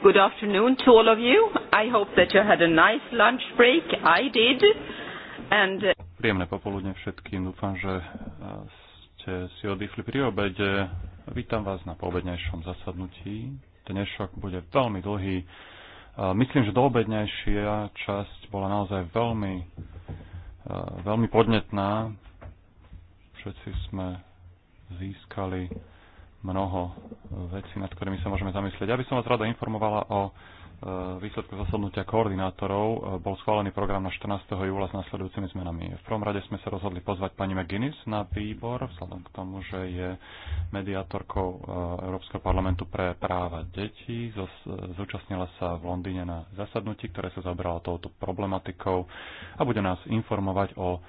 Good afternoon to all of you. I hope that you had a nice lunch break. I did. And... Uh, Príjemné popoludne všetkým. Dúfam, že uh, ste si oddychli pri obede. Vítam vás na poobednejšom zasadnutí. Dnešok bude veľmi dlhý. Myslím, že doobednejšia časť bola naozaj veľmi, uh, veľmi podnetná. Všetci sme získali mnoho e, vecí, nad ktorými sa môžeme zamyslieť. Ja by som vás rada informovala o e, výsledku zasadnutia koordinátorov. E, bol schválený program na 14. júla s nasledujúcimi zmenami. V prvom rade sme sa rozhodli pozvať pani McGuinness na výbor, vzhľadom k tomu, že je mediátorkou Európskeho parlamentu pre práva detí. Zúčastnila sa v Londýne na zasadnutí, ktoré sa zabralo touto problematikou a bude nás informovať o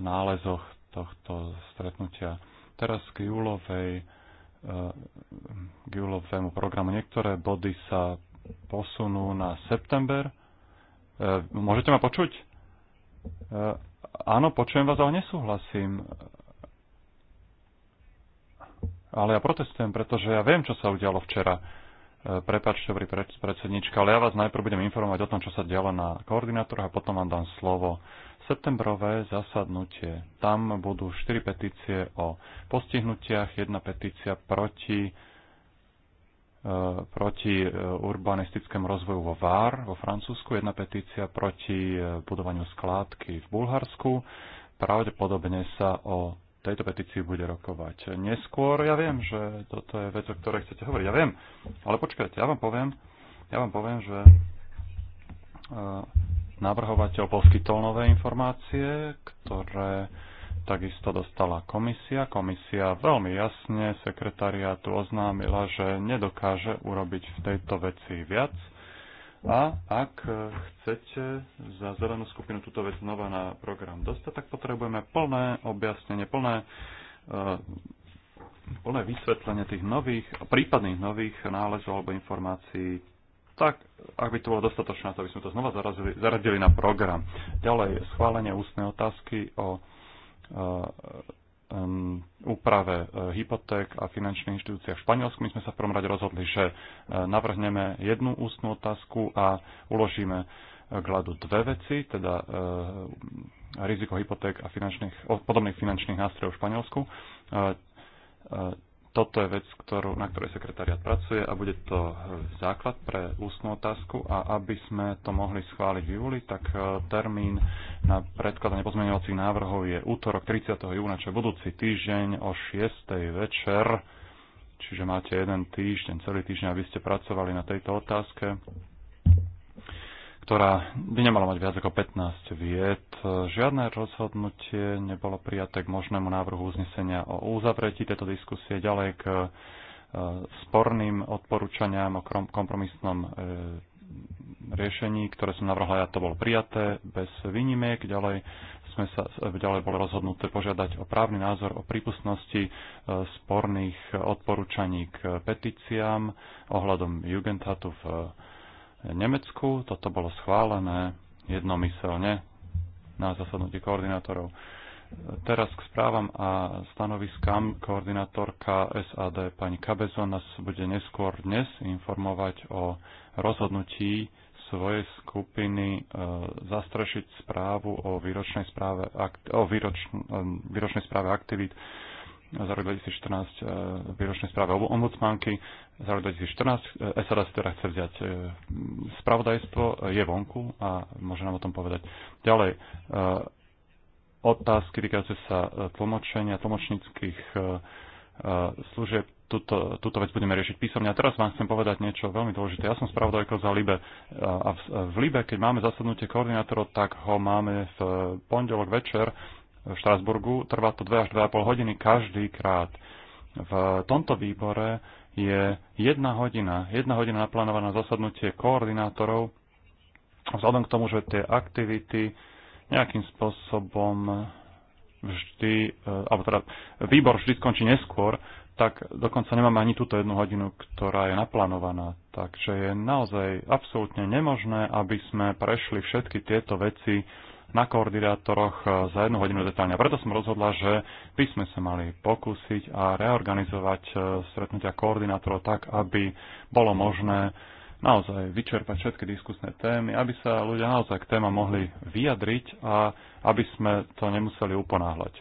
nálezoch tohto stretnutia. Teraz k júlovej júlovému eh, programu. Niektoré body sa posunú na september. Eh, môžete ma počuť? Eh, áno, počujem vás, ale nesúhlasím. Ale ja protestujem, pretože ja viem, čo sa udialo včera. Prepačte, dobrý predsednička, ale ja vás najprv budem informovať o tom, čo sa dialo na koordinátoroch a potom vám dám slovo septembrové zasadnutie. Tam budú štyri petície o postihnutiach, jedna petícia proti, e, proti e, urbanistickému rozvoju vo Vár vo Francúzsku, jedna petícia proti e, budovaniu skládky v Bulharsku. Pravdepodobne sa o tejto petícii bude rokovať neskôr. Ja viem, že toto je vec, o ktorej chcete hovoriť. Ja viem, ale počkajte, ja vám poviem, ja vám poviem, že e, Navrhovateľ poskytol nové informácie, ktoré takisto dostala komisia. Komisia veľmi jasne sekretariátu oznámila, že nedokáže urobiť v tejto veci viac. A ak chcete za zelenú skupinu túto vec znova na program dostať, tak potrebujeme plné objasnenie, plné, eh, plné vysvetlenie tých nových, prípadných nových nálezov alebo informácií tak ak by to bolo dostatočné, to by sme to znova zarazili, zaradili na program. Ďalej, schválenie ústnej otázky o um, úprave e, hypoték a finančných inštitúciách v Španielsku. My sme sa v prvom rade rozhodli, že e, navrhneme jednu ústnu otázku a uložíme k hľadu dve veci, teda riziko hypoték a finančných, podobných finančných nástrojov v Španielsku toto je vec, ktorú, na ktorej sekretariat pracuje a bude to e, základ pre ústnú otázku a aby sme to mohli schváliť v júli, tak e, termín na predkladanie pozmeňovacích návrhov je útorok 30. júna, čo je budúci týždeň o 6. večer. Čiže máte jeden týždeň, celý týždeň, aby ste pracovali na tejto otázke ktorá by nemala mať viac ako 15 viet. Žiadne rozhodnutie nebolo prijaté k možnému návrhu uznesenia o uzavretí tejto diskusie ďalej k e, sporným odporúčaniam o kompromisnom e, riešení, ktoré som navrhla ja, to bolo prijaté bez výnimiek. Ďalej, sme sa, e, ďalej bolo rozhodnuté požiadať o právny názor o prípustnosti sporných odporúčaní k petíciám ohľadom Jugendhatu v Nemecku. Toto bolo schválené jednomyselne na zasadnutí koordinátorov. Teraz k správam a stanoviskám koordinátorka SAD pani Kabezo, nás bude neskôr dnes informovať o rozhodnutí svojej skupiny e, zastrešiť správu o výročnej správe, o výročn, e, výročnej správe aktivít za rok 2014 e, výročnej správe ombudsmanky. Za rok 2014 SRS teda chce vziať e, spravodajstvo, e, je vonku a môže nám o tom povedať. Ďalej, otázky týkajúce sa tlmočenia, tlmočníckých služieb. Tuto, túto vec budeme riešiť písomne. A teraz vám chcem povedať niečo veľmi dôležité. Ja som spravodajko za Libe. A v, v Libe, keď máme zasadnutie koordinátorov, tak ho máme v pondelok večer v Štrasburgu. Trvá to 2 až 2,5 hodiny každý krát. V tomto výbore je jedna hodina, jedna hodina naplánovaná zasadnutie koordinátorov. Vzhľadom k tomu, že tie aktivity nejakým spôsobom vždy, eh, alebo teda výbor vždy skončí neskôr, tak dokonca nemáme ani túto jednu hodinu, ktorá je naplánovaná. Takže je naozaj absolútne nemožné, aby sme prešli všetky tieto veci na koordinátoroch e, za jednu hodinu detálne. A preto som rozhodla, že by sme sa mali pokúsiť a reorganizovať e, stretnutia koordinátorov tak, aby bolo možné naozaj vyčerpať všetky diskusné témy, aby sa ľudia naozaj k téma mohli vyjadriť a aby sme to nemuseli uponáhľať.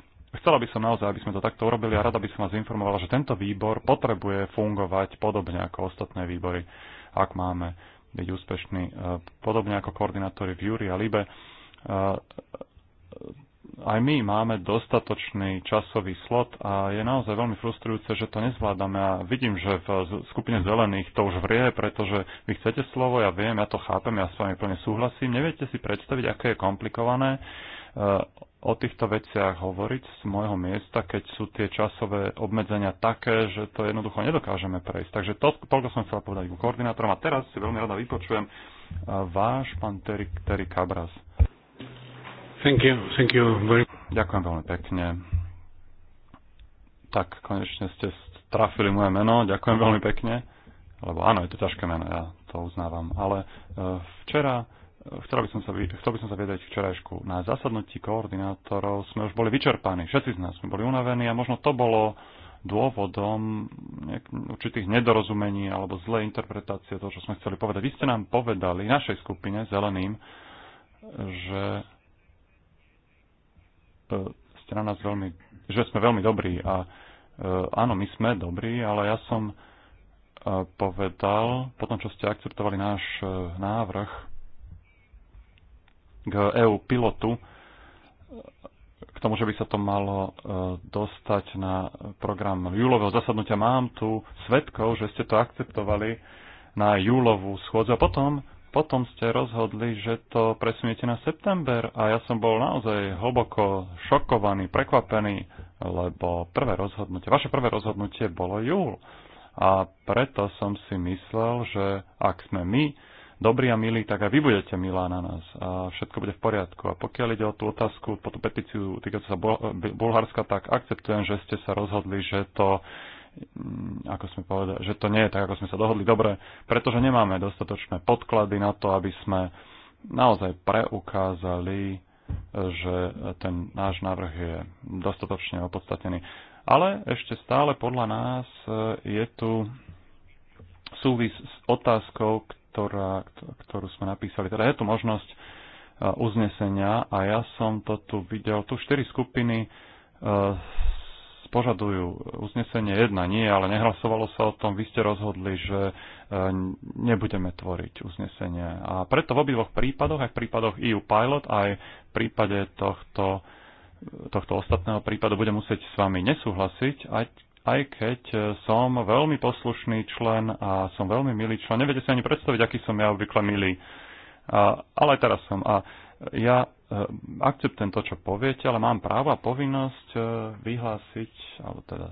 Chcela by som naozaj, aby sme to takto urobili a rada by som vás informovala, že tento výbor potrebuje fungovať podobne ako ostatné výbory, ak máme byť úspešní, e, podobne ako koordinátori v Júri a Libe E, aj my máme dostatočný časový slot a je naozaj veľmi frustrujúce, že to nezvládame a vidím, že v skupine zelených to už vrie, pretože vy chcete slovo, ja viem, ja to chápem, ja s vami plne súhlasím. Neviete si predstaviť, aké je komplikované e, o týchto veciach hovoriť z môjho miesta, keď sú tie časové obmedzenia také, že to jednoducho nedokážeme prejsť. Takže to, toľko som chcel povedať ku koordinátorom a teraz si veľmi rada vypočujem e, váš pán Terry Cabras. Thank you. Thank you very... Ďakujem veľmi pekne. Tak, konečne ste trafili moje meno. Ďakujem veľmi pekne. Lebo áno, je to ťažké meno, ja to uznávam. Ale e, včera e, chcel by som sa, chcel by som sa viedať včerajšku. Na zasadnutí koordinátorov sme už boli vyčerpaní. Všetci z nás sme boli unavení a možno to bolo dôvodom určitých nedorozumení alebo zlej interpretácie toho, čo sme chceli povedať. Vy ste nám povedali, našej skupine, zeleným, že E, ste na nás veľmi, že sme veľmi dobrí a e, áno, my sme dobrí, ale ja som e, povedal, po tom, čo ste akceptovali náš návrh k EU pilotu, k tomu, že by sa to malo dostať na program júlového zasadnutia. Mám tu svetkov, že ste to akceptovali na júlovú schôdzu a potom potom ste rozhodli, že to presuniete na september a ja som bol naozaj hlboko šokovaný, prekvapený, lebo prvé rozhodnutie, vaše prvé rozhodnutie bolo júl. A preto som si myslel, že ak sme my dobrí a milí, tak aj vy budete milá na nás a všetko bude v poriadku. A pokiaľ ide o tú otázku, po tú petíciu týkajúcu sa Bulharska, tak akceptujem, že ste sa rozhodli, že to Mm, ako sme povedali, že to nie je tak, ako sme sa dohodli dobre, pretože nemáme dostatočné podklady na to, aby sme naozaj preukázali, že ten náš návrh je dostatočne opodstatnený. Ale ešte stále podľa nás e, je tu súvis s otázkou, ktorá, ktorú sme napísali. Teda je tu možnosť e, uznesenia a ja som to tu videl, tu štyri skupiny e, požadujú uznesenie jedna nie, ale nehlasovalo sa o tom, vy ste rozhodli, že e, nebudeme tvoriť uznesenie. A preto v obidvoch prípadoch, aj v prípadoch EU Pilot, aj v prípade tohto, tohto ostatného prípadu budem musieť s vami nesúhlasiť, aj, aj keď som veľmi poslušný člen a som veľmi milý člen. Neviete si ani predstaviť, aký som ja obvykle milý. A, ale aj teraz som. A ja Eh, akceptujem to, čo poviete, ale mám právo a povinnosť eh, vyhlásiť, alebo teda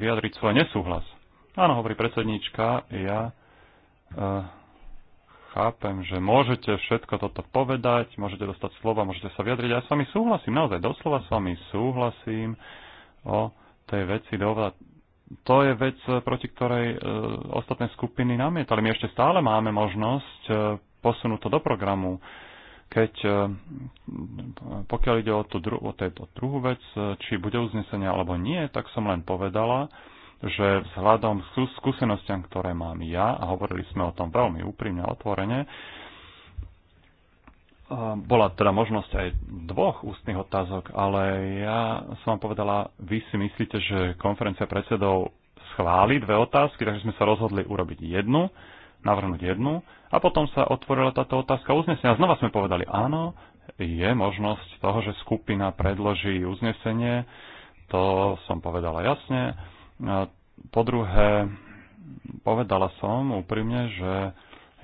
vyjadriť svoj nesúhlas. Áno, hovorí predsedníčka, ja eh, chápem, že môžete všetko toto povedať, môžete dostať slova, môžete sa vyjadriť. Ja s vami súhlasím, naozaj doslova s vami súhlasím o tej veci dovoľa. To je vec, proti ktorej ostatné skupiny namietali. My ešte stále máme možnosť posunúť to do programu keď, e, pokiaľ ide o, tú dru, o tejto druhú vec, e, či bude uznesenie alebo nie, tak som len povedala, že vzhľadom skúsenostiam, ktoré mám ja, a hovorili sme o tom veľmi úprimne a otvorene, e, bola teda možnosť aj dvoch ústnych otázok, ale ja som vám povedala, vy si myslíte, že konferencia predsedov schváli dve otázky, takže sme sa rozhodli urobiť jednu navrhnúť jednu a potom sa otvorila táto otázka uznesenia. Znova sme povedali, áno, je možnosť toho, že skupina predloží uznesenie, to som povedala jasne. Po druhé, povedala som úprimne, že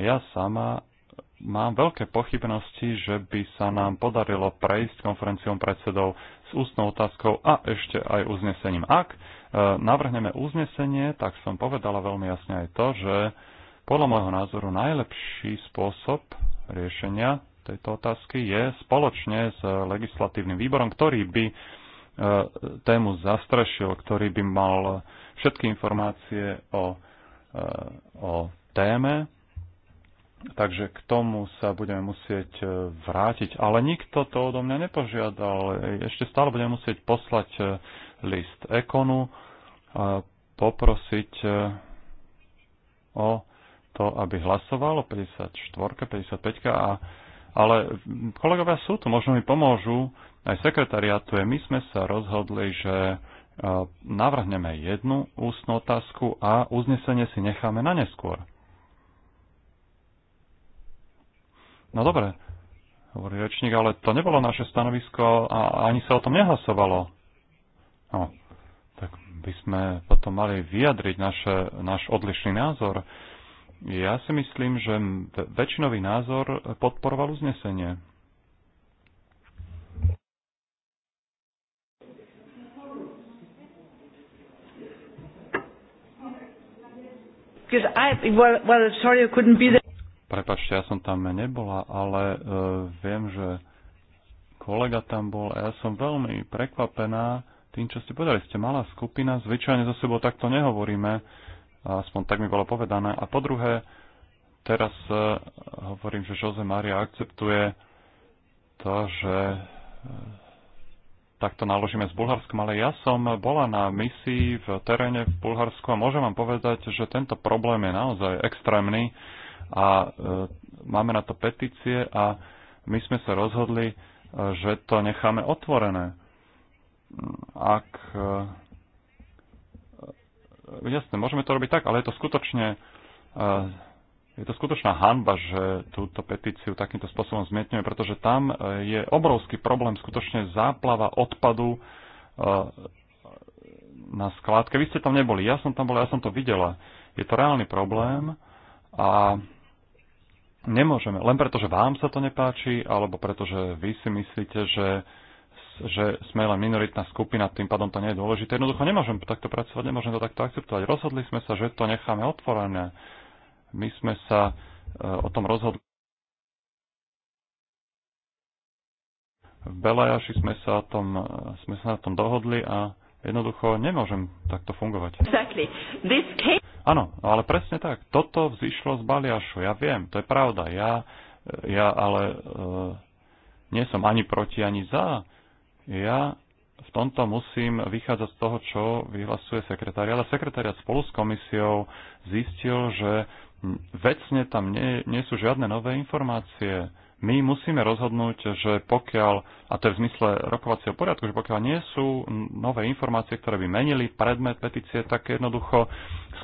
ja sama mám veľké pochybnosti, že by sa nám podarilo prejsť konferenciou predsedov s ústnou otázkou a ešte aj uznesením. Ak e, navrhneme uznesenie, tak som povedala veľmi jasne aj to, že podľa môjho názoru najlepší spôsob riešenia tejto otázky je spoločne s legislatívnym výborom, ktorý by e, tému zastrešil, ktorý by mal všetky informácie o, e, o téme. Takže k tomu sa budeme musieť e, vrátiť. Ale nikto to odo mňa nepožiadal. Ešte stále budeme musieť poslať list Ekonu, poprosiť o to, aby hlasovalo 54, 55, a, ale kolegovia sú tu, možno mi pomôžu, aj sekretariatu je, my sme sa rozhodli, že e, navrhneme jednu ústnu otázku a uznesenie si necháme na neskôr. No dobre, hovorí rečník, ale to nebolo naše stanovisko a ani sa o tom nehlasovalo. No, tak by sme potom mali vyjadriť naše, náš odlišný názor. Ja si myslím, že väčšinový názor podporoval uznesenie. Prepačte, ja som tam nebola, ale uh, viem, že kolega tam bol a ja som veľmi prekvapená tým, čo ste povedali. Ste malá skupina, zvyčajne za sebou takto nehovoríme aspoň tak mi bolo povedané. A po druhé, teraz e, hovorím, že Jose Maria akceptuje to, že e, takto naložíme s Bulharskom, ale ja som bola na misii v teréne v Bulharsku a môžem vám povedať, že tento problém je naozaj extrémny a e, máme na to petície a my sme sa rozhodli, že to necháme otvorené. Ak jasné, môžeme to robiť tak, ale je to skutočne eh, je to skutočná hanba, že túto petíciu takýmto spôsobom zmietňuje, pretože tam eh, je obrovský problém, skutočne záplava odpadu eh, na skládke. Vy ste tam neboli, ja som tam bol ja som to videla. Je to reálny problém a nemôžeme, len preto, že vám sa to nepáči, alebo preto, že vy si myslíte, že že sme len minoritná skupina, tým pádom to nie je dôležité. Jednoducho nemôžem takto pracovať, nemôžem to takto akceptovať. Rozhodli sme sa, že to necháme otvorené. My sme sa e, o tom rozhodli. V Belajaši sme sa, o tom, e, sme sa na tom dohodli a jednoducho nemôžem takto fungovať. Exactly. This came... Áno, ale presne tak. Toto vzýšlo z Baliašu. Ja viem, to je pravda. Ja, ja ale uh, nie som ani proti, ani za. Ja v tomto musím vychádzať z toho, čo vyhlasuje sekretári. Ale sekretariat spolu s komisiou zistil, že vecne tam nie, nie sú žiadne nové informácie. My musíme rozhodnúť, že pokiaľ, a to je v zmysle rokovacieho poriadku, že pokiaľ nie sú nové informácie, ktoré by menili predmet petície, tak jednoducho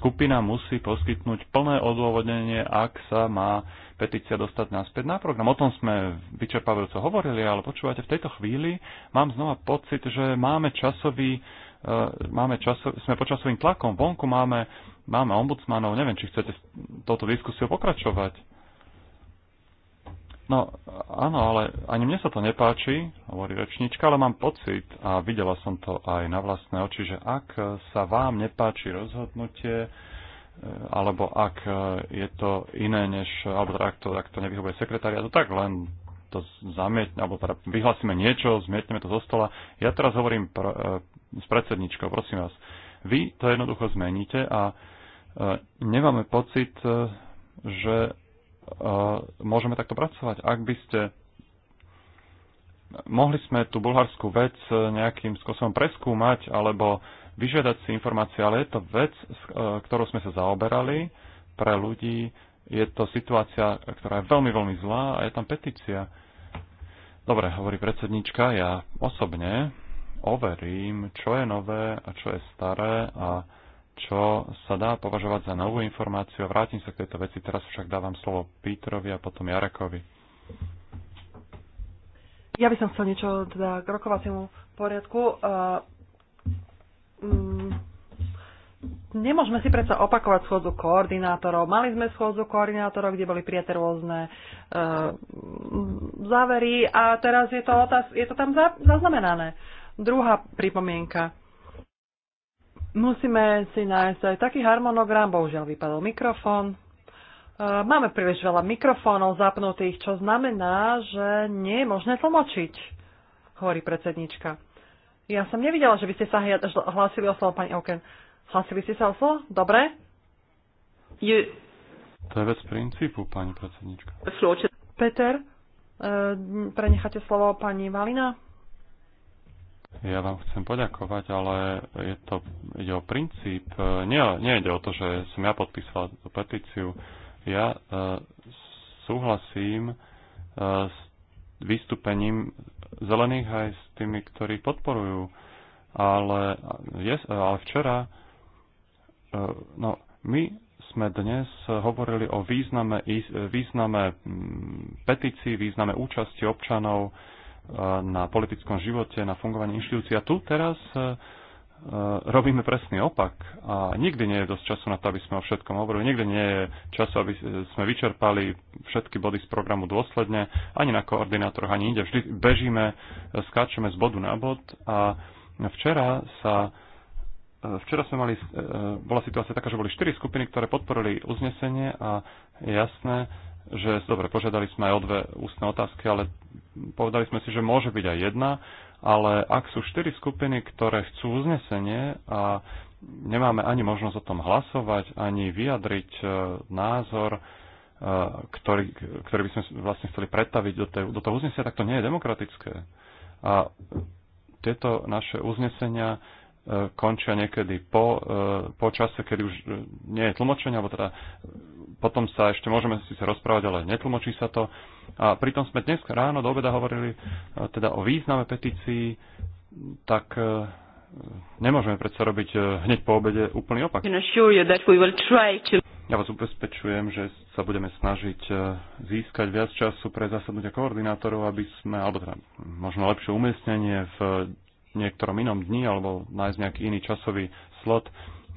skupina musí poskytnúť plné odôvodnenie, ak sa má petícia dostať naspäť na program. O tom sme vyčerpávajúco hovorili, ale počúvate, v tejto chvíli mám znova pocit, že máme časový, eh, máme časový sme pod časovým tlakom, vonku máme, máme ombudsmanov, neviem, či chcete toto touto pokračovať. No, áno, ale ani mne sa to nepáči, hovorí rečnička, ale mám pocit, a videla som to aj na vlastné oči, že ak sa vám nepáči rozhodnutie, alebo ak e, je to iné než, alebo teda ak to, ak to nevyhovuje sekretariatu, tak len to zamietne, alebo teda vyhlasíme niečo, zmietneme to zo stola. Ja teraz hovorím pr- e, s predsedničkou, prosím vás. Vy to jednoducho zmeníte a e, nemáme pocit, že môžeme takto pracovať. Ak by ste mohli sme tú bulharskú vec nejakým spôsobom preskúmať, alebo vyžiadať si informácie, ale je to vec, e, ktorou sme sa zaoberali pre ľudí. Je to situácia, ktorá je veľmi, veľmi zlá a je tam petícia. Dobre, hovorí predsednička, ja osobne overím, čo je nové a čo je staré a čo sa dá považovať za novú informáciu a vrátim sa k tejto veci. Teraz však dávam slovo Pítrovi a potom Jarekovi. Ja by som chcel niečo teda k rokovaciemu poriadku. E, Mm, nemôžeme si predsa opakovať schôdzu koordinátorov. Mali sme schôdzu koordinátorov, kde boli prijaté rôzne e, závery a teraz je to, otáz, je to tam za, zaznamenané. Druhá pripomienka. Musíme si nájsť aj taký harmonogram, bohužiaľ vypadol mikrofón. E, máme príliš veľa mikrofónov zapnutých, čo znamená, že nie je možné tlmočiť, hovorí predsednička. Ja som nevidela, že by ste sa hlásili o slovo, pani Oken. Hlásili ste sa o slovo? Dobre? Je... To je vec princípu, pani predsednička. Peter, e, prenecháte slovo pani Valina? Ja vám chcem poďakovať, ale je to, ide o princíp. E, nie, nie ide o to, že som ja podpísal tú petíciu. Ja e, súhlasím s vystúpením zelených aj s tými, ktorí podporujú. Ale, yes, ale včera, e, no my sme dnes hovorili o význame, význame mm, petícií, význame účasti občanov e, na politickom živote, na fungovaní inštitúcií. A tu teraz e, Eh, robíme presný opak a nikdy nie je dosť času na to, aby sme o všetkom hovorili, nikdy nie je času, aby eh, sme vyčerpali všetky body z programu dôsledne, ani na koordinátoroch, ani inde. Vždy bežíme, eh, skáčeme z bodu na bod a včera sa Včera sme mali, bola situácia taká, že boli štyri skupiny, ktoré podporili uznesenie a je jasné, že dobre, požiadali sme aj o dve ústne otázky, ale povedali sme si, že môže byť aj jedna ale ak sú štyri skupiny, ktoré chcú uznesenie a nemáme ani možnosť o tom hlasovať, ani vyjadriť e, názor, e, ktorý, ktorý by sme vlastne chceli pretaviť do, tej, do toho uznesenia, tak to nie je demokratické. A tieto naše uznesenia E, končia niekedy po, e, po čase, kedy už e, nie je tlmočenie, alebo teda potom sa ešte môžeme si sa rozprávať, ale netlmočí sa to. A pritom sme dnes ráno do obeda hovorili teda o význame petícií, tak nemôžeme predsa robiť hneď po obede úplný opak. Ja vás ubezpečujem, že sa budeme snažiť získať viac času pre zasadnutia koordinátorov, aby sme, alebo teda možno lepšie umiestnenie v niektorom inom dni alebo nájsť nejaký iný časový slot.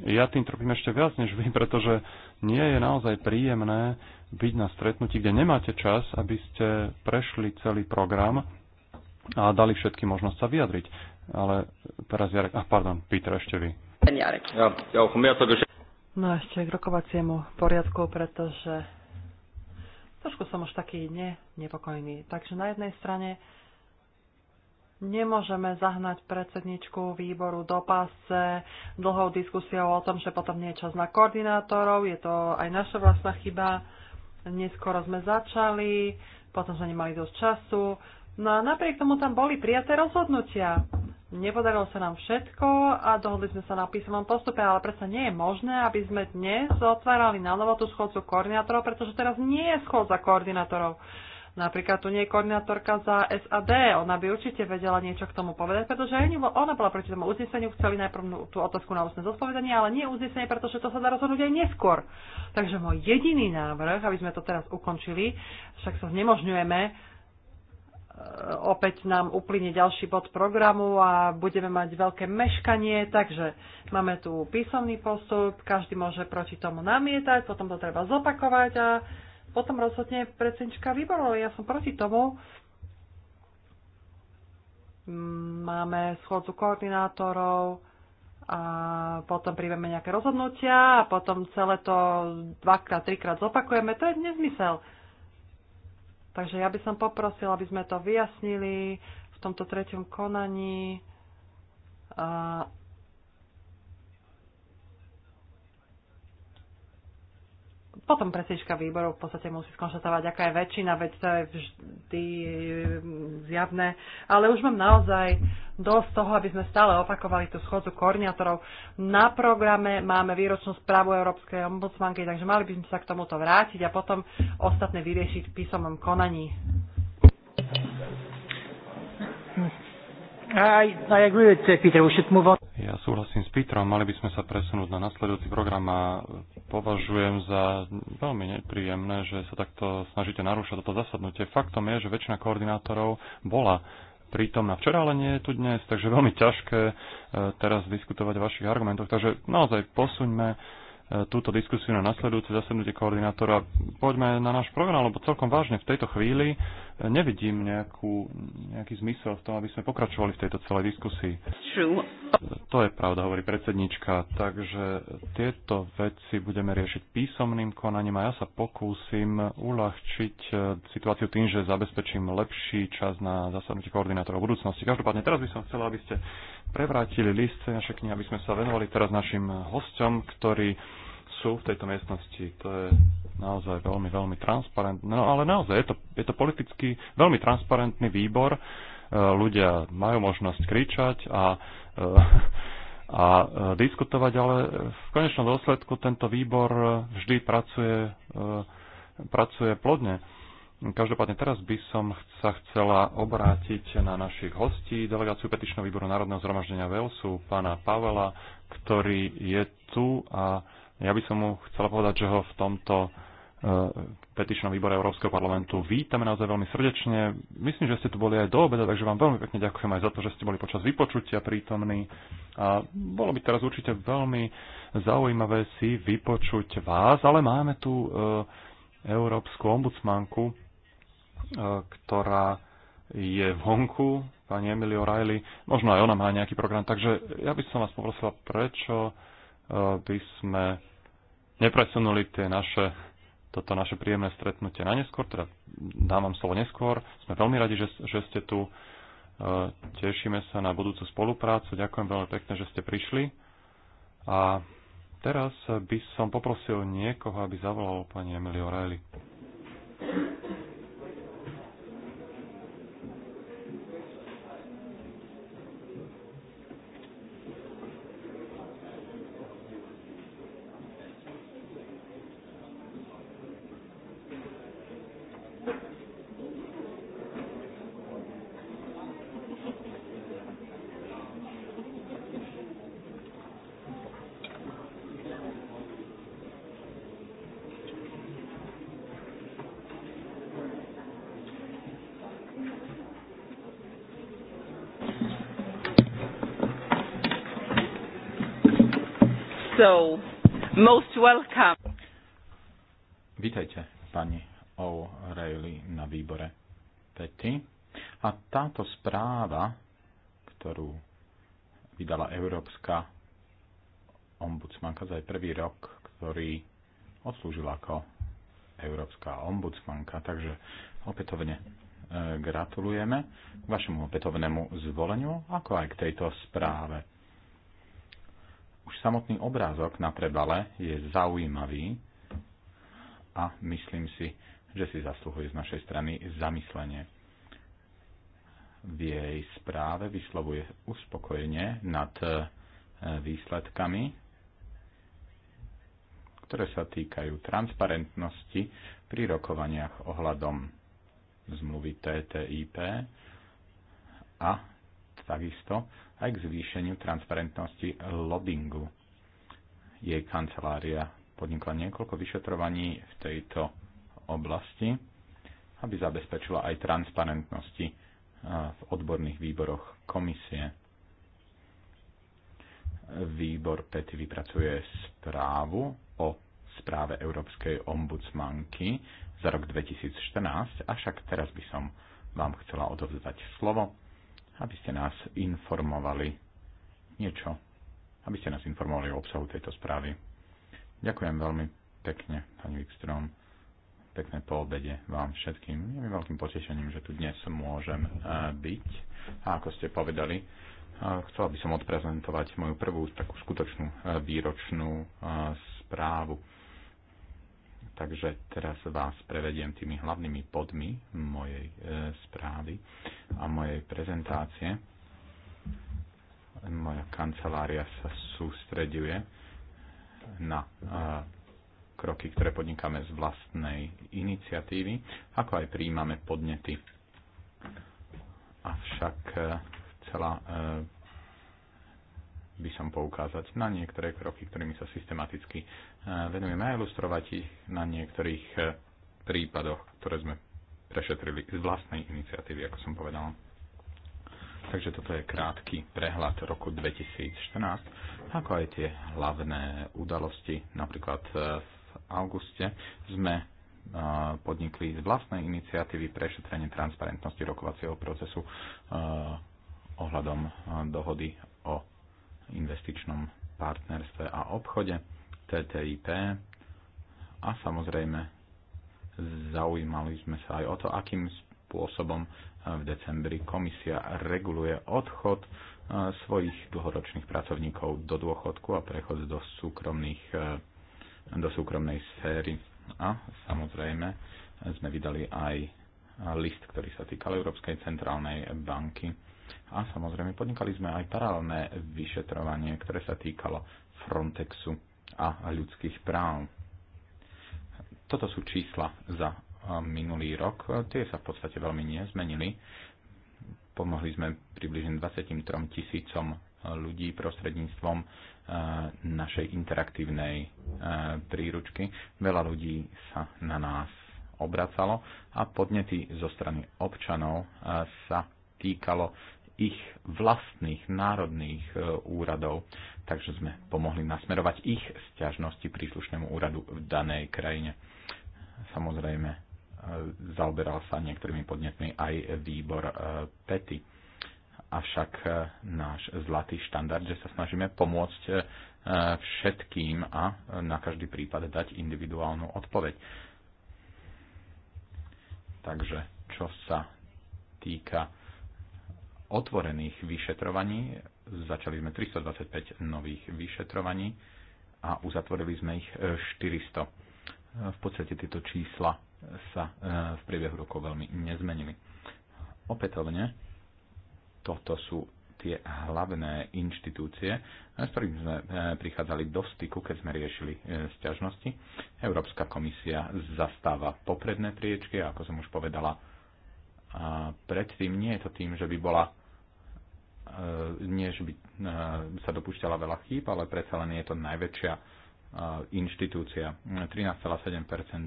Ja tým trpím ešte viac než vy, pretože nie je naozaj príjemné byť na stretnutí, kde nemáte čas, aby ste prešli celý program a dali všetky možnosť sa vyjadriť. Ale teraz Jarek, ah pardon, Peter, ešte vy. Jarek. Ja, ja, ja to No ešte k rokovaciemu poriadku, pretože trošku som už taký ne, nepokojný. Takže na jednej strane nemôžeme zahnať predsedničku výboru do pásce dlhou diskusiou o tom, že potom nie je čas na koordinátorov, je to aj naša vlastná chyba. Neskoro sme začali, potom sme nemali dosť času. No a napriek tomu tam boli prijaté rozhodnutia. Nepodarilo sa nám všetko a dohodli sme sa na písomnom postupe, ale predsa nie je možné, aby sme dnes otvárali na novo tú schôdzu koordinátorov, pretože teraz nie je schôdza koordinátorov. Napríklad tu nie je koordinátorka za SAD, ona by určite vedela niečo k tomu povedať, pretože ona bola proti tomu uzneseniu, chceli najprv tú otázku na ústne zodpovedanie, ale nie uznesenie, pretože to sa dá rozhodnúť aj neskôr. Takže môj jediný návrh, aby sme to teraz ukončili, však sa znemožňujeme, e, opäť nám uplyne ďalší bod programu a budeme mať veľké meškanie, takže máme tu písomný postup, každý môže proti tomu namietať, potom to treba zopakovať a potom rozhodne predsednička vybrala, Ja som proti tomu. Máme schôdzu koordinátorov a potom príjmeme nejaké rozhodnutia a potom celé to dvakrát, trikrát zopakujeme. To je nezmysel. Takže ja by som poprosil, aby sme to vyjasnili v tomto treťom konaní. potom predsednička výborov v podstate musí skonštatovať, aká je väčšina, veď to je vždy mm, zjavné. Ale už mám naozaj dosť toho, aby sme stále opakovali tú schodzu koordinátorov. Na programe máme výročnú správu Európskej ombudsmanky, takže mali by sme sa k tomuto vrátiť a potom ostatné vyriešiť v písomnom konaní. Ja súhlasím s Petrom, mali by sme sa presunúť na nasledujúci program a považujem za veľmi nepríjemné, že sa takto snažíte narúšať toto zasadnutie. Faktom je, že väčšina koordinátorov bola prítomná včera, ale nie je tu dnes, takže veľmi ťažké e, teraz diskutovať o vašich argumentoch. Takže naozaj posuňme E, túto diskusiu na nasledujúce zasadnutie koordinátora. Poďme na náš program, lebo celkom vážne v tejto chvíli e, nevidím nejakú, nejaký zmysel v tom, aby sme pokračovali v tejto celej diskusii. E, to je pravda, hovorí predsednička. Takže tieto veci budeme riešiť písomným konaním a ja sa pokúsim uľahčiť situáciu tým, že zabezpečím lepší čas na zasadnutie koordinátora v budúcnosti. Každopádne teraz by som chcela, aby ste prevrátili lístce naše knihy, aby sme sa venovali teraz našim hosťom, ktorí sú v tejto miestnosti. To je naozaj veľmi, veľmi transparentné. No ale naozaj je to, je to politicky veľmi transparentný výbor. E, ľudia majú možnosť kričať a, e, a e, diskutovať, ale v konečnom dôsledku tento výbor vždy pracuje, pracuje plodne. Každopádne teraz by som sa chcela obrátiť na našich hostí, delegáciu Petičného výboru Národného zhromaždenia Velsu, pána Pavela, ktorý je tu a ja by som mu chcela povedať, že ho v tomto e, petičnom výbore Európskeho parlamentu. Vítame naozaj veľmi srdečne. Myslím, že ste tu boli aj do obeda, takže vám veľmi pekne ďakujem aj za to, že ste boli počas vypočutia prítomní. A bolo by teraz určite veľmi zaujímavé si vypočuť vás, ale máme tu e, Európsku ombudsmanku, E, ktorá je vonku, pani Emily O'Reilly. Možno aj ona má nejaký program. Takže ja by som vás poprosila, prečo e, by sme nepresunuli tie naše, toto naše príjemné stretnutie na neskôr. Teda dám vám slovo neskôr. Sme veľmi radi, že, že ste tu. E, tešíme sa na budúcu spoluprácu. Ďakujem veľmi pekne, že ste prišli. A teraz by som poprosil niekoho, aby zavolal pani Emily O'Reilly. So, most welcome. Vítajte, pani O'Reilly, na výbore Pety. A táto správa, ktorú vydala Európska ombudsmanka za prvý rok, ktorý odslúžila ako Európska ombudsmanka. Takže opätovne e, gratulujeme k vašemu opätovnému zvoleniu, ako aj k tejto správe už samotný obrázok na prebale je zaujímavý a myslím si, že si zasluhuje z našej strany zamyslenie. V jej správe vyslovuje uspokojenie nad e, výsledkami, ktoré sa týkajú transparentnosti pri rokovaniach ohľadom zmluvy TTIP a takisto aj k zvýšeniu transparentnosti lobingu. Jej kancelária podnikla niekoľko vyšetrovaní v tejto oblasti, aby zabezpečila aj transparentnosti e, v odborných výboroch komisie. Výbor PETI vypracuje správu o správe Európskej ombudsmanky za rok 2014, avšak teraz by som vám chcela odovzdať slovo, aby ste nás informovali niečo, aby ste nás informovali o obsahu tejto správy. Ďakujem veľmi pekne, pani Wikström. Pekné po obede vám všetkým. Je mi veľkým potešením, že tu dnes môžem eh, byť. A ako ste povedali, eh, chcela by som odprezentovať moju prvú takú skutočnú eh, výročnú správu Takže teraz vás prevediem tými hlavnými podmi mojej e, správy a mojej prezentácie. Moja kancelária sa sústreďuje na e, kroky, ktoré podnikáme z vlastnej iniciatívy, ako aj príjmame podnety. Avšak chcela e, by som poukázať na niektoré kroky, ktorými sa systematicky e, venujeme a ilustrovať ich na niektorých e, prípadoch, ktoré sme prešetrili z vlastnej iniciatívy, ako som povedal. Takže toto je krátky prehľad roku 2014, ako aj tie hlavné udalosti. Napríklad e, v auguste sme podnikli z vlastnej iniciatívy prešetrenie transparentnosti rokovacieho procesu ohľadom dohody investičnom partnerstve a obchode, TTIP a samozrejme zaujímali sme sa aj o to, akým spôsobom v decembri komisia reguluje odchod e, svojich dlhoročných pracovníkov do dôchodku a prechod do, súkromných, e, do súkromnej sféry. A samozrejme sme vydali aj list, ktorý sa týkal Európskej centrálnej banky a samozrejme, podnikali sme aj paralelné vyšetrovanie, ktoré sa týkalo Frontexu a ľudských práv. Toto sú čísla za minulý rok. Tie sa v podstate veľmi nezmenili. Pomohli sme približne 23 tisícom ľudí prostredníctvom našej interaktívnej príručky. Veľa ľudí sa na nás obracalo a podnety zo strany občanov sa týkalo ich vlastných národných e, úradov, takže sme pomohli nasmerovať ich sťažnosti príslušnému úradu v danej krajine. Samozrejme, e, zaoberal sa niektorými podnetmi aj výbor e, PETI. Avšak náš zlatý štandard, že sa snažíme pomôcť všetkým a na každý prípad dať individuálnu odpoveď. Takže čo sa týka otvorených vyšetrovaní. Začali sme 325 nových vyšetrovaní a uzatvorili sme ich 400. E, e, v podstate tieto čísla sa e, v priebehu rokov veľmi nezmenili. Opätovne, toto sú tie hlavné inštitúcie, s ktorými sme prichádzali do styku, keď sme riešili sťažnosti. Európska komisia zastáva popredné priečky, ako som už povedala, a predtým nie je to tým, že by bola E, že by e, sa dopúšťala veľa chýb, ale predsa len je to najväčšia e, inštitúcia. 13,7%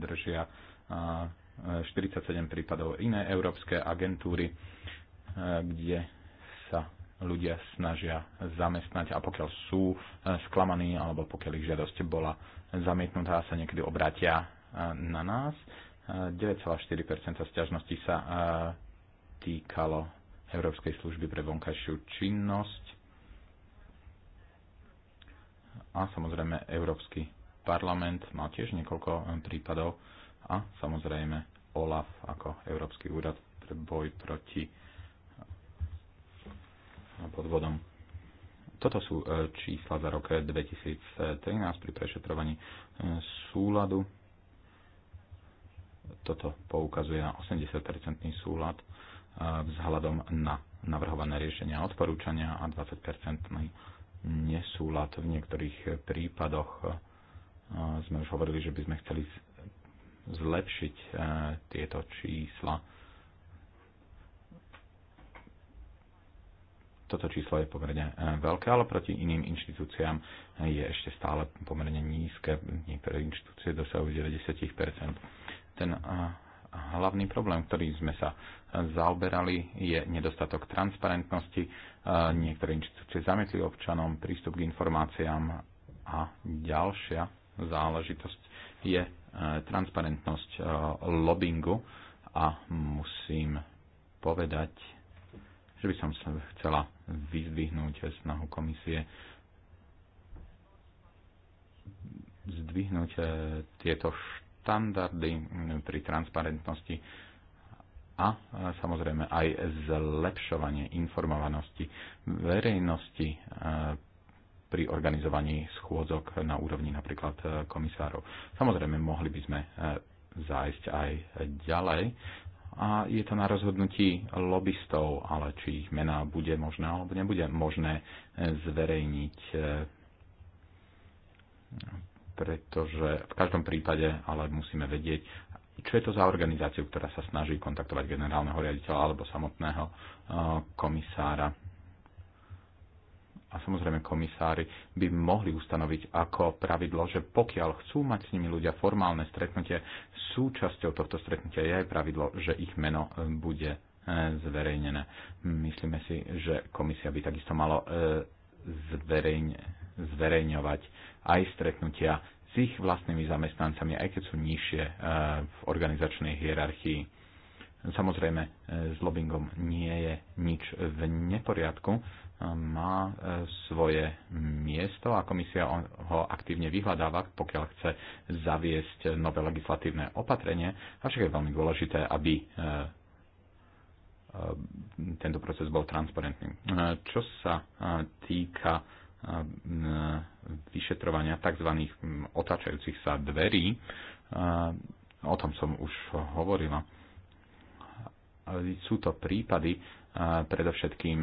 držia 47 prípadov iné európske agentúry, kde sa ľudia snažia zamestnať a pokiaľ sú sklamaní alebo pokiaľ ich žiadosť bola zamietnutá, sa niekedy obratia na nás. 9,4% sťažností sa týkalo Európskej služby pre vonkajšiu činnosť a samozrejme Európsky parlament má tiež niekoľko eh, prípadov a samozrejme OLAF ako Európsky úrad pre boj proti eh, podvodom. Toto sú eh, čísla za rok 2013 pri prešetrovaní súladu. Toto poukazuje na 80 súlad vzhľadom na navrhované riešenia a odporúčania a 20-percentný nesúlad v niektorých prípadoch. E, sme už hovorili, že by sme chceli zlepšiť e, tieto čísla. Toto číslo je pomerne e, veľké, ale proti iným inštitúciám je ešte stále pomerne nízke. Niektoré inštitúcie dosahujú 90 Ten hlavný problém, ktorý sme sa zaoberali, je nedostatok transparentnosti. E, niektoré inštitúcie zametli občanom prístup k informáciám a ďalšia záležitosť je e, transparentnosť e, lobbingu a musím povedať, že by som sa chcela vyzdvihnúť snahu komisie zdvihnúť tieto štandardy mm, pri transparentnosti a e, samozrejme aj zlepšovanie informovanosti verejnosti e, pri organizovaní schôdzok na úrovni napríklad e, komisárov. Samozrejme, mohli by sme zájsť aj ďalej. A je to na rozhodnutí lobbystov, ale či ich mená bude možné alebo nebude možné zverejniť pretože v každom prípade ale musíme vedieť, čo je to za organizáciu, ktorá sa snaží kontaktovať generálneho riaditeľa alebo samotného e, komisára. A samozrejme komisári by mohli ustanoviť ako pravidlo, že pokiaľ chcú mať s nimi ľudia formálne stretnutie, súčasťou tohto stretnutia je aj pravidlo, že ich meno e, bude e, zverejnené. Myslíme si, že komisia by takisto malo zverejne, zverejňovať aj stretnutia s ich vlastnými zamestnancami, aj keď sú nižšie eh, v organizačnej hierarchii. Samozrejme, eh, s lobbyingom nie je nič v neporiadku, má eh, svoje miesto a komisia ho aktívne vyhľadáva, pokiaľ chce zaviesť nové legislatívne opatrenie, avšak je veľmi dôležité, aby tento proces bol transparentný. Čo sa týka vyšetrovania tzv. otáčajúcich sa dverí. O tom som už hovorila. Sú to prípady predovšetkým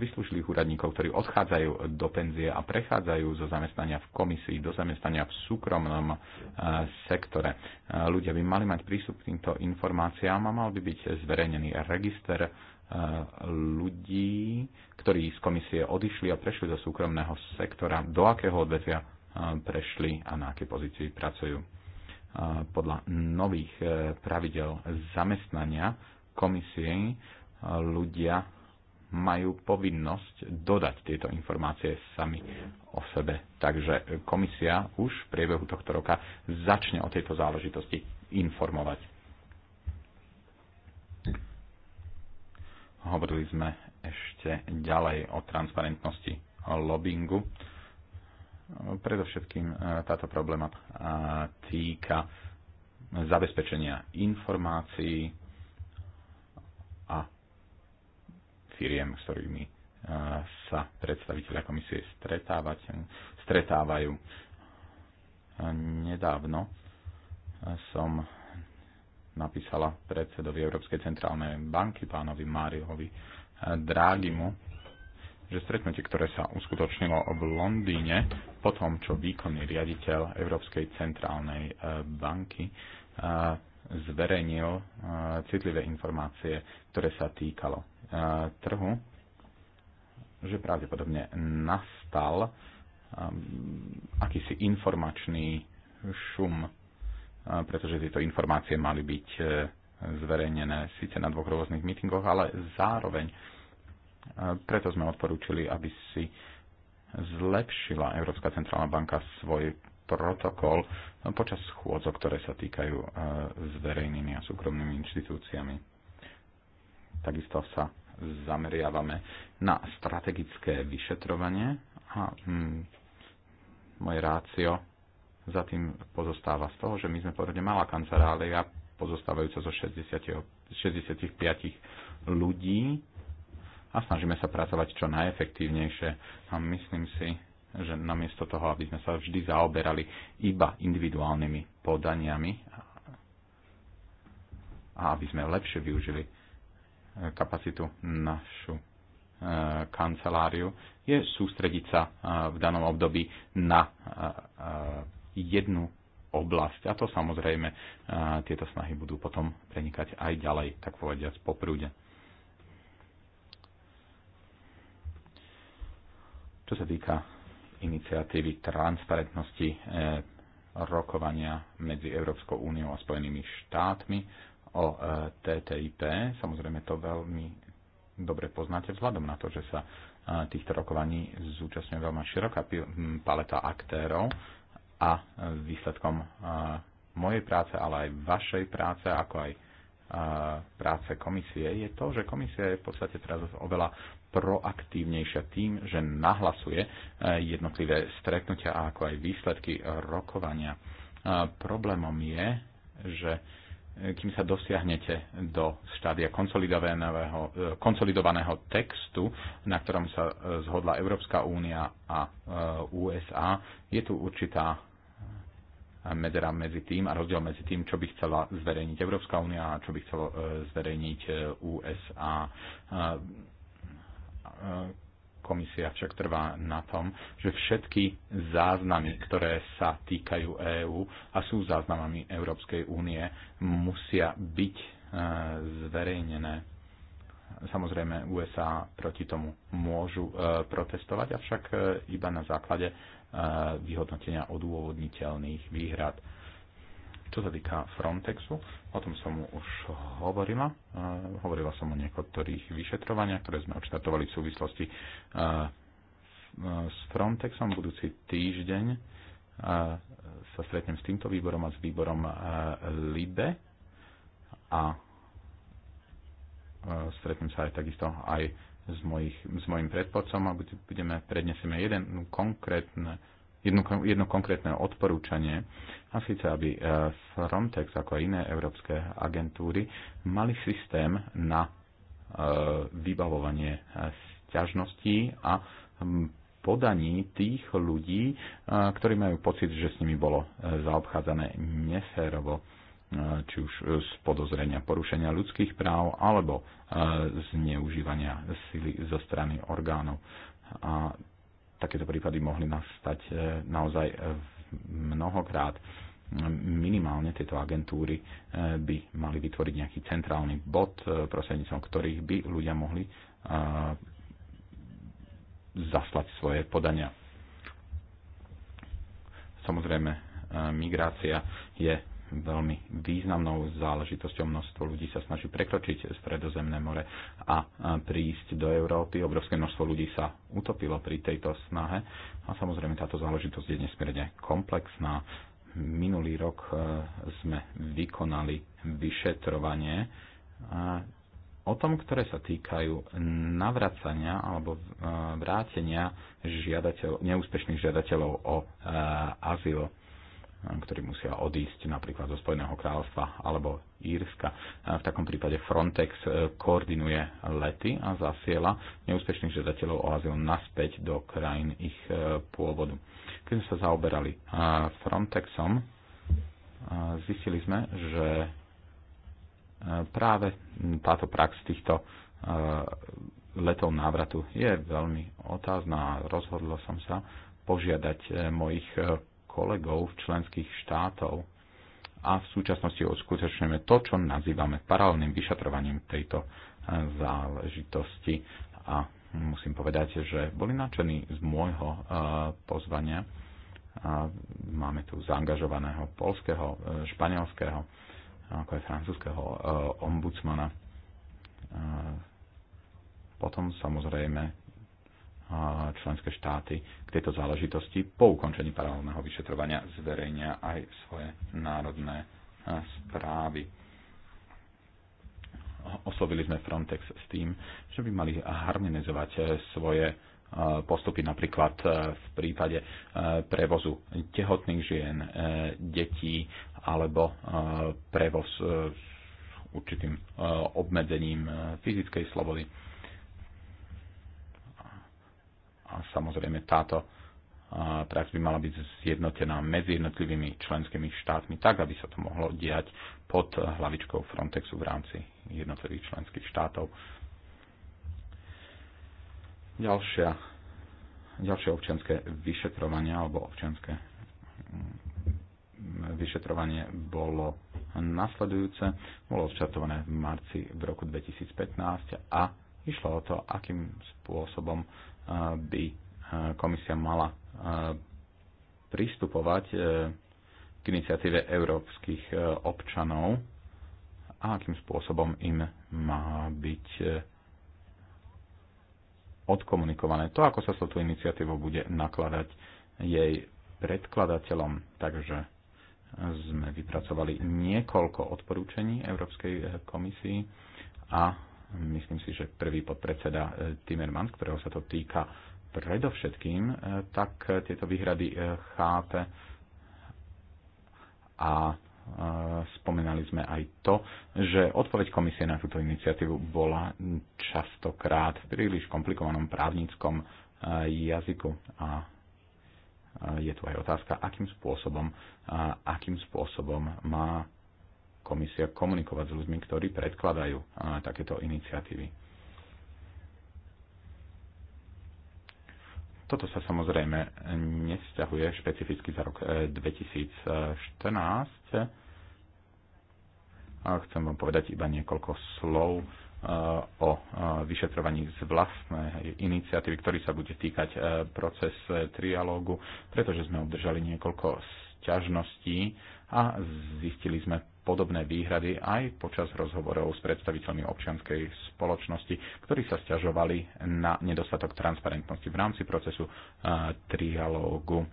vyslúžilých úradníkov, ktorí odchádzajú do penzie a prechádzajú zo zamestnania v komisii do zamestnania v súkromnom sektore. Ľudia by mali mať prístup k týmto informáciám a mal by byť zverejnený register ľudí, ktorí z komisie odišli a prešli do súkromného sektora, do akého odvetvia prešli a na aké pozícii pracujú. Podľa nových e, pravidel zamestnania komisie e, ľudia majú povinnosť dodať tieto informácie sami o sebe. Takže komisia už v priebehu tohto roka začne o tejto záležitosti informovať Hovorili sme ešte ďalej o transparentnosti lobbyingu. Predovšetkým e, táto probléma e, týka zabezpečenia informácií a firiem, s ktorými e, sa predstaviteľia komisie stretávajú. Nedávno som napísala predsedovi Európskej centrálnej banky, pánovi Máriovi eh, Drágimu, že stretnutie, ktoré sa uskutočnilo v Londýne, po tom, čo výkonný riaditeľ Európskej centrálnej eh, banky eh, zverejnil citlivé informácie, ktoré sa týkalo trhu, že pravdepodobne nastal akýsi informačný šum pretože tieto informácie mali byť e, zverejnené síce na dvoch rôznych mítingoch, ale zároveň e, preto sme odporúčili, aby si zlepšila Európska centrálna banka svoj protokol no, počas schôdzok, ktoré sa týkajú e, s verejnými a súkromnými inštitúciami. Takisto sa zameriavame na strategické vyšetrovanie a mm, moje rácio za tým pozostáva z toho, že my sme pôvodne malá kancelária, pozostávajúca zo 60, 65 ľudí a snažíme sa pracovať čo najefektívnejšie. A myslím si, že namiesto toho, aby sme sa vždy zaoberali iba individuálnymi podaniami a aby sme lepšie využili e, kapacitu našu e, kanceláriu, je sústrediť sa e, v danom období na jednu oblasť. A to samozrejme, tieto snahy budú potom prenikať aj ďalej, tak povediať, po prúde. Čo sa týka iniciatívy transparentnosti e, rokovania medzi Európskou úniou a Spojenými štátmi o e, TTIP, samozrejme to veľmi dobre poznáte vzhľadom na to, že sa e, týchto rokovaní zúčastňuje veľmi široká paleta aktérov, a výsledkom mojej práce, ale aj vašej práce, ako aj práce komisie, je to, že komisia je v podstate teraz oveľa proaktívnejšia tým, že nahlasuje e, jednotlivé stretnutia a ako aj výsledky rokovania. E, problémom je, že e, kým sa dosiahnete do štádia konsolidovaného textu, na ktorom sa zhodla Európska únia a USA, je tu určitá medzera medzi tým a rozdiel medzi tým, čo by chcela zverejniť Európska únia a čo by chcelo e, zverejniť e, USA. E, komisia však trvá na tom, že všetky záznamy, ktoré sa týkajú EÚ a sú záznamami Európskej únie, musia byť zverejnené samozrejme USA proti tomu môžu protestovať, avšak iba na základe vyhodnotenia odôvodniteľných výhrad. Čo sa týka Frontexu, o tom som už hovorila. Hovorila som o niektorých vyšetrovaniach, ktoré sme odštartovali v súvislosti s Frontexom. Budúci týždeň sa stretnem s týmto výborom a s výborom LIBE a stretnem sa aj takisto aj s, mojich, s mojim predpocom a budeme, predneseme jeden konkrétne, jedno, jedno konkrétne odporúčanie, a síce aby eh, Frontex ako aj iné európske agentúry mali systém na eh, vybavovanie eh, sťažností a hm, podaní tých ľudí, ktorí majú pocit, že s nimi bolo zaobchádzané neférovo E, či už e, z podozrenia porušenia ľudských práv alebo e, zneužívania sily zo strany orgánov. A takéto prípady mohli nastať naozaj mnohokrát. Minimálne tieto agentúry by mali vytvoriť nejaký centrálny bod, prostredníctvom ktorých by ľudia mohli zaslať svoje podania. Samozrejme, migrácia je veľmi významnou záležitosťou. Množstvo ľudí sa snaží prekročiť Stredozemné more a prísť do Európy. Obrovské množstvo ľudí sa utopilo pri tejto snahe a samozrejme táto záležitosť je nesmierne komplexná. Minulý rok e, sme vykonali vyšetrovanie e, o tom, ktoré sa týkajú navracania alebo e, vrátenia žiadateľ, neúspešných žiadateľov o azyl ktorí musia odísť napríklad zo Spojeného kráľovstva alebo Írska. V takom prípade Frontex e, koordinuje lety a zasiela neúspešných žiadateľov o azyl naspäť do krajín ich e, pôvodu. Keď sme sa zaoberali e, Frontexom, zistili sme, že práve táto prax týchto letov návratu je veľmi otázna a rozhodlo som sa požiadať mojich kolegov v členských štátov a v súčasnosti uskutočňujeme to, čo nazývame paralelným vyšetrovaním tejto eh, záležitosti. A musím povedať, že boli nadšení z môjho eh, pozvania. Máme tu zaangažovaného polského, eh, španielského, ako aj francúzského ombudsmana. Potom samozrejme členské štáty k tejto záležitosti po ukončení paralelného vyšetrovania zverejnia aj svoje národné e, správy. Oslovili sme Frontex s tým, že by mali harmonizovať e, svoje e, postupy napríklad v prípade prevozu tehotných žien, detí alebo prevoz s určitým obmedzením fyzickej slobody a samozrejme táto prax by mala byť zjednotená medzi jednotlivými členskými štátmi tak, aby sa to mohlo diať pod hlavičkou Frontexu v rámci jednotlivých členských štátov. Ďalšia, ďalšie občianské vyšetrovanie alebo občianské mm, vyšetrovanie bolo nasledujúce. Bolo odštartované v marci v roku 2015 a išlo o to, akým spôsobom by eh, komisia mala eh, pristupovať eh, k iniciatíve európskych občanov a akým spôsobom im má byť odkomunikované to, ako sa s touto iniciatívou bude nakladať jej predkladateľom. Takže sme vypracovali niekoľko odporúčení Európskej komisii a myslím si, že prvý podpredseda eh, Timmermans, ktorého sa to týka predovšetkým, eh, tak eh, tieto výhrady chápe a spomenali sme aj to, že odpoveď komisie na túto iniciatívu bola častokrát v príliš komplikovanom právnickom jazyku a je tu aj otázka, akým spôsobom, akým spôsobom má komisia komunikovať s ľuďmi, ktorí predkladajú takéto iniciatívy. Toto sa samozrejme nesťahuje špecificky za rok 2014. E, a chcem vám povedať iba niekoľko slov e, o e, vyšetrovaní z vlastnej iniciatívy, ktorý sa bude týkať proces trialógu, pretože sme obdržali niekoľko sťažností a zistili sme podobné výhrady aj počas rozhovorov s predstaviteľmi občianskej spoločnosti, ktorí sa stiažovali na nedostatok transparentnosti v rámci procesu e, trialógu e,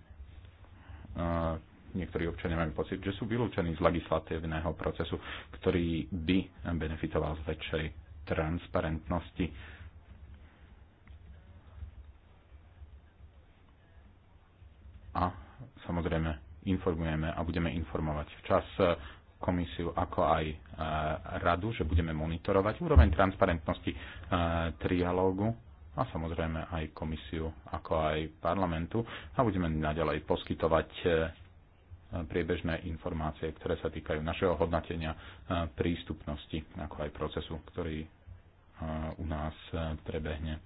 niektorí občania majú pocit, že sú vylúčení z legislatívneho procesu, ktorý by benefitoval z väčšej transparentnosti. A samozrejme informujeme a budeme informovať včas komisiu, ako aj eh, radu, že budeme monitorovať úroveň transparentnosti eh, trialógu a samozrejme aj komisiu, ako aj parlamentu a budeme naďalej poskytovať eh, priebežné informácie, ktoré sa týkajú našeho hodnotenia prístupnosti, ako aj procesu, ktorý u nás prebehne.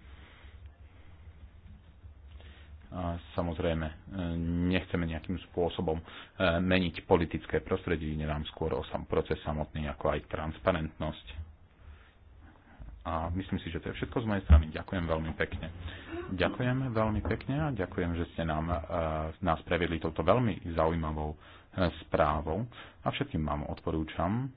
Samozrejme, e, nechceme nejakým spôsobom e, meniť politické prostredie, ide nám skôr o sam proces samotný, ako aj transparentnosť. A myslím si, že to je všetko z mojej strany. Ďakujem veľmi pekne. Ďakujem veľmi pekne a ďakujem, že ste nám, e, nás previedli touto veľmi zaujímavou správou. A všetkým vám odporúčam,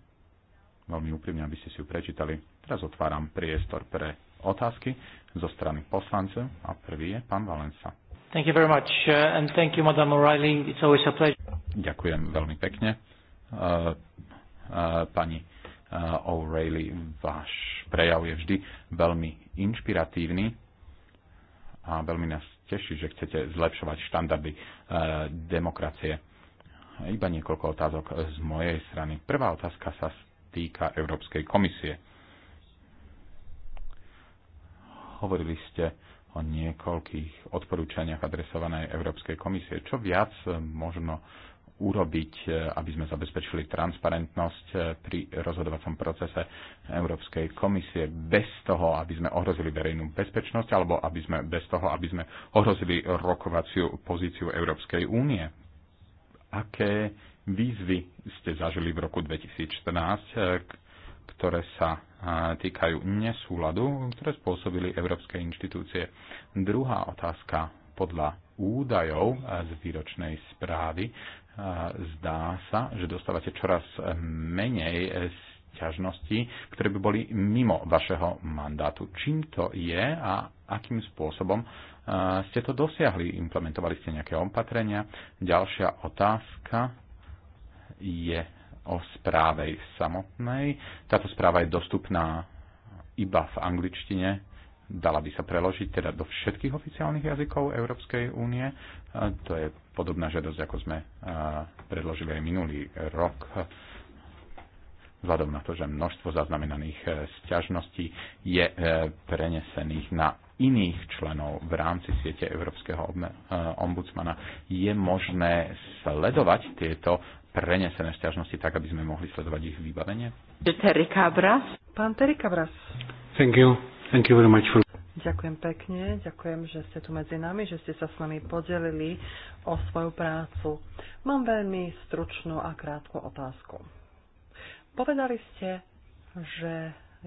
veľmi úprimne, aby ste si ju prečítali. Teraz otváram priestor pre otázky zo strany poslancov a prvý je pán Valensa. Thank you very much uh, and thank you, Madam O'Reilly. It's always a pleasure. Ďakujem veľmi pekne. Uh, uh, pani O'Reilly, váš prejav je vždy veľmi inšpiratívny a veľmi nás teší, že chcete zlepšovať štandardy demokracie. Iba niekoľko otázok z mojej strany. Prvá otázka sa týka Európskej komisie. Hovorili ste o niekoľkých odporúčaniach adresovanej Európskej komisie. Čo viac možno urobiť, e, aby sme zabezpečili transparentnosť e, pri rozhodovacom procese Európskej komisie bez toho, aby sme ohrozili verejnú bezpečnosť alebo aby sme, bez toho, aby sme ohrozili rokovaciu pozíciu Európskej únie. Aké výzvy ste zažili v roku 2014, e, ktoré sa týkajú nesúladu, ktoré spôsobili európske inštitúcie. Druhá otázka podľa údajov z výročnej správy zdá sa, že dostávate čoraz menej ťažnosti, ktoré by boli mimo vašeho mandátu. Čím to je a akým spôsobom ste to dosiahli? Implementovali ste nejaké opatrenia? Ďalšia otázka je o správe samotnej. Táto správa je dostupná iba v angličtine, dala by sa preložiť teda do všetkých oficiálnych jazykov Európskej únie. To je podobná žiadosť, ako sme predložili aj minulý rok. Vzhľadom na to, že množstvo zaznamenaných e, sťažností je e, prenesených na iných členov v rámci siete Európskeho e, ombudsmana, je možné sledovať tieto prenesené sťažnosti tak, aby sme mohli sledovať ich vybavenie? Pán Terikabras. Thank you. Thank you very much for... Ďakujem pekne, ďakujem, že ste tu medzi nami, že ste sa s nami podelili o svoju prácu. Mám veľmi stručnú a krátku otázku. Povedali ste, že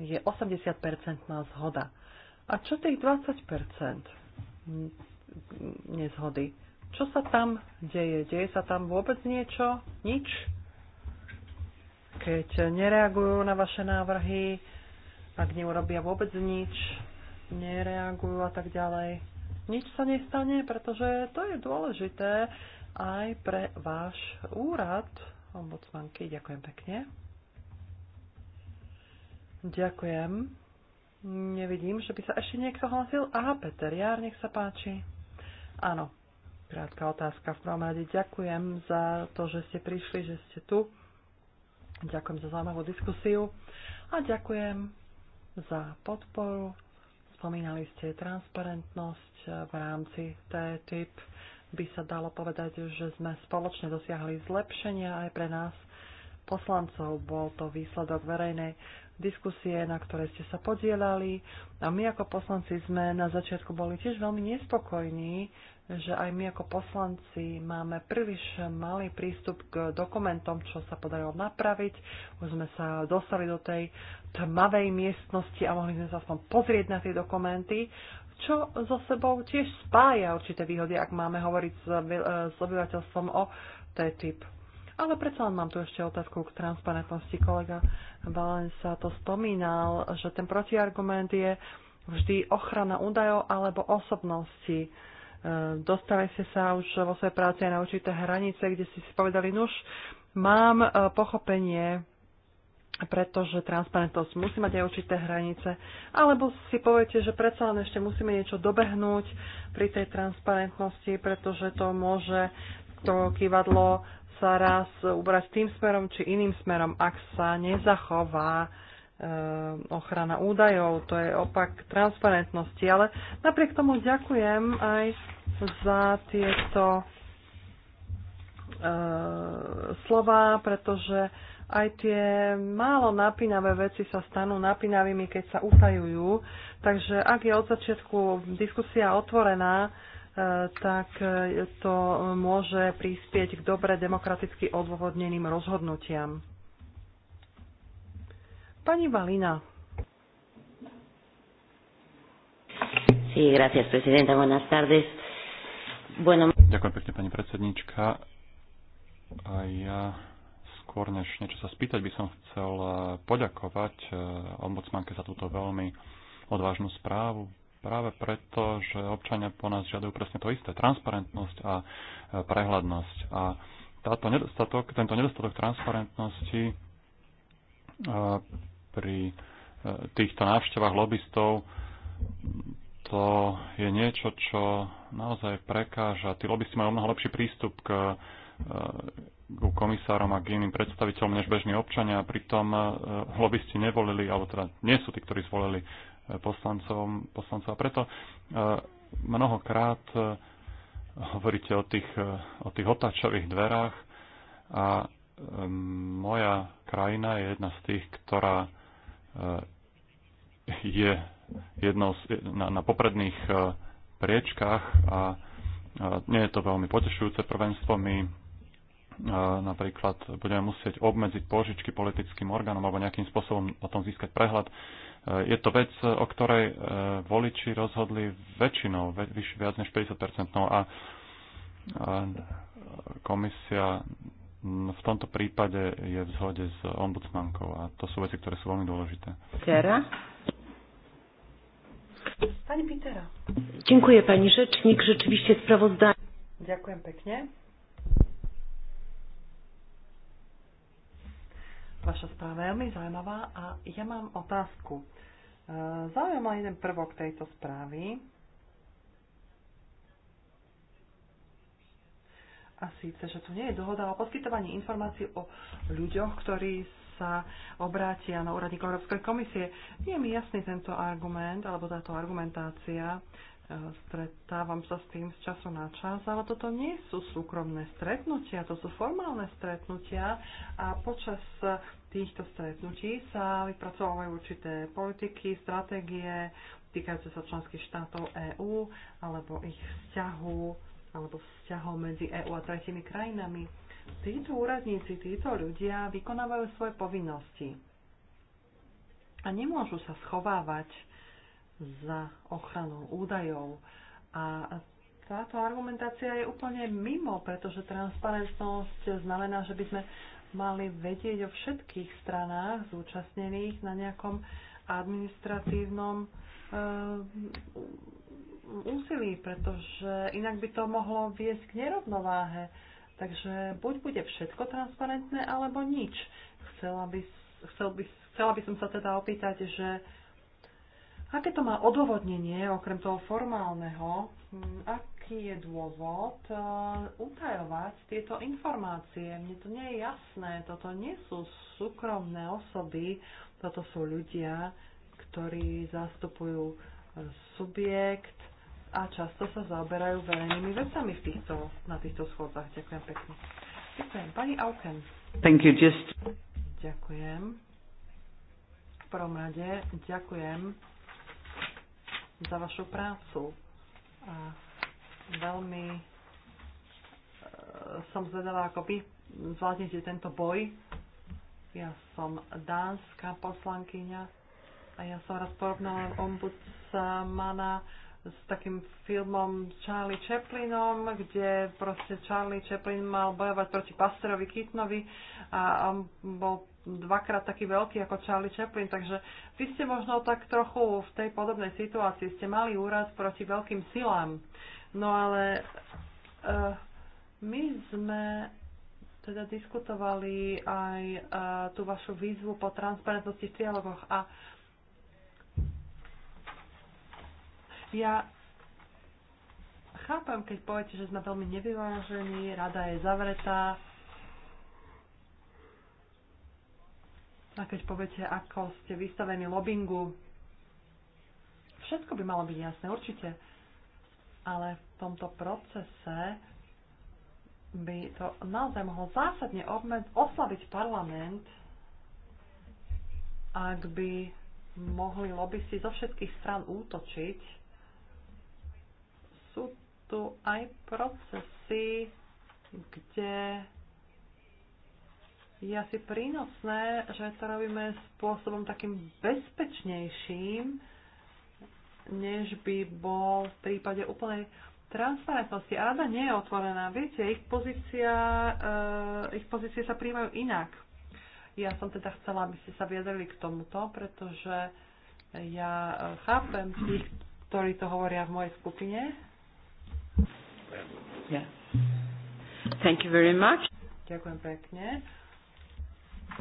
je 80-percentná zhoda. A čo tých 20% nezhody? Čo sa tam deje? Deje sa tam vôbec niečo? Nič? Keď nereagujú na vaše návrhy, ak neurobia vôbec nič, nereagujú a tak ďalej. Nič sa nestane, pretože to je dôležité aj pre váš úrad ombudsmanky. Ďakujem pekne. Ďakujem. Nevidím, že by sa ešte niekto hlasil. Aha, Peter Jár, nech sa páči. Áno, Krátka otázka. V prvom rade ďakujem za to, že ste prišli, že ste tu. Ďakujem za zaujímavú diskusiu a ďakujem za podporu. Spomínali ste transparentnosť v rámci TTIP. By sa dalo povedať, že sme spoločne dosiahli zlepšenia aj pre nás poslancov. Bol to výsledok verejnej diskusie, na ktoré ste sa podielali. A my ako poslanci sme na začiatku boli tiež veľmi nespokojní, že aj my ako poslanci máme príliš malý prístup k dokumentom, čo sa podarilo napraviť. Už sme sa dostali do tej tmavej miestnosti a mohli sme sa aspoň pozrieť na tie dokumenty, čo so sebou tiež spája určité výhody, ak máme hovoriť s, obyvateľstvom o TTIP. Ale predsa len mám tu ešte otázku k transparentnosti. Kolega Balen sa to spomínal, že ten protiargument je vždy ochrana údajov alebo osobnosti. E, Dostali ste sa už vo svojej práci aj na určité hranice, kde ste si povedali, nuž, mám e, pochopenie, pretože transparentnosť musí mať aj určité hranice. Alebo si poviete, že predsa len ešte musíme niečo dobehnúť pri tej transparentnosti, pretože to môže to kývadlo sa raz ubrať tým smerom či iným smerom, ak sa nezachová eh, ochrana údajov, to je opak transparentnosti, ale napriek tomu ďakujem aj za tieto eh, slova, pretože aj tie málo napínavé veci sa stanú napínavými, keď sa utajujú. Takže ak je od začiatku diskusia otvorená, tak to môže prispieť k dobre demokraticky odôvodneným rozhodnutiam. Pani Valina. Sí, gracias, presidenta. Buenas tardes. Bueno... Ďakujem pekne, pani predsednička. A ja skôr než niečo sa spýtať, by som chcel poďakovať eh, ombudsmanke za túto veľmi odvážnu správu, práve preto, že občania po nás žiadajú presne to isté, transparentnosť a prehľadnosť. A táto nedostatok, tento nedostatok transparentnosti pri e, týchto návštevách lobbystov to je niečo, čo naozaj prekáža. Tí lobbysti majú mnoho lepší prístup k, e, k komisárom a k iným predstaviteľom než bežní občania, pritom e, lobbysti nevolili, alebo teda nie sú tí, ktorí zvolili poslancov, poslancov. A preto eh, mnohokrát eh, hovoríte o tých, eh, o tých otáčových dverách a moja krajina je jedna z tých, ktorá je jednou z, na, na popredných priečkách a nie je to veľmi potešujúce prvenstvo. My napríklad budeme musieť obmedziť požičky politickým orgánom alebo nejakým spôsobom o tom získať prehľad. Eh, je to vec, eh, o ktorej eh, voliči rozhodli väčšinou, viac než 50 no a komisia v tomto prípade je v zhode s ombudsmankou a to sú veci, ktoré sú veľmi dôležité. Tera? Pani Pitera. Ďakujem, Pani Rzecznik. Rzeczywiście sprawozdanie. Ďakujem pekne. Vaša správa je veľmi zaujímavá a ja mám otázku. E, Zaujíma jeden prvok tejto správy. A síce, že tu nie je dohoda o poskytovaní informácií o ľuďoch, ktorí sa obrátia na úradníkov Európskej komisie. Nie je mi jasný tento argument alebo táto argumentácia. Eh, stretávam sa s tým z času na čas, ale toto nie sú súkromné stretnutia, to sú formálne stretnutia a počas eh, týchto stretnutí sa vypracovávajú určité politiky, stratégie týkajúce sa členských štátov EÚ alebo ich vzťahu alebo vzťahov medzi EÚ a tretimi krajinami. Títo úradníci, títo ľudia vykonávajú svoje povinnosti a nemôžu sa schovávať za ochranu údajov. A táto argumentácia je úplne mimo, pretože transparentnosť znamená, že by sme mali vedieť o všetkých stranách zúčastnených na nejakom administratívnom e, úsilí, pretože inak by to mohlo viesť k nerovnováhe. Takže buď bude všetko transparentné, alebo nič. Chcela by, chcel by, chcela by som sa teda opýtať, že Aké to má odôvodnenie, okrem toho formálneho, hm, aký je dôvod eh, utajovať tieto informácie? Mne to nie je jasné, toto nie sú súkromné osoby, toto sú ľudia, ktorí zastupujú eh, subjekt a často sa zaoberajú verejnými vecami v týchto, na týchto schôdzach. Ďakujem pekne. Ďakujem. Pani Auken. Thank you, just... Ďakujem. V prvom rade ďakujem za vašu prácu. A veľmi e, som zvedala, ako vy zvládnete tento boj. Ja som dánska poslankyňa a ja som raz porovnala ombudsmana s takým filmom Charlie Chaplinom, kde proste Charlie Chaplin mal bojovať proti pastorovi Kitnovi a on bol dvakrát taký veľký ako Charlie Chaplin, takže vy ste možno tak trochu v tej podobnej situácii, ste mali úraz proti veľkým silám. No ale uh, my sme teda diskutovali aj uh, tú vašu výzvu po transparentnosti v dialogoch a ja chápem, keď poviete, že sme veľmi nevyvážení, rada je zavretá, A keď poviete, ako ste vystavení lobbingu, všetko by malo byť jasné, určite. Ale v tomto procese by to naozaj mohlo zásadne obmed- oslabiť parlament, ak by mohli lobbysti zo všetkých stran útočiť. Sú tu aj procesy, kde je asi prínosné, že to robíme spôsobom takým bezpečnejším, než by bol v prípade úplnej transparentnosti. Rada nie je otvorená. Viete, ich, pozícia, uh, ich pozície sa príjmajú inak. Ja som teda chcela, aby ste sa viedeli k tomuto, pretože ja eh, chápem tých, ktorí to hovoria v mojej skupine. Yeah. Thank you very much. Ďakujem pekne.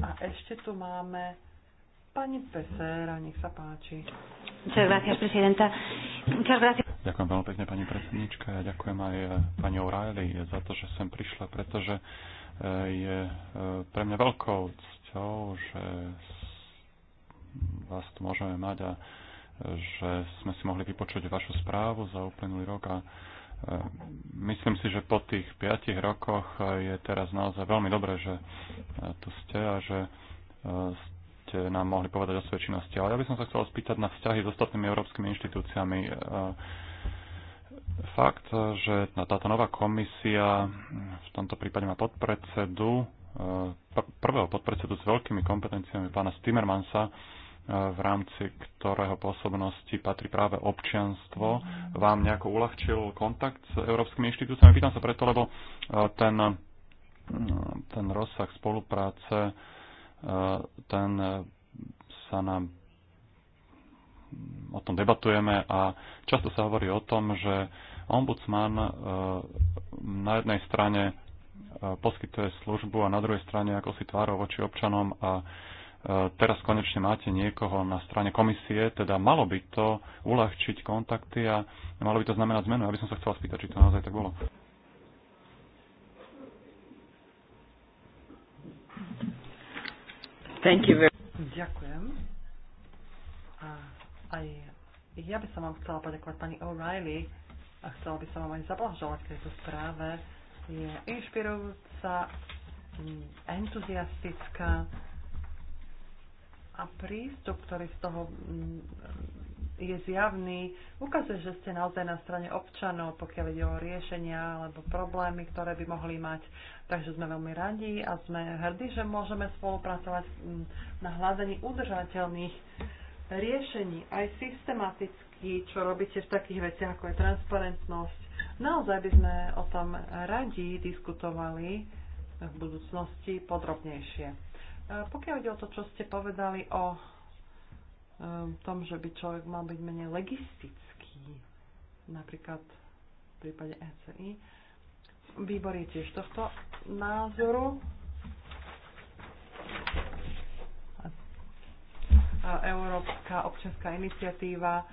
A ešte tu máme pani Pesera, nech sa páči. Ďakujem veľmi pekne, pani predsednička. Ja ďakujem aj eh, pani O'Reilly za to, že sem prišla, pretože eh, je eh, pre mňa veľkou cťou, že vás tu môžeme mať a že sme si mohli vypočuť vašu správu za uplynulý rok a Myslím si, že po tých 5 rokoch je teraz naozaj veľmi dobré, že e, tu ste a že e, ste nám mohli povedať o svojej činnosti. Ale ja by som sa chcel spýtať na vzťahy s ostatnými európskymi inštitúciami. E, fakt, že táto nová komisia v tomto prípade má podpredsedu, prvého podpredsedu s veľkými kompetenciami pána Stimmermansa v rámci ktorého pôsobnosti patrí práve občianstvo, vám nejako uľahčil kontakt s európskymi inštitúciami? Pýtam sa preto, lebo e, ten, e, ten rozsah spolupráce, e, ten sa nám o tom debatujeme a často sa hovorí o tom, že ombudsman na jednej strane poskytuje službu a na druhej strane ako si tvárov voči občanom a teraz konečne máte niekoho na strane komisie, teda malo by to uľahčiť kontakty a malo by to znamenať zmenu. Aby som sa chcel spýtať, či to naozaj tak bolo. Thank you very... Ďakujem. A aj ja by som vám chcela poďakovať pani O'Reilly a chcela by som vám aj zablahoželať k tejto správe. Je inšpirujúca, mm, entuziastická, a prístup, ktorý z toho mm, je zjavný, ukazuje, že ste naozaj na strane občanov, pokiaľ ide o riešenia alebo problémy, ktoré by mohli mať. Takže sme veľmi radi a sme hrdí, že môžeme spolupracovať mm, na hľadení udržateľných riešení, aj systematicky, čo robíte v takých veciach, ako je transparentnosť. Naozaj by sme o tom radi diskutovali v budúcnosti podrobnejšie. E, pokiaľ ide o to, čo ste povedali o e, tom, že by človek mal byť menej legistický, napríklad v prípade ECI, výbor je tiež tohto názoru. Európska občianská iniciatíva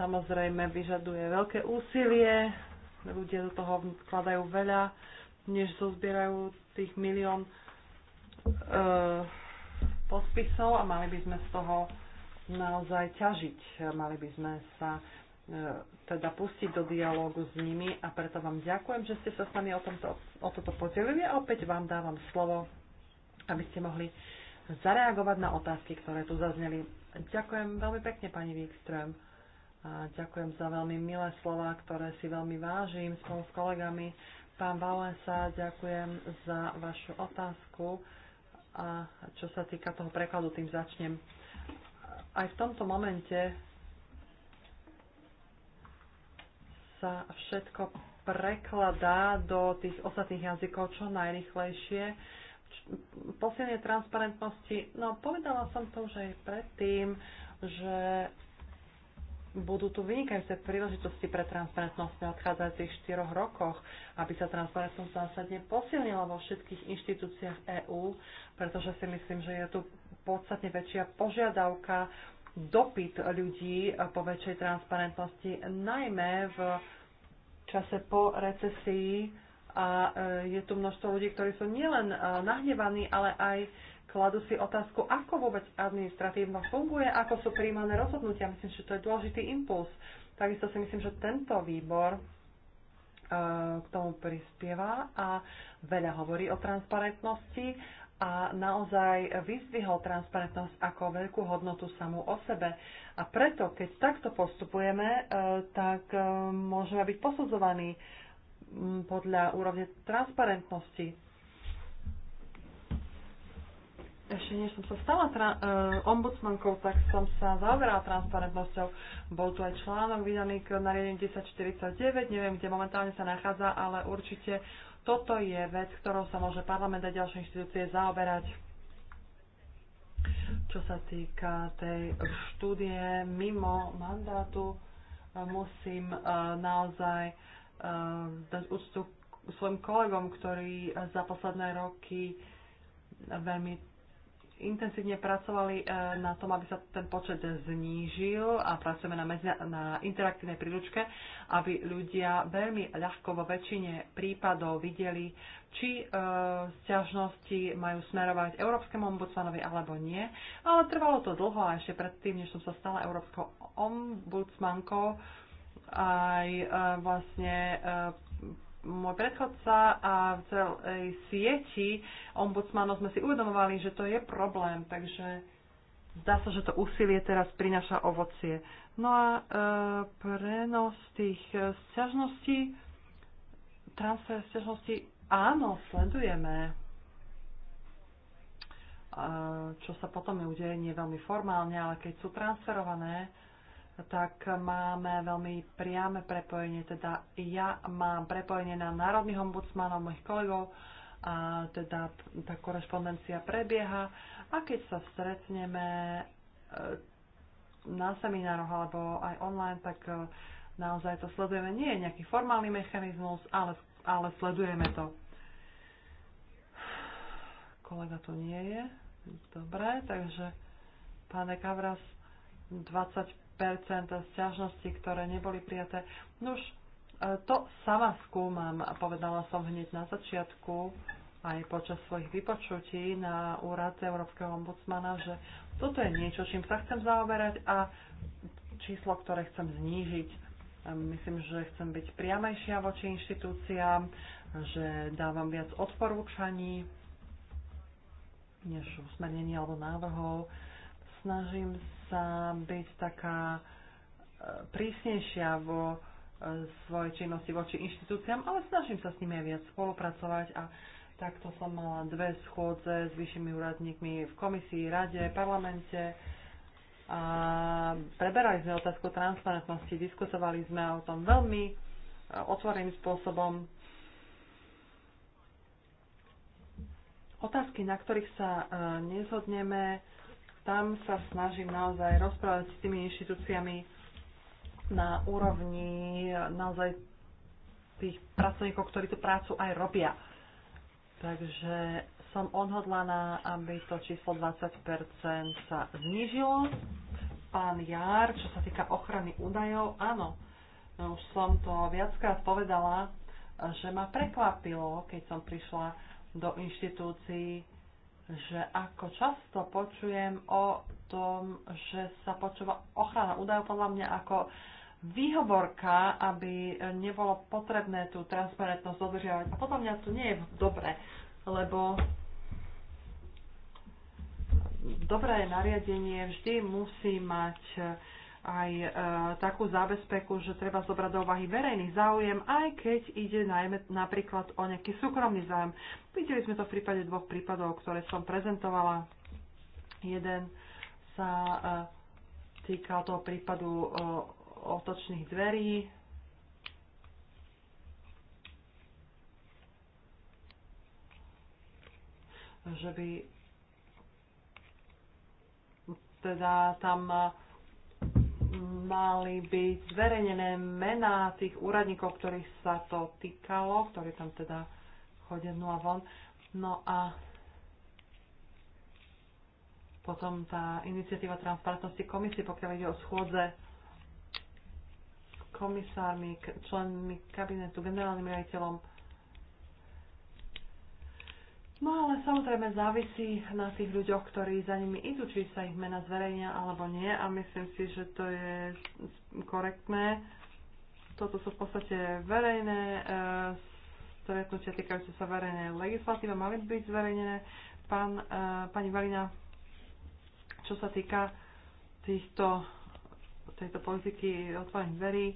samozrejme vyžaduje veľké úsilie, ľudia do toho vkladajú veľa, než zozbierajú tých milión Eh, podpisov a mali by sme z toho naozaj ťažiť. Mali by sme sa eh, teda pustiť do dialógu s nimi a preto vám ďakujem, že ste sa s nami o, tomto, o toto podelili a opäť vám dávam slovo, aby ste mohli zareagovať na otázky, ktoré tu zazneli. Ďakujem veľmi pekne, pani Wikström. A ďakujem za veľmi milé slova, ktoré si veľmi vážim spolu s kolegami. Pán Valensa, ďakujem za vašu otázku. A čo sa týka toho prekladu, tým začnem. Aj v tomto momente sa všetko prekladá do tých ostatných jazykov čo najrychlejšie. Posilnenie transparentnosti, no povedala som to už aj predtým, že budú tu vynikajúce príležitosti pre transparentnosť v nadchádzajúcich 4 rokoch, aby sa transparentnosť zásadne posilnila vo všetkých inštitúciách EÚ, pretože si myslím, že je tu podstatne väčšia požiadavka dopyt ľudí po väčšej transparentnosti, najmä v čase po recesii a e, je tu množstvo ľudí, ktorí sú nielen e, nahnevaní, ale aj kladú si otázku, ako vôbec administratívno funguje, ako sú príjmané rozhodnutia. Myslím, že to je dôležitý impuls. Takisto si myslím, že tento výbor e, k tomu prispieva a veľa hovorí o transparentnosti a naozaj vyzdvihol transparentnosť ako veľkú hodnotu samú o sebe. A preto, keď takto postupujeme, e, tak e, môžeme byť posudzovaní podľa úrovne transparentnosti. ešte než som sa stala tra- e, ombudsmankou, tak som sa zaoberala transparentnosťou. Bol tu aj článok vydaný k nariadeniu 1049, neviem, kde momentálne sa nachádza, ale určite toto je vec, ktorou sa môže parlament a ďalšie inštitúcie zaoberať. Čo sa týka tej štúdie mimo mandátu, e, musím e, naozaj dať úctu svojim kolegom, ktorí za posledné roky veľmi intenzívne pracovali e, na tom, aby sa ten počet znížil a pracujeme na, medzi, na interaktívnej príručke, aby ľudia veľmi ľahko vo väčšine prípadov videli, či e, sťažnosti majú smerovať Európskemu ombudsmanovi alebo nie. Ale trvalo to dlho a ešte predtým, než som sa stala Európskou ombudsmankou, aj e, vlastne e, môj predchodca a v celej sieti ombudsmanov sme si uvedomovali, že to je problém, takže zdá sa, že to úsilie teraz prináša ovocie. No a e, prenos tých e, sťažností, transfer sťažností, áno, sledujeme. E, čo sa potom udeje, nie veľmi formálne, ale keď sú transferované, tak máme veľmi priame prepojenie. Teda ja mám prepojenie na národných ombudsmanov, mojich kolegov a teda tá korešpondencia prebieha a keď sa stretneme e, na seminároch alebo aj online, tak e, naozaj to sledujeme. Nie je nejaký formálny mechanizmus, ale, ale sledujeme to. Kolega tu nie je. Dobre, takže pán Kavras, 25 sťažností, ktoré neboli prijaté. už e, to sama skúmam, povedala som hneď na začiatku, aj počas svojich vypočutí na úrad Európskeho ombudsmana, že toto je niečo, čím sa chcem zaoberať a číslo, ktoré chcem znížiť. Myslím, že chcem byť priamejšia voči inštitúciám, že dávam viac odporúčaní než usmernení alebo návrhov. Snažím sa byť taká e, prísnejšia vo e, svojej činnosti voči inštitúciám, ale snažím sa s nimi aj viac spolupracovať a takto som mala dve schôdze s vyššími úradníkmi v komisii, rade, parlamente a preberali sme otázku transparentnosti, diskutovali sme o tom veľmi e, otvoreným spôsobom. Otázky, na ktorých sa nezhodneme, tam sa snažím naozaj rozprávať s tými inštitúciami na úrovni naozaj tých pracovníkov, ktorí tú prácu aj robia. Takže som odhodlaná, aby to číslo 20% sa znížilo. Pán Jar, čo sa týka ochrany údajov, áno, no, už som to viackrát povedala, že ma prekvapilo, keď som prišla do inštitúcií že ako často počujem o tom, že sa počúva ochrana údajov podľa mňa ako výhovorka, aby nebolo potrebné tú transparentnosť dodržiavať. A podľa mňa to nie je dobre, lebo dobré nariadenie vždy musí mať aj e, takú zábezpeku, že treba zobrať do úvahy verejný záujem, aj keď ide najmä napríklad o nejaký súkromný záujem. Videli sme to v prípade dvoch prípadov, ktoré som prezentovala. Jeden sa e, týkal toho prípadu e, otočných dverí, že by teda tam e, mali byť zverejnené mená tých úradníkov, ktorých sa to týkalo, ktorí tam teda chodia dnu a von. No a potom tá iniciatíva transparentnosti komisie, pokiaľ ide o schôdze s komisármi, členmi kabinetu, generálnym riaditeľom, No ale samozrejme závisí na tých ľuďoch, ktorí za nimi idú, či sa ich mena zverejnia alebo nie a myslím si, že to je korektné. Toto sú v podstate verejné e, stretnutia týkajúce sa verejnej legislatívy, mali byť zverejnené. Pán, e, pani Valina, čo sa týka týchto, tejto politiky otvorených verí,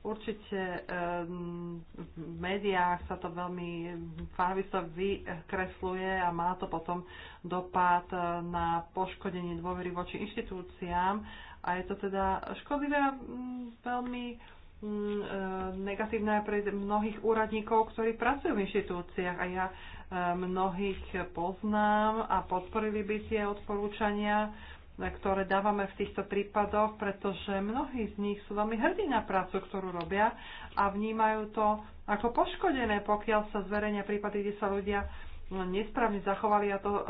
Určite ehm, v médiách sa to veľmi farbisto vykresluje a má to potom dopad e, na poškodenie dôvery voči inštitúciám a je to teda škodlivé a mm, veľmi mm, e, negatívne aj pre mnohých úradníkov, ktorí pracujú v inštitúciách a ja e, mnohých poznám a podporili by tie odporúčania ktoré dávame v týchto prípadoch, pretože mnohí z nich sú veľmi hrdí na prácu, ktorú robia a vnímajú to ako poškodené, pokiaľ sa zverejnia prípady, kde sa ľudia no, nesprávne zachovali a to e,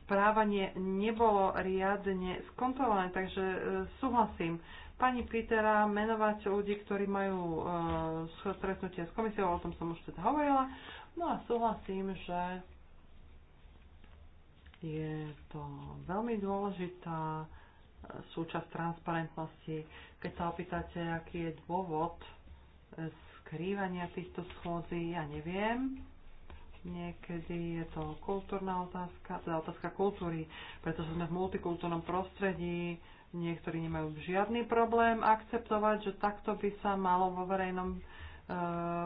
správanie nebolo riadne skontrolované. Takže e, súhlasím. Pani Pitera menovať ľudí, ktorí majú e, stretnutie s komisiou, o tom som už teda hovorila. No a súhlasím, že je to veľmi dôležitá e, súčasť transparentnosti. Keď sa opýtate, aký je dôvod e, skrývania týchto schôdzí, ja neviem. Niekedy je to kultúrna otázka, teda otázka kultúry, pretože sme v multikultúrnom prostredí, niektorí nemajú žiadny problém akceptovať, že takto by sa malo vo verejnom e,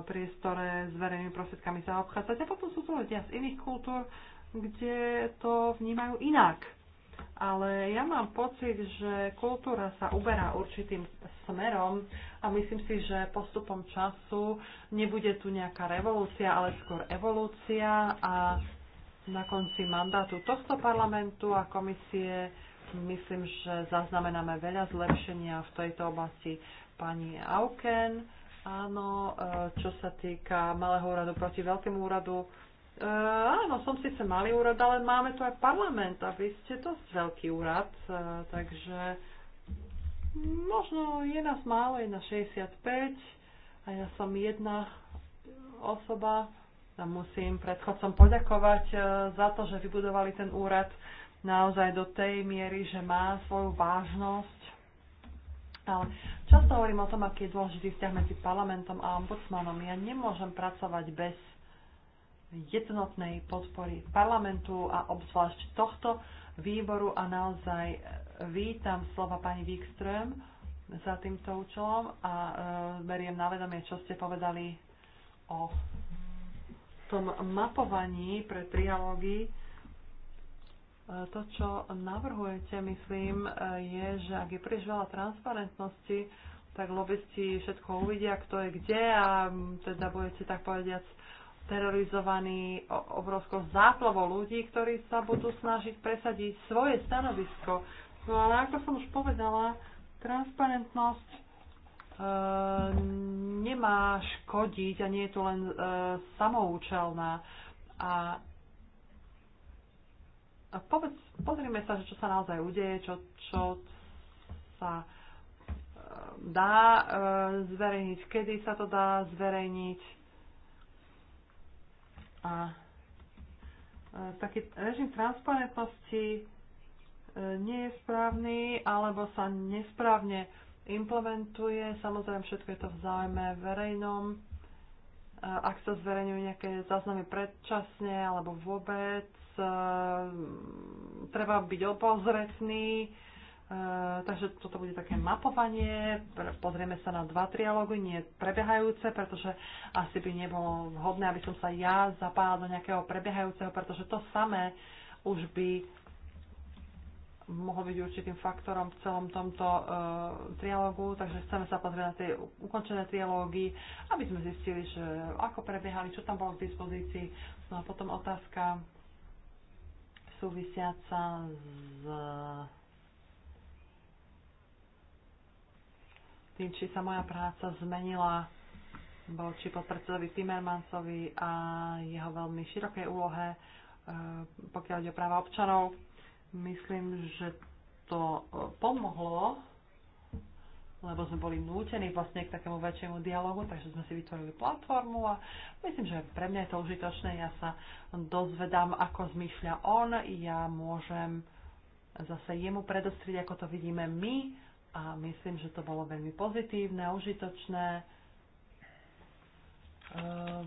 priestore s verejnými prostriedkami zaobchádzať. A potom sú tu ľudia z iných kultúr, kde to vnímajú inak. Ale ja mám pocit, že kultúra sa uberá určitým smerom a myslím si, že postupom času nebude tu nejaká revolúcia, ale skôr evolúcia a na konci mandátu tohto parlamentu a komisie myslím, že zaznamenáme veľa zlepšenia v tejto oblasti pani Auken. Áno, e, čo sa týka malého úradu proti veľkému úradu, Uh, áno, som síce malý úrad, ale máme tu aj parlament a vy ste dosť veľký úrad, uh, takže možno je nás málo, je na 65 a ja som jedna osoba a musím predchodcom poďakovať uh, za to, že vybudovali ten úrad naozaj do tej miery, že má svoju vážnosť. Ale často hovorím o tom, aký je dôležitý vzťah medzi parlamentom a ombudsmanom. Ja nemôžem pracovať bez jednotnej podpory parlamentu a obzvlášť tohto výboru a naozaj e, vítam slova pani Wikström za týmto účelom a e, beriem na vedomie, čo ste povedali o tom mapovaní pre trialógy. E, to, čo navrhujete, myslím, e, je, že ak je príliš veľa transparentnosti, tak lobbysti všetko uvidia, kto je kde a teda budete tak povediať terorizovaní obrovskou záplavou ľudí, ktorí sa budú snažiť presadiť svoje stanovisko. No ale ako som už povedala, transparentnosť e, nemá škodiť a nie je to len e, samoučelná. A, a povedz, pozrime sa, že čo sa naozaj udeje, čo, čo sa e, dá e, zverejniť, kedy sa to dá zverejniť a e, taký režim transparentnosti e, nie je správny alebo sa nesprávne implementuje. Samozrejme, všetko je to v záujme verejnom. E, ak sa zverejňujú nejaké záznamy predčasne alebo vôbec, treba byť opozretný E, takže toto bude také mapovanie, pozrieme sa na dva trialógy, nie prebiehajúce, pretože asi by nebolo vhodné, aby som sa ja zapála do nejakého prebiehajúceho, pretože to samé už by mohol byť určitým faktorom v celom tomto uh, trialógu, takže chceme sa pozrieť na tie ukončené trialógy, aby sme zistili, že ako prebiehali, čo tam bolo k dispozícii. No a potom otázka súvisiaca s tým, či sa moja práca zmenila voči podpredsedovi Timmermansovi a jeho veľmi širokej úlohe, e, pokiaľ ide o práva občanov. Myslím, že to e, pomohlo, lebo sme boli nútení vlastne k takému väčšiemu dialogu, takže sme si vytvorili platformu a myslím, že pre mňa je to užitočné. Ja sa dozvedám, ako zmýšľa on, ja môžem zase jemu predostriť, ako to vidíme my a myslím, že to bolo veľmi pozitívne užitočné e,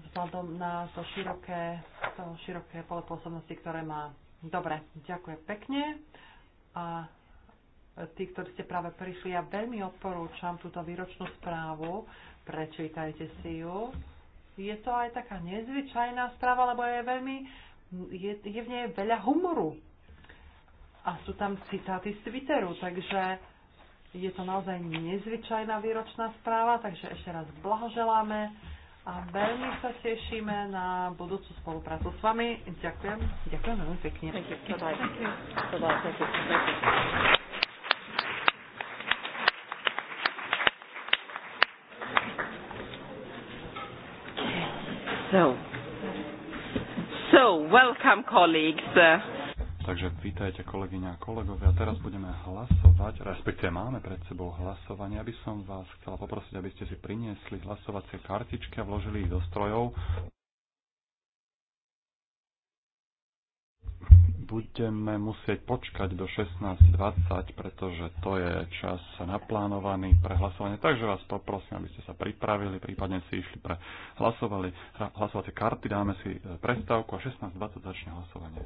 vzhľadom na to široké, to široké pole pôsobnosti, ktoré má. Dobre, ďakujem pekne. A tí, ktorí ste práve prišli, ja veľmi odporúčam túto výročnú správu. Prečítajte si ju. Je to aj taká nezvyčajná správa, lebo je veľmi, je, je v nej veľa humoru. A sú tam citáty z Twitteru, takže je to naozaj nezvyčajná výročná správa, takže ešte raz blahoželáme a veľmi sa tešíme na budúcu spoluprácu s vami. Ďakujem. Ďakujem veľmi pekne. So, welcome colleagues. Uh, Takže vítajte kolegyňa a kolegovia. Teraz budeme hlasovať, respektíve máme pred sebou hlasovanie. Aby som vás chcela poprosiť, aby ste si priniesli hlasovacie kartičky a vložili ich do strojov. budeme musieť počkať do 16.20, pretože to je čas naplánovaný pre hlasovanie. Takže vás poprosím, aby ste sa pripravili, prípadne si išli pre hlasovali, hlasovacie karty, dáme si eh, prestávku a 16.20 začne hlasovanie.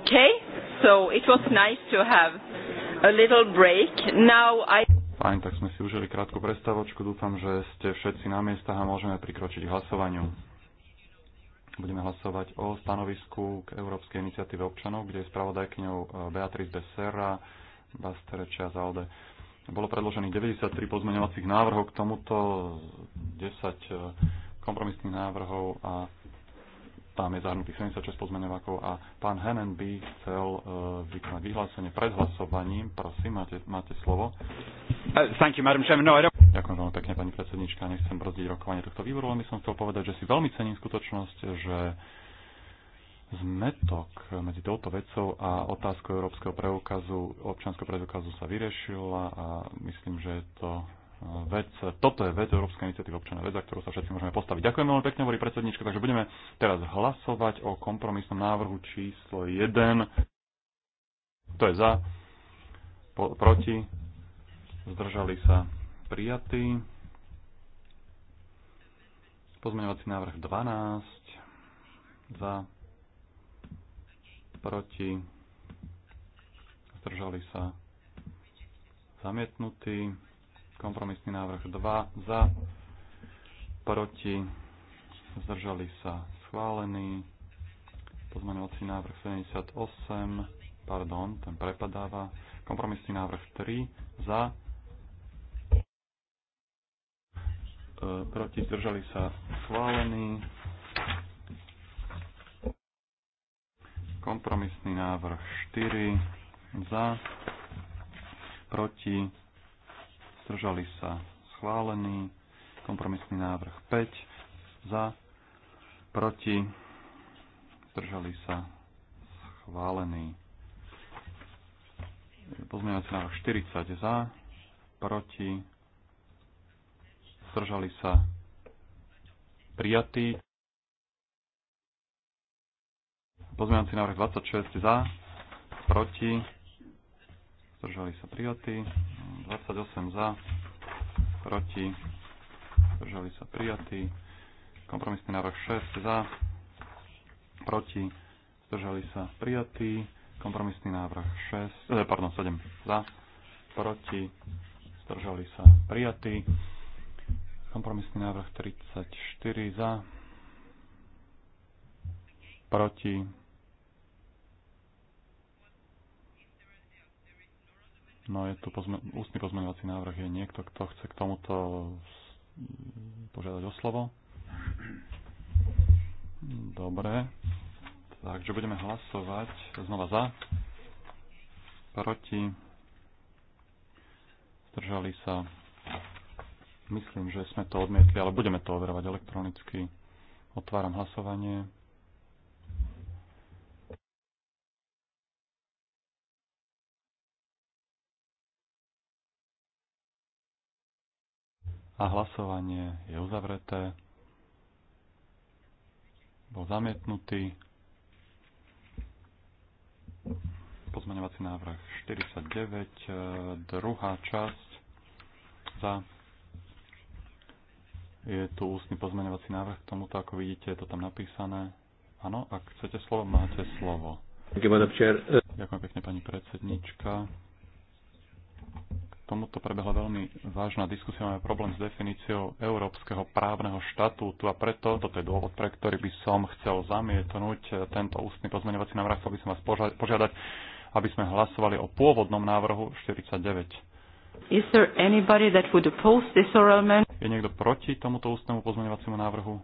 Okay, so it was nice to have a little break. Now I... Fajn, tak sme si užili krátku prestavočku. Dúfam, že ste všetci na miestach a môžeme prikročiť hlasovaniu. Budeme hlasovať o stanovisku k Európskej iniciatíve občanov, kde je spravodajkňou e, Beatriz Becerra, Basterečia Zalde. Bolo predložených 93 pozmeňovacích návrhov, k tomuto 10 e, kompromisných návrhov a tam je zahrnutých 76 pozmeňovákov a pán Henen by chcel e, vykonať vyhlásenie pred hlasovaním. Prosím, máte, máte slovo. Uh, thank you, Madam Chairman. No, I don't... Ďakujem veľmi pekne, pani predsednička. Nechcem brzdiť rokovanie tohto výboru, len by som chcel povedať, že si veľmi cením skutočnosť, že zmetok medzi touto vecou a otázkou európskeho preukazu, občanského preukazu sa vyriešila a myslím, že je to vec, toto je vec Európska iniciatívy občana, vec, za ktorú sa všetci môžeme postaviť. Ďakujem veľmi pekne, hovorí predsednička, takže budeme teraz hlasovať o kompromisnom návrhu číslo 1. To je za, po, proti, zdržali sa prijatí. Pozmeňovací návrh 12, za, proti, zdržali sa zamietnutí. Kompromisný návrh 2 za, proti, zdržali sa schválený. Pozmeňovací návrh 78, pardon, ten prepadáva. Kompromisný návrh 3 za, e, proti, zdržali sa schválený. Kompromisný návrh 4 za, proti, zdržali sa schválený, kompromisný návrh 5 za, proti, zdržali sa schválený. Pozmeňovací návrh 40 za, proti, zdržali sa prijatý. Pozmeňovací návrh 26 za, proti, zdržali sa prijatý. 28 za, proti, zdržali sa prijatí. Kompromisný návrh 6 za, proti, zdržali sa prijatí. Kompromisný návrh 6, eh, pardon, 7 za, proti, zdržali sa prijatí. Kompromisný návrh 34 za, proti, No je tu pozme- ústny pozmeňovací návrh. Je niekto, kto chce k tomuto požiadať o slovo? Dobre. Takže budeme hlasovať znova za, proti, zdržali sa. Myslím, že sme to odmietli, ale budeme to overovať elektronicky. Otváram hlasovanie. a hlasovanie je uzavreté. Bol zamietnutý pozmeňovací návrh 49, e, druhá časť za. Je tu ústny pozmeňovací návrh k tomuto, ako vidíte, je to tam napísané. Áno, ak chcete slovo, máte slovo. Ďakujem pekne, pani predsednička tomuto prebehla veľmi vážna diskusia, máme problém s definíciou európskeho právneho štatútu a preto, toto je dôvod, pre ktorý by som chcel zamietnúť tento ústny pozmeňovací návrh, chcel by som vás požiadať, aby sme hlasovali o pôvodnom návrhu 49. Is there anybody that would oppose this oral man? Je niekto proti tomuto ústnemu pozmeňovaciemu návrhu?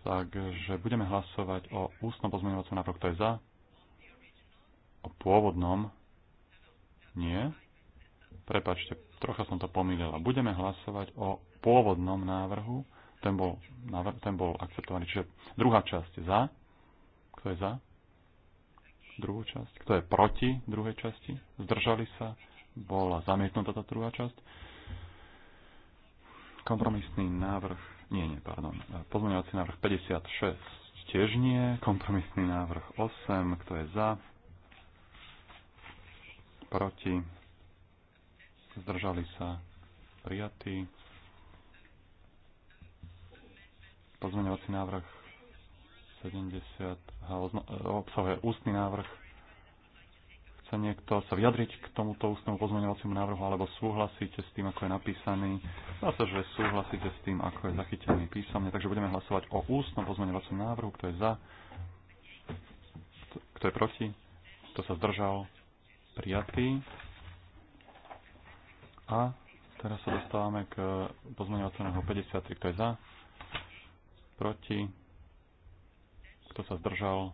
Takže budeme hlasovať o ústnom pozmeňovacom návrhu, kto je za, o pôvodnom nie. Prepačte, trocha som to pomýlila. Budeme hlasovať o pôvodnom návrhu. Ten bol, ten bol akceptovaný. Čiže druhá časť za. Kto je za? Druhú časť. Kto je proti druhej časti? Zdržali sa? Bola zamietnutá tá druhá časť. Kompromisný návrh. Nie, nie, pardon. Pozmeňovací návrh 56 tiež nie. Kompromisný návrh 8. Kto je za? proti, zdržali sa prijatí. Pozmeňovací návrh 70 e, obsahuje ústny návrh. Chce niekto sa vyjadriť k tomuto ústnemu pozmeňovaciemu návrhu alebo súhlasíte s tým, ako je napísaný? Zase, že súhlasíte s tým, ako je zachytený písomne, takže budeme hlasovať o ústnom pozmeňovacom návrhu, kto je za, kto je proti, kto sa zdržal, prijatý. A teraz sa dostávame k pozmeňovacému 53, kto je za, proti, kto sa zdržal,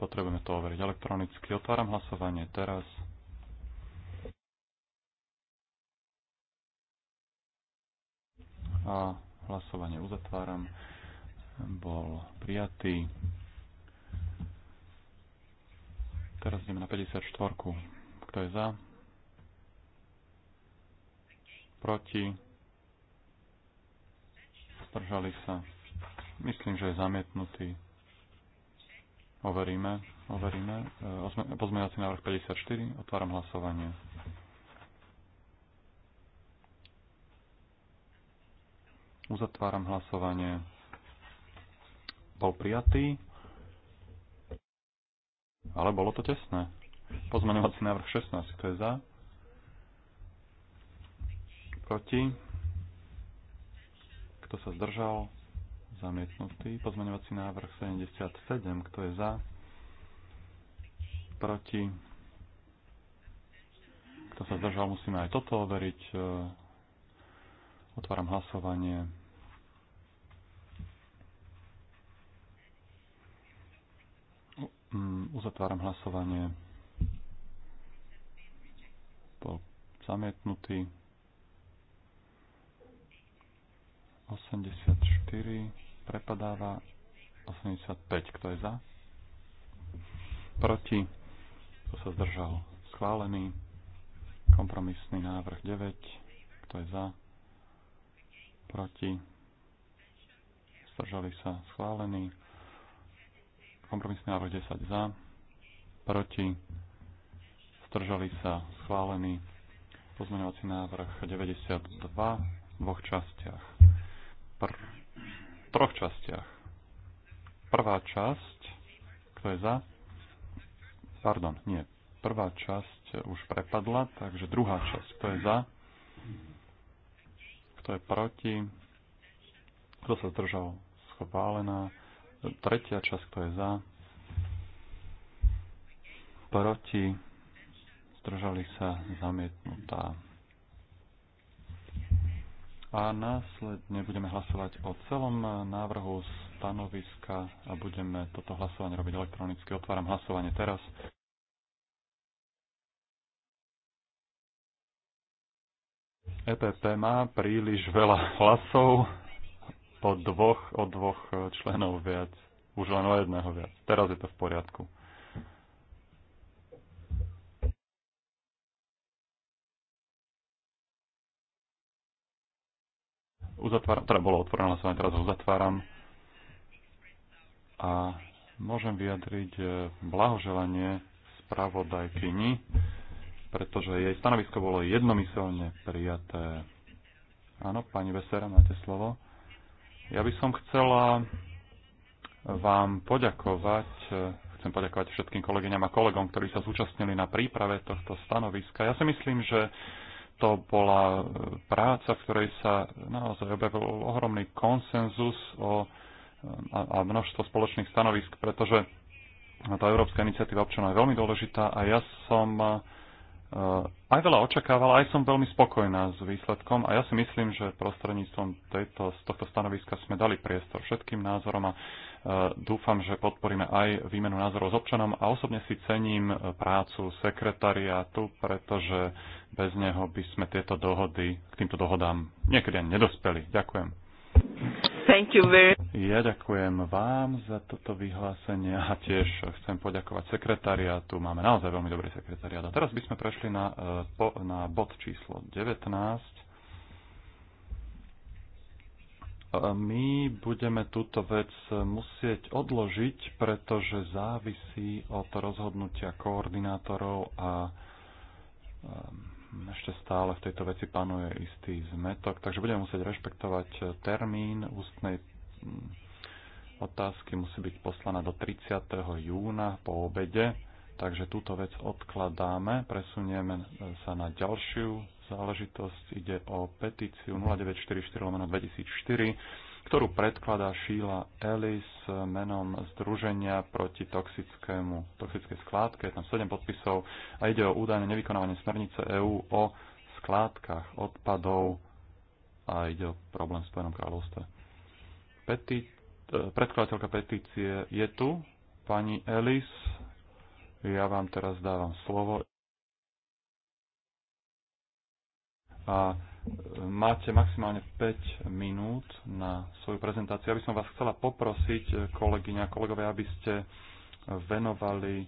potrebujeme to overiť elektronicky. Otváram hlasovanie teraz. A hlasovanie uzatváram. Bol prijatý. Teraz ideme na 54. Kto je za? Proti? Zdržali sa. Myslím, že je zamietnutý. Overíme. Overíme. E, pozmeňovací návrh 54. Otváram hlasovanie. Uzatváram hlasovanie. Bol prijatý. Ale bolo to tesné. Pozmeňovací návrh 16. Kto je za? Proti? Kto sa zdržal? Zamietnutý. Pozmeňovací návrh 77. Kto je za? Proti? Kto sa zdržal? Musíme aj toto overiť. Otváram hlasovanie. Mm, uzatváram hlasovanie. Bol zamietnutý. 84 prepadáva 85. Kto je za? Proti. Kto sa zdržal? Schválený. Kompromisný návrh 9. Kto je za? Proti. Zdržali sa. Schválený Kompromisný návrh 10 za, proti, stržali sa, schválený. Pozmeňovací návrh 92 v dvoch častiach. Pr- troch častiach. Prvá časť, kto je za? Pardon, nie. Prvá časť už prepadla, takže druhá časť, kto je za? Kto je proti? Kto sa zdržal? Schválená. Tretia časť, kto je za? Proti? Zdržali sa zamietnutá. A následne budeme hlasovať o celom návrhu stanoviska a budeme toto hlasovanie robiť elektronicky. Otváram hlasovanie teraz. EPP má príliš veľa hlasov o dvoch, o dvoch e, členov viac. Už len o jedného viac. Teraz je to v poriadku. Uzatváram, teda bolo otvorené hlasovanie, teraz uzatváram. A môžem vyjadriť e, blahoželanie spravodajkyni, pretože jej stanovisko bolo jednomyselne prijaté. Áno, pani Vesera, máte slovo. Ja by som chcela vám poďakovať, chcem poďakovať všetkým kolegyňam a kolegom, ktorí sa zúčastnili na príprave tohto stanoviska. Ja si myslím, že to bola práca, v ktorej sa naozaj objavil ohromný konsenzus o, a, a množstvo spoločných stanovisk, pretože tá Európska iniciatíva občanov je veľmi dôležitá a ja som Eh, aj veľa očakávala, aj som veľmi spokojná s výsledkom a ja si myslím, že prostredníctvom tejto, z tohto stanoviska sme dali priestor všetkým názorom a eh, dúfam, že podporíme aj výmenu názorov s občanom a osobne si cením eh, prácu sekretariátu, pretože bez neho by sme tieto dohody, k týmto dohodám niekedy ani nedospeli. Ďakujem. Thank you very... Ja ďakujem vám za toto vyhlásenie a tiež chcem poďakovať sekretariátu. Máme naozaj veľmi dobrý sekretariát. A teraz by sme prešli na, e, po, na bod číslo 19. E, my budeme túto vec musieť odložiť, pretože závisí od rozhodnutia koordinátorov a e, ešte stále v tejto veci panuje istý zmetok, takže budeme musieť rešpektovať termín ústnej mm, otázky musí byť poslaná do 30. júna po obede, takže túto vec odkladáme, presunieme sa na ďalšiu záležitosť, ide o petíciu 0944 mhm. 2004 ktorú predkladá Sheila Ellis menom Združenia proti toxickému, toxickej skládke. Je tam 7 podpisov a ide o údajné nevykonávanie smernice EÚ o skládkach odpadov a ide o problém v Spojenom kráľovstve. Peti, e, predkladateľka petície je tu, pani Ellis. Ja vám teraz dávam slovo. A Máte maximálne 5 minút na svoju prezentáciu. Ja by som vás chcela poprosiť, kolegyňa a kolegovia, aby ste venovali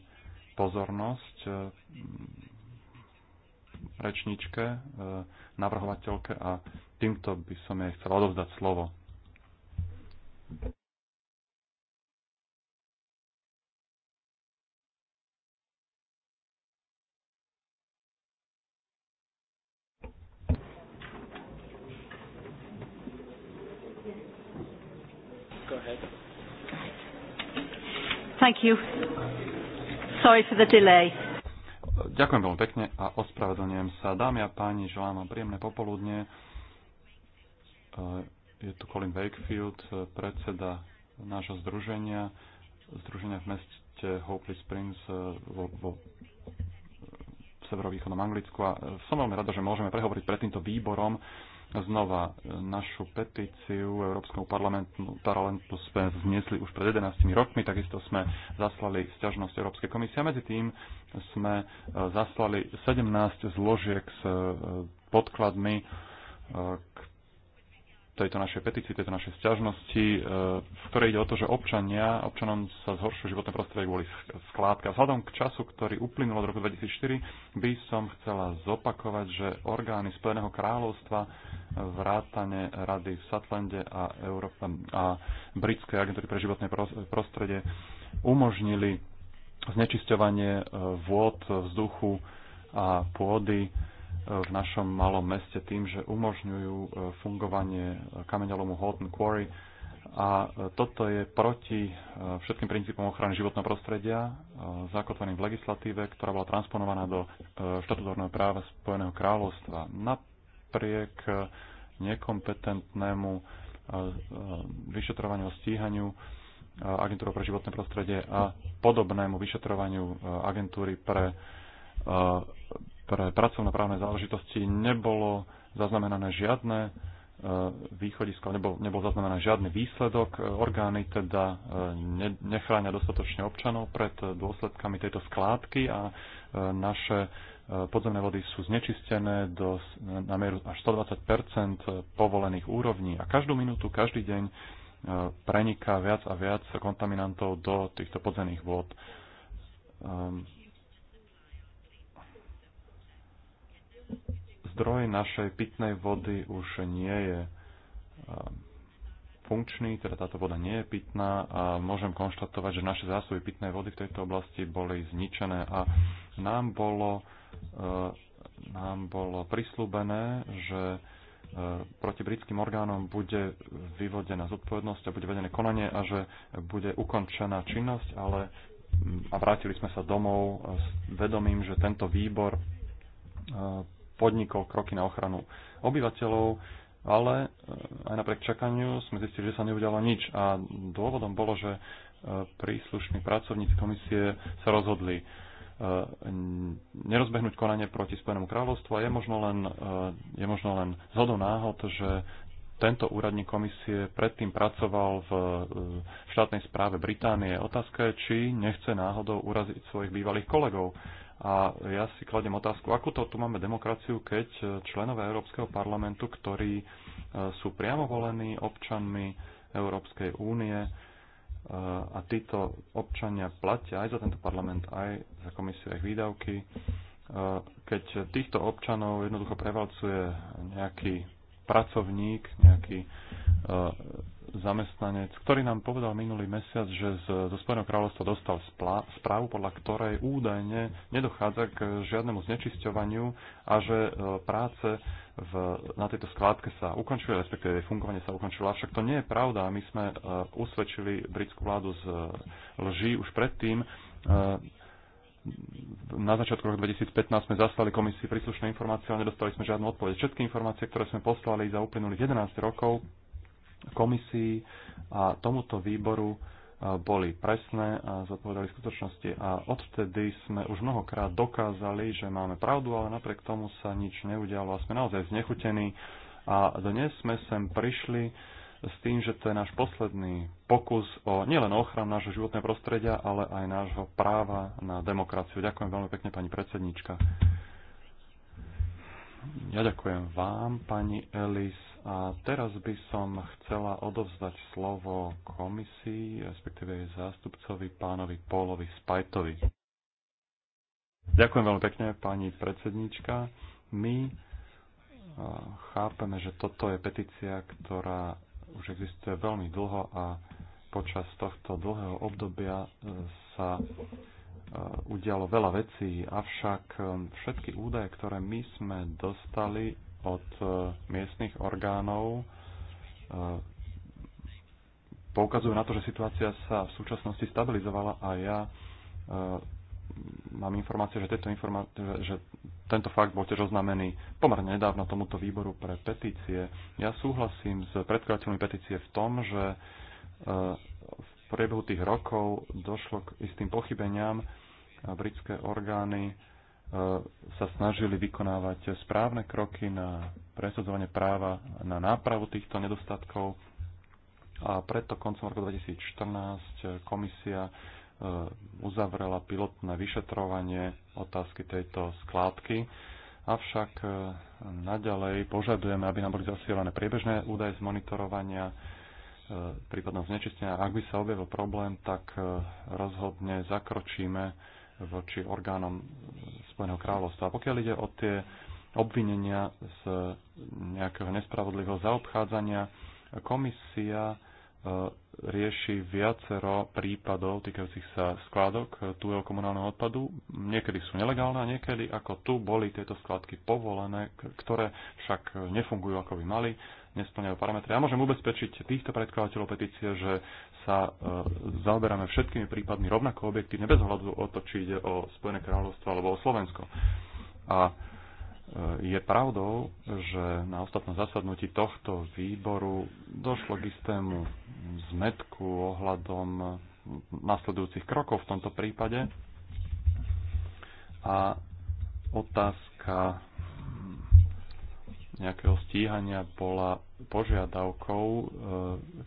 pozornosť eh, rečničke, eh, navrhovateľke a týmto by som jej chcela odovzdať slovo. Thank you. Sorry for the delay. Ďakujem veľmi pekne a ospravedlňujem sa. Dámy a páni, želám vám príjemné popoludne. E, je tu Colin Wakefield, predseda nášho združenia, združenia v meste Hopely Springs e, vo, vo v severovýchodnom Anglicku a e, som veľmi rada, že môžeme prehovoriť pred týmto výborom znova e, našu petíciu Európskemu parlamentu, parlamentu sme zniesli už pred 11 rokmi, takisto sme zaslali sťažnosť Európskej komisie a medzi tým sme e, zaslali 17 zložiek s e, podkladmi k tejto našej petícii, tejto našej sťažnosti, e, v ktorej ide o to, že občania, občanom sa zhoršuje životné prostredie kvôli skládka. Vzhľadom k času, ktorý uplynul od roku 2004, by som chcela zopakovať, že orgány Spojeného kráľovstva e, vrátane Rady v Satlande a, Európa, a Britskej agentúry pre životné prostredie umožnili znečisťovanie e, vôd, vzduchu a pôdy v našom malom meste tým, že umožňujú e, fungovanie kameňolomu Holton Quarry. A e, toto je proti e, všetkým princípom ochrany životného prostredia, zakotveným v legislatíve, ktorá bola transponovaná do štatutórneho práva Spojeného kráľovstva. Napriek nekompetentnému vyšetrovaniu a stíhaniu agentúry pre životné prostredie a podobnému vyšetrovaniu agentúry pre pre pracovnoprávne záležitosti nebolo zaznamenané žiadne e, východisko, nebol, nebol zaznamenaný žiadny výsledok. E, orgány teda e, nechránia dostatočne občanov pred dôsledkami tejto skládky a naše podzemné vody sú znečistené do, na mieru až 120 povolených úrovní a každú minútu, každý deň preniká viac a viac kontaminantov do týchto podzemných vôd. Ehm, zdroj našej pitnej vody už nie je funkčný, teda táto voda nie je pitná a môžem konštatovať, že naše zásoby pitnej vody v tejto oblasti boli zničené a nám bolo, e, nám bolo prislúbené, že e, proti britským orgánom bude vyvodená zodpovednosť a bude vedené konanie a že bude ukončená činnosť, ale a vrátili sme sa domov s vedomím, že tento výbor podnikol kroky na ochranu obyvateľov, ale e, aj napriek čakaniu sme zistili, že sa neudialo nič a dôvodom bolo, že e, príslušní pracovníci komisie sa rozhodli e, nerozbehnúť konanie proti Spojenému kráľovstvu a je možno len, je možno len zhodou náhod, že tento úradník komisie predtým pracoval v štátnej správe Británie. Otázka je, či nechce náhodou uraziť svojich bývalých kolegov. A ja si kladem otázku, akú to tu máme demokraciu, keď členové Európskeho parlamentu, ktorí e, sú priamo volení občanmi Európskej únie e, a títo občania platia aj za tento parlament, aj za komisiu, ich výdavky, e, keď týchto občanov jednoducho prevalcuje nejaký pracovník, nejaký zamestnanec, ktorý nám povedal minulý mesiac, že z, zo Spojeného kráľovstva dostal správu, podľa ktorej údajne nedochádza k žiadnemu znečisťovaniu a že e, práce v, na tejto skládke sa ukončuje, respektíve jej fungovanie sa ukončilo. Avšak to nie je pravda. My sme e, usvedčili britskú vládu z e, lží už predtým na začiatku roku 2015 sme zaslali komisii príslušné informácie, ale nedostali sme žiadnu odpoveď. Všetky informácie, ktoré sme poslali za uplynulých 11 rokov, komisii a tomuto výboru e, boli presné a zodpovedali skutočnosti. A odvtedy sme už mnohokrát dokázali, že máme pravdu, ale napriek tomu sa nič neudialo a sme naozaj znechutení. A dnes sme sem prišli s tým, že to je náš posledný pokus o nielen ochranu nášho životného prostredia, ale aj nášho práva na demokraciu. Ďakujem veľmi pekne, pani predsednička. Ja ďakujem vám, pani Elis. A teraz by som chcela odovzdať slovo komisii, respektíve jej zástupcovi, pánovi Pólovi Spajtovi. Ďakujem veľmi pekne, pani predsednička. My e, chápeme, že toto je petícia, ktorá už existuje veľmi dlho a počas tohto dlhého obdobia e, sa e, udialo veľa vecí, avšak všetky údaje, ktoré my sme dostali, od e, miestnych orgánov e, poukazujú na to, že situácia sa v súčasnosti stabilizovala a ja e, mám informácie, že, informá- že tento fakt bol tiež oznámený pomerne nedávno tomuto výboru pre petície. Ja súhlasím s predkladateľmi petície v tom, že v priebehu tých rokov došlo k istým pochybeniam. Britské orgány sa snažili vykonávať správne kroky na presadzovanie práva na nápravu týchto nedostatkov a preto koncom roku 2014 komisia e, uzavrela pilotné vyšetrovanie otázky tejto skládky. Avšak e, naďalej požadujeme, aby nám boli zasielané priebežné údaje z monitorovania e, prípadného znečistenia. Ak by sa objavil problém, tak rozhodne zakročíme voči orgánom Spojeného kráľovstva. A pokiaľ ide o tie obvinenia z nejakého nespravodlivého zaobchádzania, komisia e, rieši viacero prípadov týkajúcich sa skladok tuého komunálneho odpadu. Niekedy sú nelegálne a niekedy, ako tu, boli tieto skladky povolené, ktoré však nefungujú, ako by mali, nesplňajú parametre. Ja môžem ubezpečiť týchto predkladateľov petície, že sa e, zaoberáme všetkými prípadmi rovnako objektívne, bez hľadu o to, či ide o Spojené kráľovstvo alebo o Slovensko. A e, je pravdou, že na ostatnom zasadnutí tohto výboru došlo k istému zmetku ohľadom nasledujúcich krokov v tomto prípade. A otázka nejakého stíhania bola požiadavkou e,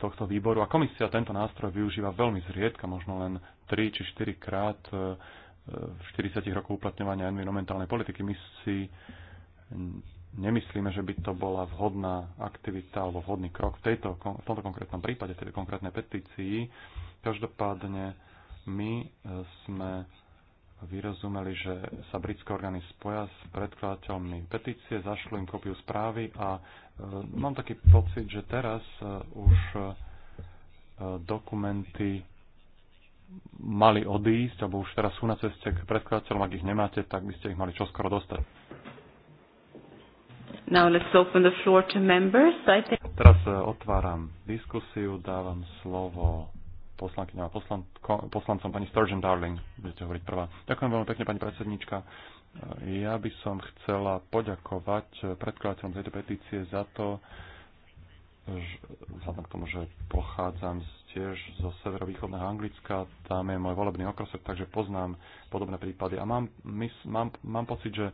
tohto výboru a komisia tento nástroj využíva veľmi zriedka, možno len 3 či 4 krát e, v 40 rokoch uplatňovania environmentálnej politiky. My si nemyslíme, že by to bola vhodná aktivita alebo vhodný krok v, tejto, v tomto konkrétnom prípade, v tejto konkrétnej petícii. Každopádne my e, sme vyrozumeli, že sa britské orgány spoja s predkladateľmi petície, zašlo im kopiu správy a e, mám taký pocit, že teraz e, už e, dokumenty mali odísť, alebo už teraz sú na ceste k predkladateľom, ak ich nemáte, tak by ste ich mali čoskoro dostať. Now let's open the floor to members. I think... Teraz otváram diskusiu, dávam slovo poslankyňa a poslan, poslancom pani Sturgeon Darling. Budete hovoriť prvá. Ďakujem veľmi pekne, pani predsednička. E, ja by som chcela poďakovať predkladateľom tejto petície za to, vzhľadom k tomu, že pochádzam tiež zo severovýchodného Anglicka, tam je môj volebný okrosok, takže poznám podobné prípady. A mám, mys, mám, mám pocit, že e,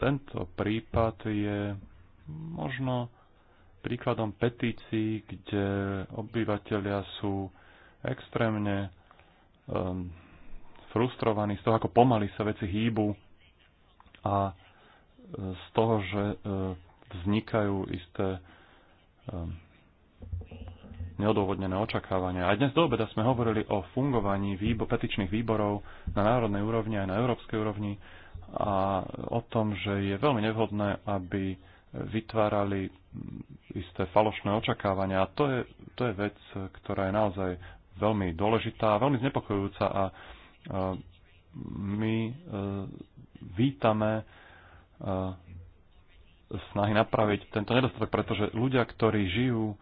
tento prípad je možno príkladom petícií, kde obyvateľia sú extrémne um, frustrovaní z toho, ako pomaly sa veci hýbu a e, z toho, že uh, vznikajú isté um, neodôvodnené očakávania. A dnes do obeda sme hovorili o fungovaní výbo- petičných výborov na národnej úrovni aj na európskej úrovni a o tom, že je veľmi nevhodné, aby vytvárali isté falošné očakávania. A to je, to je vec, ktorá je naozaj veľmi dôležitá, veľmi znepokojujúca a my e, vítame e, snahy napraviť tento nedostatok, pretože ľudia, ktorí žijú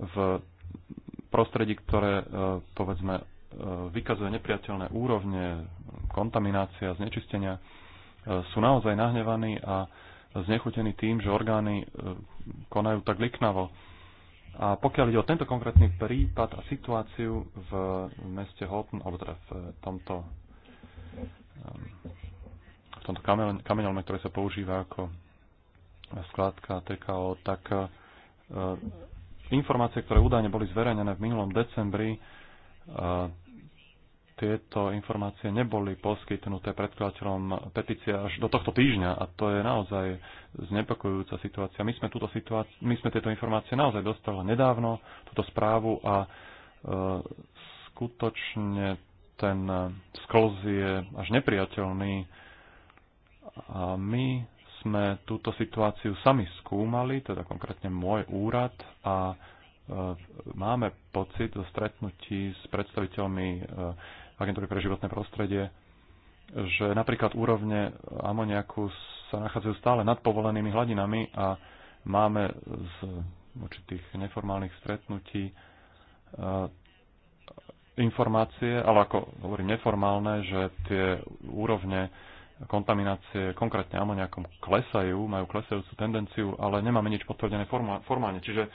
v prostredí, ktoré e, povedzme vykazuje nepriateľné úrovne kontaminácia, znečistenia, sú naozaj nahnevaní a znechutení tým, že orgány e, konajú tak liknavo. A pokiaľ ide o tento konkrétny prípad a situáciu v meste Holton, alebo teda v e, tomto, e, v tomto kameňolme, ktoré sa používa ako skládka TKO, tak informácie, ktoré údajne boli zverejnené v minulom decembri, tieto informácie neboli poskytnuté predkladateľom petície až do tohto týždňa a to je naozaj znepokojujúca situácia. My sme, túto situáci- my sme tieto informácie naozaj dostali nedávno, túto správu a e, skutočne ten sklz je až nepriateľný a my sme túto situáciu sami skúmali, teda konkrétne môj úrad a e, máme pocit zo stretnutí s predstaviteľmi e, agentúry pre životné prostredie, že napríklad úrovne amoniaku sa nachádzajú stále nad povolenými hladinami a máme z určitých neformálnych stretnutí e, informácie, ale ako hovorím neformálne, že tie úrovne kontaminácie konkrétne amoniakom klesajú, majú klesajúcu tendenciu, ale nemáme nič potvrdené formálne. Čiže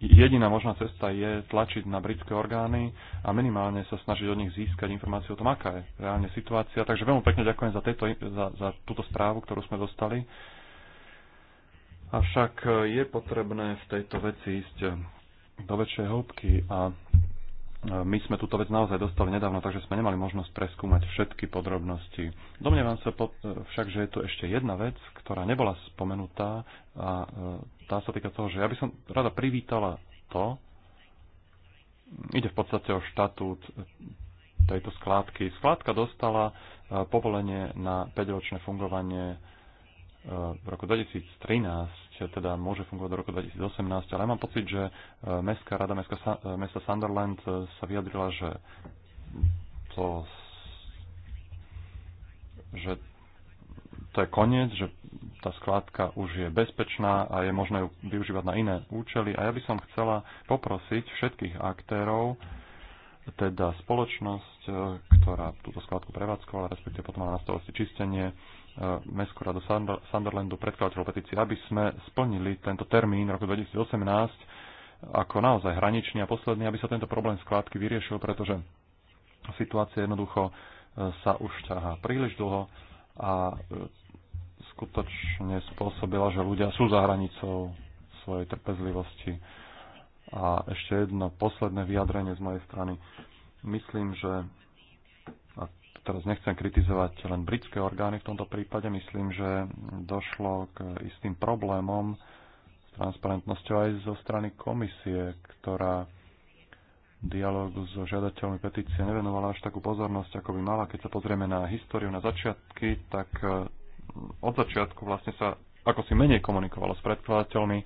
jediná možná cesta je tlačiť na britské orgány a minimálne sa snažiť od nich získať informáciu o tom, aká je reálne situácia. Takže veľmi pekne ďakujem za, tejto, za, za túto správu, ktorú sme dostali. Avšak e, je potrebné v tejto veci ísť e, do väčšej hĺbky a e, my sme túto vec naozaj dostali nedávno, takže sme nemali možnosť preskúmať všetky podrobnosti. Domnievam sa však, že je tu ešte jedna vec, ktorá nebola spomenutá a tá sa týka toho, že ja by som rada privítala to, ide v podstate o štatút tejto skládky. Skládka dostala e, povolenie na 5-ročné fungovanie e, v roku 2013, teda môže fungovať do roku 2018, ale ja mám pocit, že e, Mestská rada mestská, mesta Sunderland sa vyjadrila, že to že to je koniec, že tá skládka už je bezpečná a je možné ju využívať na iné účely. A ja by som chcela poprosiť všetkých aktérov, teda spoločnosť, e, ktorá túto skladku prevádzkovala, respektíve potom mala na starosti čistenie, e, Mestskú radu Sunderlandu, predkladateľov petície, aby sme splnili tento termín roku 2018 ako naozaj hraničný a posledný, aby sa tento problém skládky vyriešil, pretože situácia jednoducho e, sa už ťahá príliš dlho a skutočne spôsobila, že ľudia sú za hranicou svojej trpezlivosti. A ešte jedno posledné vyjadrenie z mojej strany. Myslím, že, a teraz nechcem kritizovať len britské orgány v tomto prípade, myslím, že došlo k istým problémom s transparentnosťou aj zo strany komisie, ktorá dialógu so žiadateľmi petície nevenovala až takú pozornosť, ako by mala. Keď sa pozrieme na históriu, na začiatky, tak od začiatku vlastne sa ako si menej komunikovalo s predkladateľmi,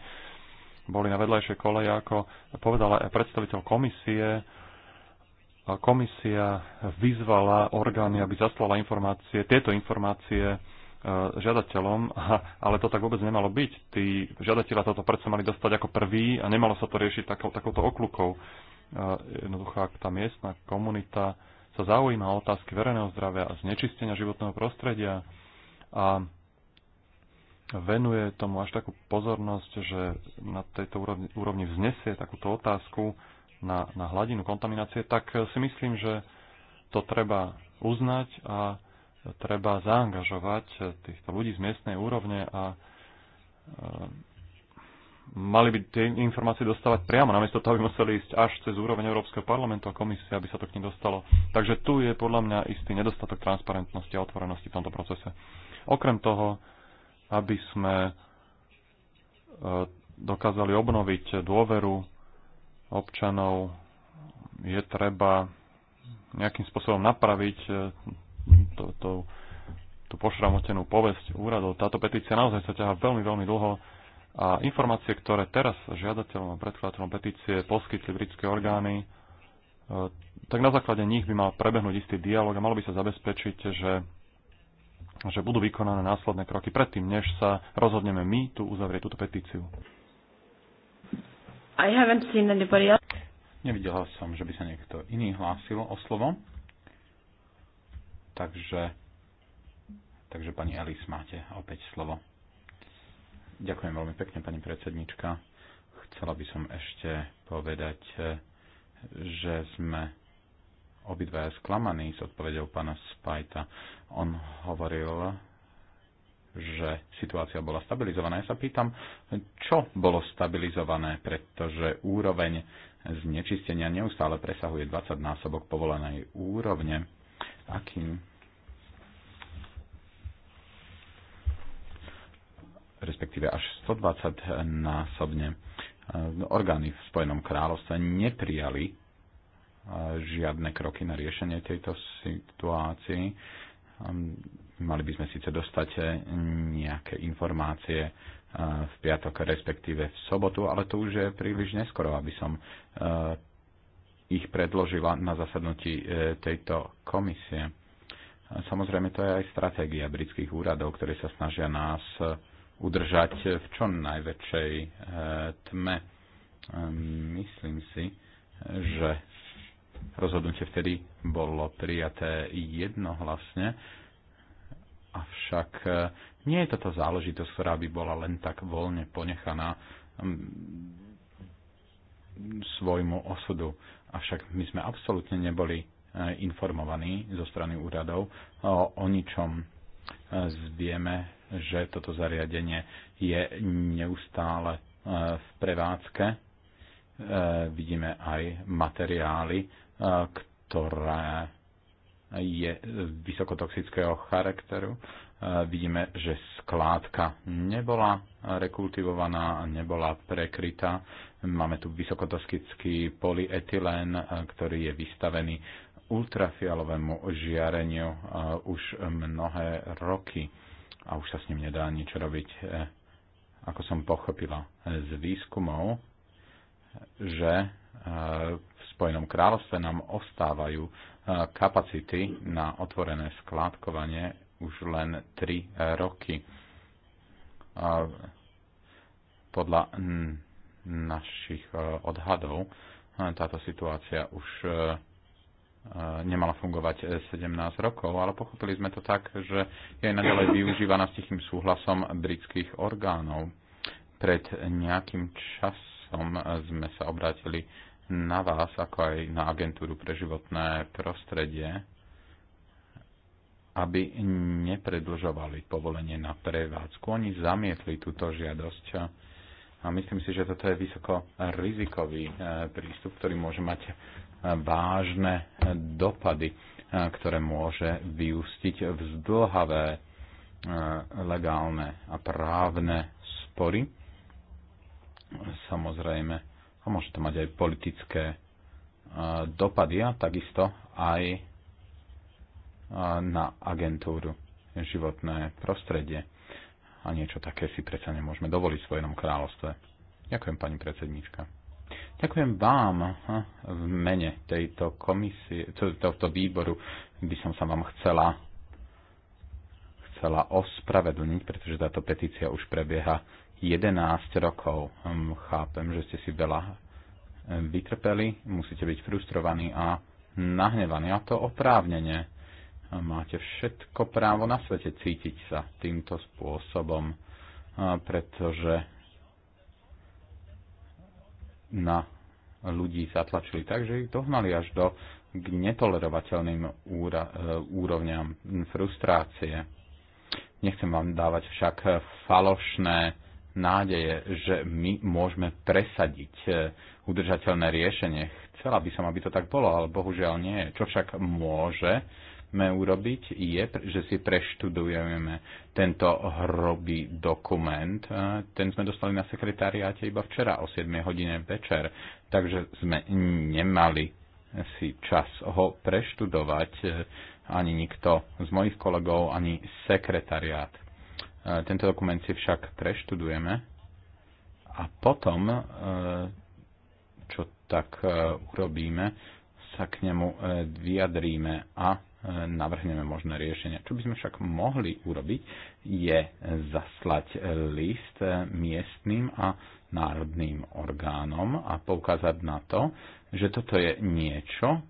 boli na vedľajšej koleji, ako povedala predstaviteľ komisie, komisia vyzvala orgány, aby zaslala informácie, tieto informácie e, žiadateľom, ale to tak vôbec nemalo byť. Tí žiadatelia toto predsa mali dostať ako prvý a nemalo sa to riešiť takou, takouto okľukou. E, jednoducho, ak tá miestna komunita sa zaujíma o otázky verejného zdravia a znečistenia životného prostredia, a venuje tomu až takú pozornosť, že na tejto úrovni, úrovni vznesie takúto otázku na, na hladinu kontaminácie, tak si myslím, že to treba uznať a treba zaangažovať týchto ľudí z miestnej úrovne a e, mali by tie informácie dostávať priamo, namiesto toho by museli ísť až cez úroveň Európskeho parlamentu a komisie, aby sa to k nim dostalo. Takže tu je podľa mňa istý nedostatok transparentnosti a otvorenosti v tomto procese. Okrem toho, aby sme e, dokázali obnoviť dôveru občanov, je treba nejakým spôsobom napraviť e, to, to, tú pošramotenú povesť úradov. Táto petícia naozaj sa ťaha veľmi, veľmi dlho a informácie, ktoré teraz žiadateľom a predkladateľom petície poskytli britské orgány, e, tak na základe nich by mal prebehnúť istý dialog a malo by sa zabezpečiť, že že budú vykonané následné kroky predtým, než sa rozhodneme my tu uzavrieť túto petíciu. I haven't seen anybody else. Nevidela som, že by sa niekto iný hlásil o slovo. Takže, takže pani Elis, máte opäť slovo. Ďakujem veľmi pekne, pani predsednička. Chcela by som ešte povedať, eh, že sme obidvaja sklamaní s odpovedou pána Spajta. On hovoril, že situácia bola stabilizovaná. Ja sa pýtam, čo bolo stabilizované, pretože úroveň znečistenia neustále presahuje 20 násobok povolenej úrovne. Akým respektíve až 120 násobne orgány v Spojenom kráľovstve neprijali žiadne kroky na riešenie tejto situácii. Ehm, mali by sme síce dostať eh, nejaké informácie eh, v piatok, respektíve v sobotu, ale to už je príliš neskoro, aby som eh, ich predložila na zasadnutí tejto komisie. Samozrejme, to je aj stratégia britských úradov, ktorí sa snažia nás udržať v čo najväčšej tme. Ehm, myslím si, že Rozhodnutie vtedy bolo prijaté jednohlasne, avšak e, nie je toto záležitosť, ktorá by bola len tak voľne ponechaná svojmu osudu. Avšak my sme absolútne neboli e, informovaní zo strany úradov o, o ničom. E, vieme, že toto zariadenie je neustále v prevádzke. Vidíme aj materiály ktoré je vysokotoxického charakteru. Vidíme, že skládka nebola rekultivovaná, nebola prekrytá. Máme tu vysokotoxický polyetylén, ktorý je vystavený ultrafialovému žiareniu už mnohé roky a už sa s ním nedá nič robiť. E, ako som pochopila z výskumov, že v Spojenom kráľovstve nám ostávajú kapacity na otvorené skládkovanie už len 3 roky. Podľa našich e, odhadov táto situácia už e, e, nemala fungovať 17 rokov, ale pochopili sme to tak, že je naďalej využívaná s tichým súhlasom britských orgánov. Pred nejakým časom sme sa obrátili na vás, ako aj na agentúru pre životné prostredie, aby nepredlžovali povolenie na prevádzku. Oni zamietli túto žiadosť a myslím si, že toto je vysoko rizikový e, prístup, ktorý môže mať e, vážne e, dopady, ktoré môže vyústiť v zdlhavé legálne a právne spory. Samozrejme, a môže to mať aj politické e, dopady a takisto aj e, na agentúru životné prostredie. A niečo také si predsa nemôžeme dovoliť v svojom kráľovstve. Ďakujem, pani predsednička. Ďakujem vám hm, v mene tejto komisie, tohto výboru, by som sa vám chcela chcela ospravedlniť, pretože táto petícia už prebieha 11 rokov. Hm, chápem, že ste si veľa hm, vytrpeli, musíte byť frustrovaní a nahnevaní, a to oprávnenie. Hm, máte všetko právo na svete cítiť sa týmto spôsobom, pretože na ľudí zatlačili tak, že ich dohnali až do k netolerovateľným úra, e, úrovňam frustrácie. Nechcem vám dávať však falošné nádeje, že my môžeme presadiť e, udržateľné riešenie. Chcela by som, aby to tak bolo, ale bohužiaľ nie. Čo však môže urobiť, je, že si preštudujeme tento hrobý dokument. E, ten sme dostali na sekretariáte iba včera o 7 hodine večer, takže sme nemali si čas ho preštudovať e, ani nikto z mojich kolegov, ani sekretariát tento dokument si však preštudujeme a potom, e, čo tak e, urobíme, sa k nemu e, vyjadríme a navrhneme možné riešenia. Čo by sme však mohli urobiť, je zaslať list miestnym a národným orgánom a poukázať na to, že toto je niečo,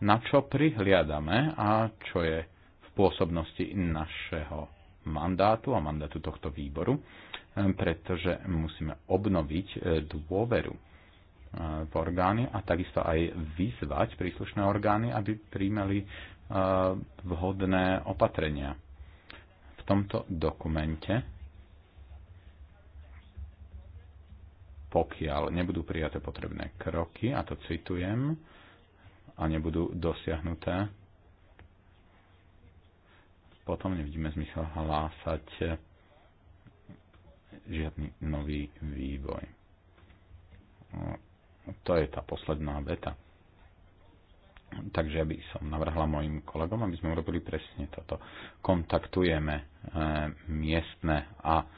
na čo prihliadame a čo je v pôsobnosti našeho mandátu a mandátu tohto výboru, eh, pretože musíme obnoviť eh, dôveru eh, v orgány a takisto aj vyzvať príslušné orgány, aby príjmeli vhodné opatrenia. V tomto dokumente, pokiaľ nebudú prijaté potrebné kroky, a to citujem, a nebudú dosiahnuté potom nevidíme zmysel hlásať eh, žiadny nový vývoj. No, to je tá posledná veta. Takže aby by som navrhla mojim kolegom, aby sme urobili presne toto. Kontaktujeme eh, miestne a eh,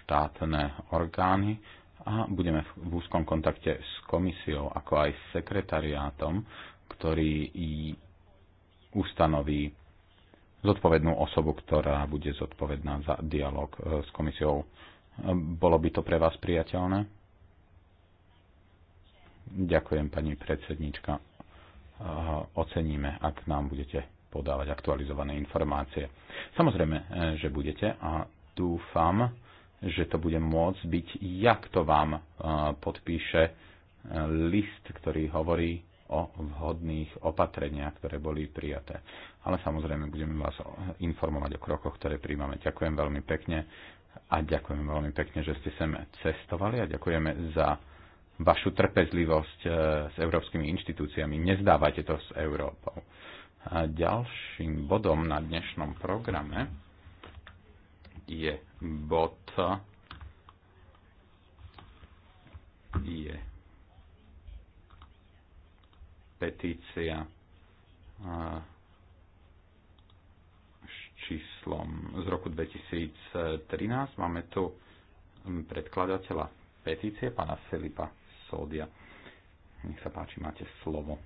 štátne orgány a budeme v úzkom kontakte s komisiou, ako aj s sekretariátom, ktorý ustanoví zodpovednú osobu, ktorá bude zodpovedná za dialog e, s komisiou. E, bolo by to pre vás priateľné? Ďakujem, pani predsednička. E, oceníme, ak nám budete podávať aktualizované informácie. Samozrejme, že budete a dúfam, že to bude môcť byť, jak to vám podpíše list, ktorý hovorí o vhodných opatreniach, ktoré boli prijaté. Ale samozrejme budeme vás informovať o krokoch, ktoré príjmame. Ďakujem veľmi pekne a ďakujem veľmi pekne, že ste sem cestovali a ďakujeme za vašu trpezlivosť eh, s európskymi inštitúciami. Nezdávajte to s Európou. A ďalším bodom na dnešnom programe je bod je petícia s číslom z roku 2013. Máme tu predkladateľa petície, pána Filipa Sodia. Nech sa páči, máte slovo.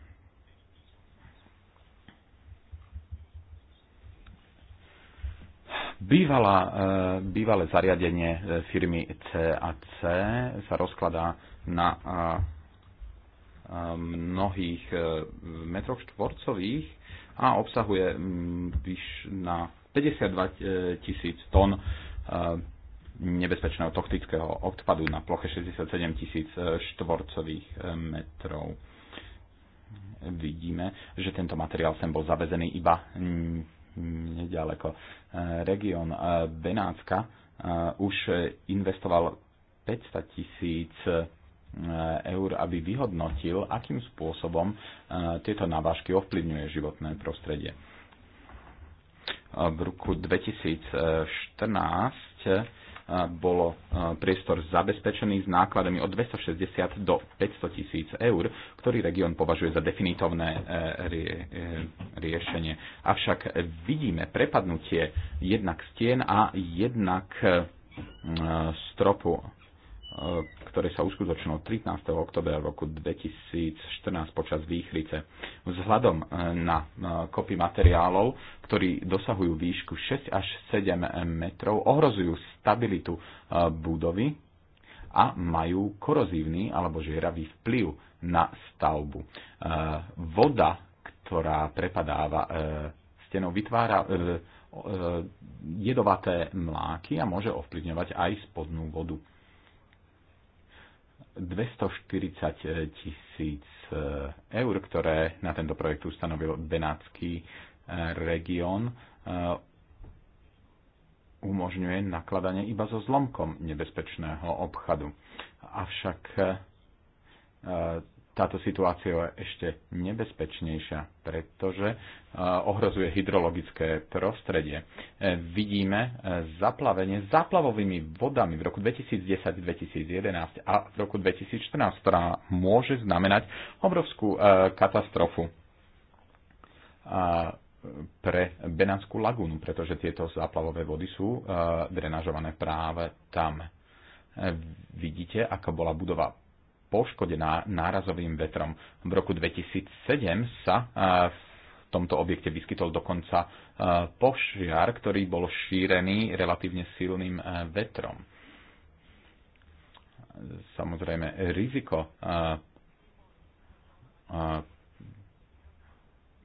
Bývala, e, bývalé zariadenie e, firmy CAC sa rozkladá na e, mnohých e, metroch štvorcových a obsahuje mm, vyš na 52 e, tisíc tón e, nebezpečného toxického odpadu na ploche 67 tisíc štvorcových metrov. Vidíme, že tento materiál sem bol zavezený iba mm, nedaleko. Región Benátska už investoval 500 tisíc Eh, eur, aby vyhodnotil, akým spôsobom eh, tieto návažky ovplyvňuje životné prostredie. V roku 2014 eh, bolo priestor zabezpečený s nákladami od 260 do 500 tisíc eur, ktorý región považuje za definitovné riešenie. Avšak vidíme prepadnutie jednak stien a jednak stropu E, ktoré sa uskutočnilo 13. oktobra roku 2014 počas výchrice. Vzhľadom e, na e, kopy materiálov, ktorí dosahujú výšku 6 až 7 metrov, ohrozujú stabilitu budovy a majú korozívny alebo žieravý vplyv na stavbu. Voda, ktorá prepadáva stenou, vytvára jedovaté mláky a môže ovplyvňovať aj spodnú vodu 240 tisíc eh, eur, ktoré na tento projekt ustanovil Benátsky eh, región, eh, umožňuje nakladanie iba so zlomkom nebezpečného obchadu. Avšak táto situácia je ešte nebezpečnejšia, pretože e, ohrozuje hydrologické prostredie. E, vidíme e, zaplavenie zaplavovými vodami v roku 2010-2011 a v roku 2014, ktorá môže znamenať obrovskú katastrofu pre Benanskú lagúnu, pretože tieto záplavové vody sú drenažované práve tam. Vidíte, ako bola budova poškodená nárazovým vetrom. V roku 2007 sa e, v tomto objekte vyskytol dokonca e, požiar, ktorý bol šírený relatívne silným e, vetrom. Samozrejme, riziko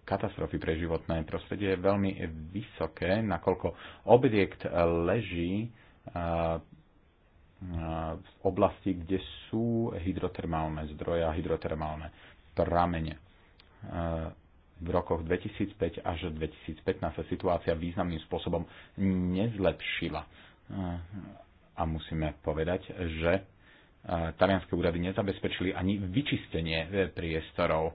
katastrofy pre životné prostredie je veľmi vysoké, nakoľko objekt leží v oblasti, kde sú hydrotermálne zdroje a hydrotermálne pramene. V rokoch 2005 až 2015 sa situácia významným spôsobom nezlepšila. A musíme povedať, že talianské úrady nezabezpečili ani vyčistenie e, priestorov,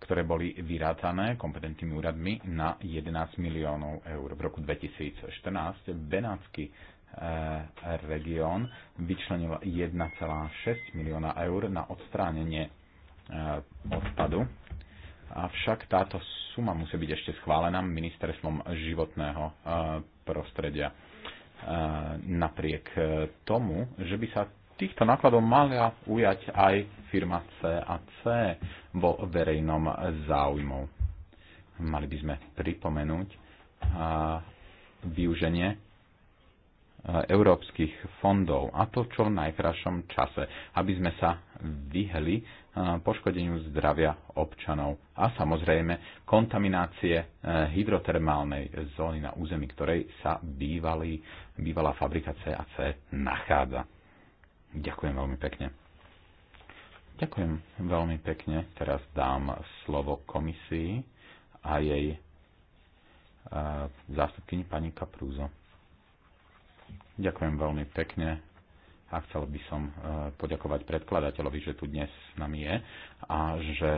ktoré boli vyrátané kompetentnými úradmi na 11 miliónov eur. V roku 2014 Benátsky Eh, región vyčlenil 1,6 milióna eur na odstránenie eh, odpadu. Avšak táto suma musí byť ešte schválená ministerstvom životného eh, prostredia. Napriek tomu, že by sa týchto nákladov mala ujať aj firma CAC vo verejnom záujmu. Mali by sme pripomenúť využenie európskych fondov a to čo v čase, aby sme sa vyhli e, poškodeniu zdravia občanov a samozrejme kontaminácie e, hydrotermálnej zóny na území, ktorej sa bývalý, bývalá fabrika CAC nachádza. Ďakujem veľmi pekne. Ďakujem veľmi pekne. Teraz dám slovo komisii a jej e, zástupkyni pani Kaprúzo. Ďakujem veľmi pekne a chcel by som e, poďakovať predkladateľovi, že tu dnes s nami je a že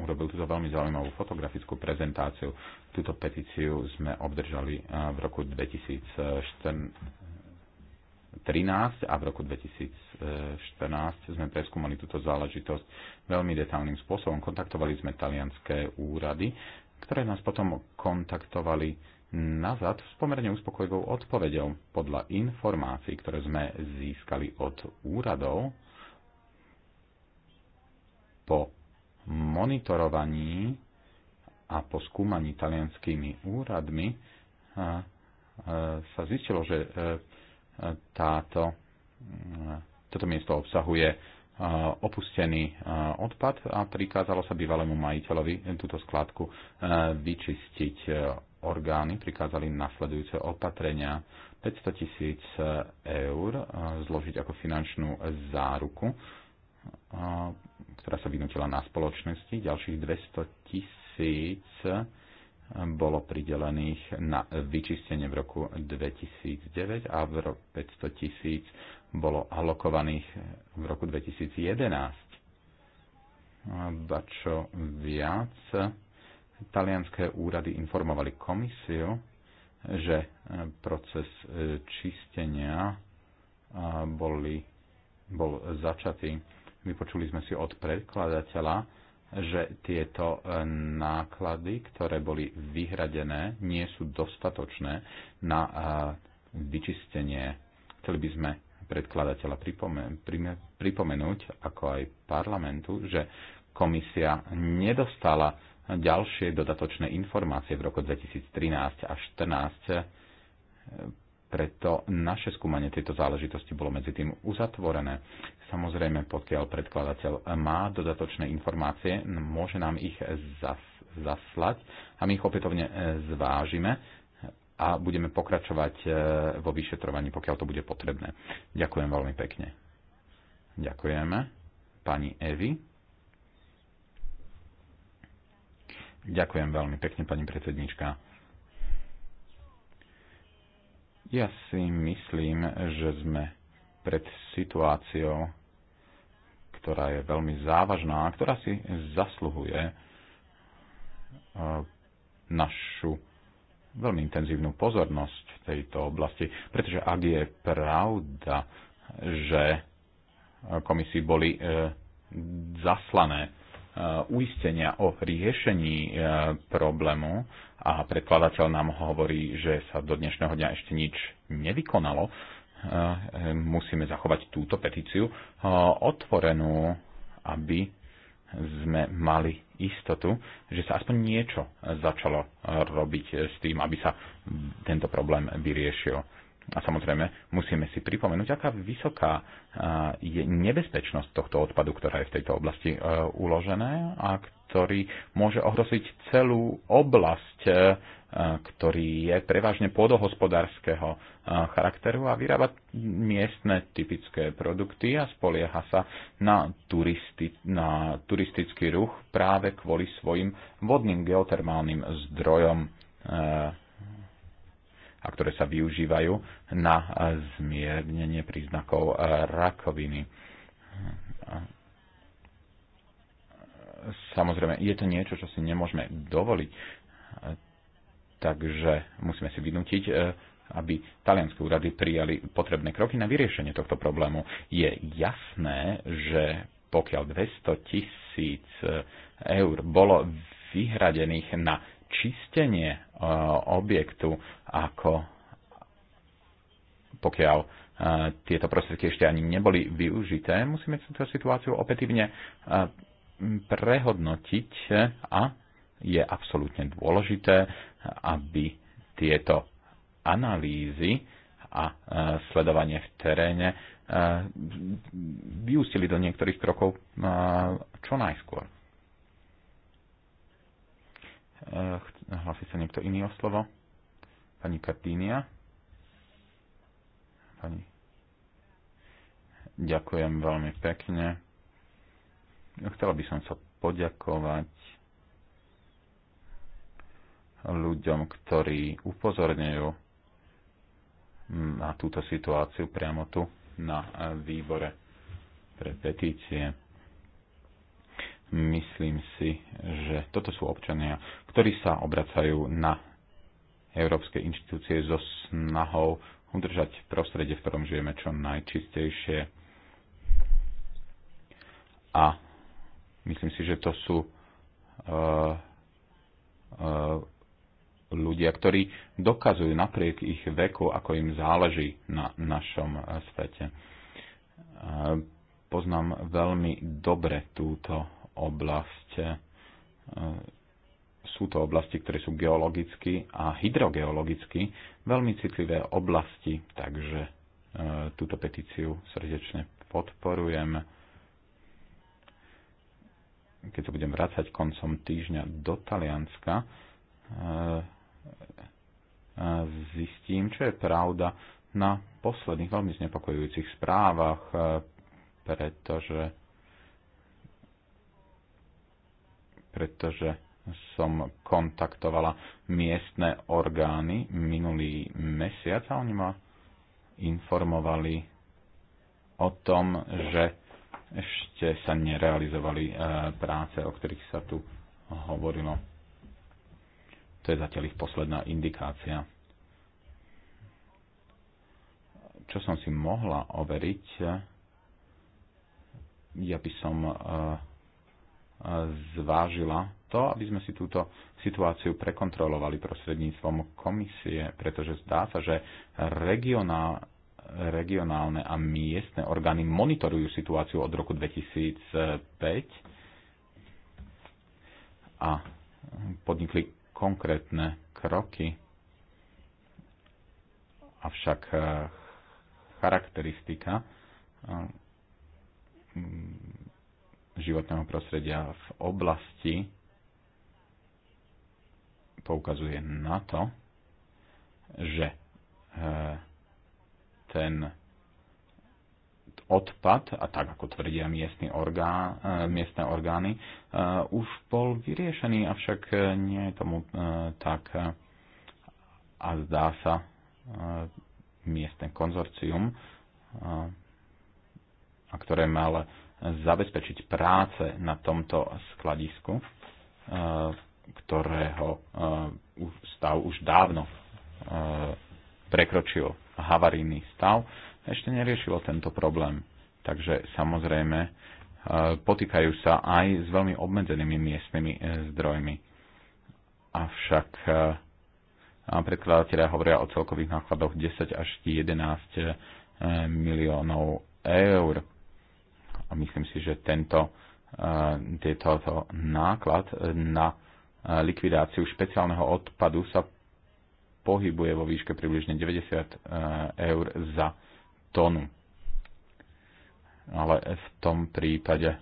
urobil túto veľmi zaujímavú fotografickú prezentáciu. Túto petíciu sme obdržali e, v roku 2013 a v roku 2014 sme preskúmali túto záležitosť veľmi detálnym spôsobom. Kontaktovali sme talianské úrady, ktoré nás potom kontaktovali nazad s pomerne uspokojivou odpovedou. Podľa informácií, ktoré sme získali od úradov, po monitorovaní a po skúmaní talianskými úradmi sa zistilo, že e, e, táto, e, toto miesto obsahuje opustený odpad a prikázalo sa bývalému majiteľovi túto skladku vyčistiť orgány prikázali nasledujúce opatrenia. 500 tisíc eur e, zložiť ako finančnú záruku, e, ktorá sa vynutila na spoločnosti. Ďalších 200 tisíc e, bolo pridelených na vyčistenie v roku 2009 a v roku 500 tisíc bolo alokovaných v roku 2011. Bačo čo viac, talianské úrady informovali komisiu, že e, proces e, čistenia e, boli, bol začatý. Vypočuli sme si od predkladateľa, že tieto náklady, ktoré boli vyhradené, nie sú dostatočné na vyčistenie. Chceli by sme predkladateľa pripomenúť, ako aj parlamentu, že komisia nedostala ďalšie dodatočné informácie v roku 2013 a 2014 e, preto naše skúmanie tejto záležitosti bolo medzi tým uzatvorené. Samozrejme, pokiaľ predkladateľ má dodatočné informácie, môže nám ich zas, zaslať a my ich opätovne e, zvážime a budeme pokračovať e, vo vyšetrovaní, pokiaľ to bude potrebné. Ďakujem veľmi pekne. Ďakujeme. Pani Evi. Ďakujem veľmi pekne, pani predsednička. Ja si myslím, že sme pred situáciou, ktorá je veľmi závažná a ktorá si zasluhuje e, našu veľmi intenzívnu pozornosť v tejto oblasti. Pretože ak je pravda, že komisii boli e, zaslané Eh, uistenia o riešení eh, problému a predkladateľ nám hovorí, že sa do dnešného dňa ešte nič nevykonalo, eh, musíme zachovať túto petíciu otvorenú, aby sme mali istotu, že sa aspoň niečo začalo robiť s tým, aby sa tento problém vyriešil a samozrejme, musíme si pripomenúť, aká vysoká je nebezpečnosť tohto odpadu, ktorá je v tejto oblasti e, uložené a ktorý môže ohroziť celú oblasť, e, ktorý je prevažne pôdohospodárskeho e, charakteru a vyrába miestne typické produkty a spolieha sa na, turisti, na turistický ruch práve kvôli svojim vodným geotermálnym zdrojom a ktoré sa využívajú na zmiernenie príznakov rakoviny. Samozrejme, je to niečo, čo si nemôžeme dovoliť, takže musíme si vynútiť eh, aby talianské úrady prijali potrebné kroky na vyriešenie tohto problému. Je jasné, že pokiaľ 200 tisíc eh, eur bolo vyhradených na čistenie e, objektu, ako pokiaľ e, tieto prostriedky ešte ani neboli využité, musíme túto situáciu opätívne e, prehodnotiť a je absolútne dôležité, aby tieto analýzy a sledovanie v teréne vyústili do niektorých krokov čo najskôr. Eh, hlasí sa niekto iný o slovo? Pani Kardínia? Pani... Ďakujem veľmi pekne. Chcela by som sa poďakovať ľuďom, ktorí upozorňujú na túto situáciu priamo tu na eh, výbore pre petície Myslím si, že toto sú občania, ktorí sa obracajú na európske inštitúcie so snahou udržať prostredie, v ktorom žijeme čo najčistejšie. A myslím si, že to sú uh, uh, ľudia, ktorí dokazujú napriek ich veku, ako im záleží na našom eh, svete. Poznám veľmi dobre túto oblasť e, sú to oblasti, ktoré sú geologicky a hydrogeologicky veľmi citlivé oblasti, takže e, túto petíciu srdečne podporujem. Keď sa budem vrácať koncom týždňa do Talianska, e, e, zistím, čo je pravda na posledných veľmi znepokojujúcich správach, e, pretože pretože som kontaktovala miestne orgány minulý mesiac a oni ma informovali o tom, že ešte sa nerealizovali e, práce, o ktorých sa tu hovorilo. To je zatiaľ ich posledná indikácia. Čo som si mohla overiť, e, ja by som e, zvážila to, aby sme si túto situáciu prekontrolovali prostredníctvom komisie, pretože zdá sa, že regionál, regionálne a miestne orgány monitorujú situáciu od roku 2005 a podnikli konkrétne kroky. Avšak eh, charakteristika eh, životného prostredia v oblasti poukazuje na to, že e, ten odpad, a tak ako tvrdia miestne orgán, e, miestne orgány, e, už bol vyriešený, avšak nie je tomu tak a zdá sa miestne konzorcium, a ktoré mal zabezpečiť práce na tomto skladisku, e, ktorého e, stav už dávno e, prekročil havarijný stav, ešte neriešilo tento problém. Takže samozrejme potýkajú sa aj s veľmi obmedzenými miestnymi zdrojmi. Avšak predkladatelia hovoria o celkových nákladoch 10 až 11 miliónov eur a myslím si, že tento eh, tieto náklad eh, na eh, likvidáciu špeciálneho odpadu sa pohybuje vo výške približne 90 eur za tonu. Ale v tom prípade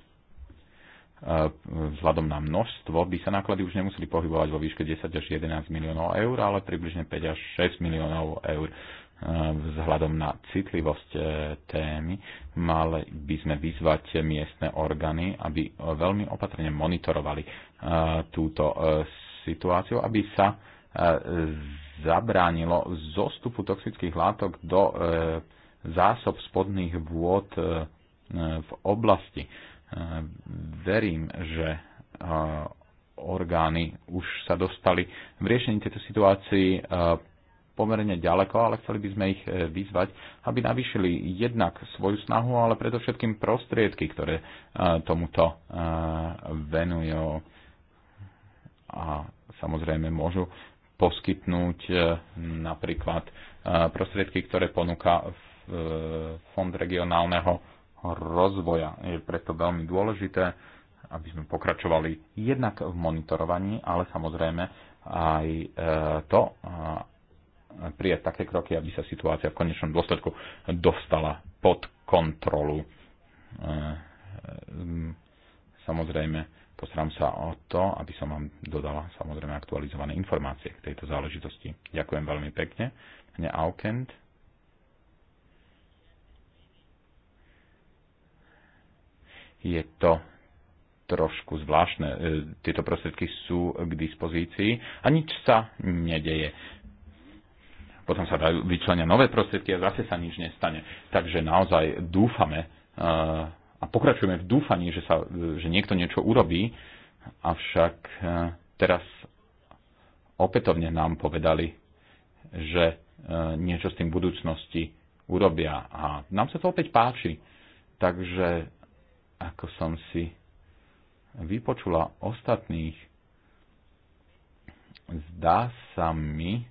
vzhľadom na množstvo by sa náklady už nemuseli pohybovať vo výške 10 až 11 miliónov eur, ale približne 5 až 6 miliónov eur vzhľadom na citlivosť e, témy, mali by sme vyzvať miestne orgány, aby e, veľmi opatrne monitorovali e, túto situáciu, aby sa zabránilo zostupu toxických látok do zásob spodných vôd v oblasti. Verím, že orgány už sa dostali v riešení tejto situácii pomerne ďaleko, ale chceli by sme ich e, vyzvať, aby navýšili jednak svoju snahu, ale predovšetkým prostriedky, ktoré e, tomuto e, venujú a samozrejme môžu poskytnúť napríklad prostriedky, ktoré ponúka Fond regionálneho rozvoja. Je preto veľmi dôležité, aby sme pokračovali jednak v monitorovaní, ale samozrejme aj to, prijať také kroky, aby sa situácia v konečnom dôsledku dostala pod kontrolu. Ehm, samozrejme, postaram sa o to, aby som vám dodala samozrejme aktualizované informácie k tejto záležitosti. Ďakujem veľmi pekne. Mne Aukent. Je to trošku zvláštne. Ehm, tieto prostriedky sú k dispozícii a nič sa nedeje potom sa dajú vyčlenia nové prostriedky a zase sa nič nestane. Takže naozaj dúfame eh, a pokračujeme v dúfaní, že, sa, že niekto niečo urobí, avšak eh, teraz opätovne nám povedali, že eh, niečo s tým budúcnosti urobia a nám sa to opäť páči. Takže ako som si vypočula ostatných, zdá sa mi,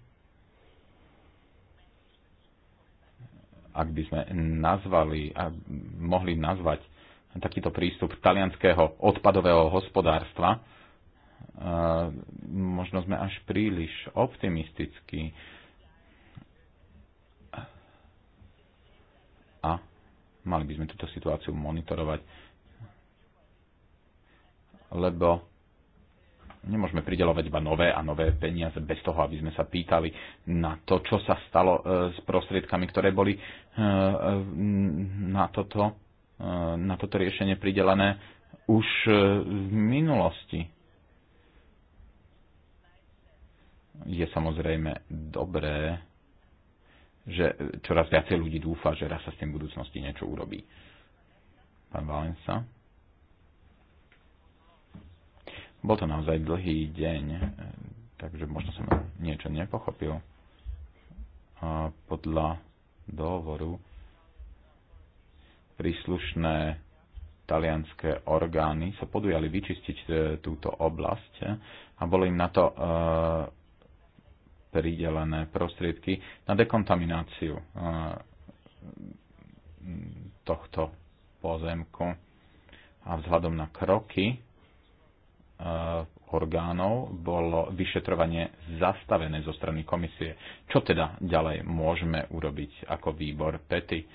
ak by sme nazvali a mohli nazvať takýto prístup talianského odpadového hospodárstva, e, možno sme až príliš optimistickí. A mali by sme túto situáciu monitorovať, lebo Nemôžeme pridelovať iba nové a nové peniaze bez toho, aby sme sa pýtali na to, čo sa stalo e, s prostriedkami, ktoré boli e, e, na toto, na toto riešenie pridelené už v minulosti. Je samozrejme dobré, že čoraz viacej ľudí dúfa, že raz sa s tým v budúcnosti niečo urobí. Pán Valensa? Bol to naozaj dlhý deň, e, takže možno som niečo nepochopil. A podľa dohovoru príslušné talianské orgány sa podujali vyčistiť e, túto oblasť e, a boli im na to pridelené prostriedky na dekontamináciu tohto pozemku. A vzhľadom na kroky, Eh, orgánov bolo vyšetrovanie zastavené zo strany komisie. Čo teda ďalej môžeme urobiť ako výbor PETY? Eh,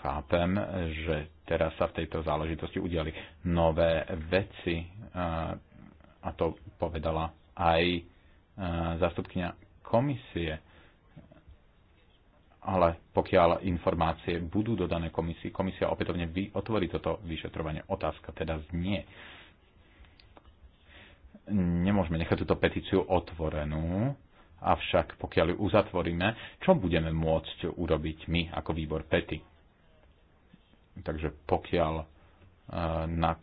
chápem, že teraz sa v tejto záležitosti udiali nové veci eh, a to povedala aj zástupkňa komisie. Ale pokiaľ informácie budú dodané komisii, komisia opätovne vyotvorí toto vyšetrovanie. Otázka teda znie nemôžeme nechať túto petíciu otvorenú, avšak pokiaľ ju uzatvoríme, čo budeme môcť urobiť my ako výbor pety? Takže pokiaľ e, na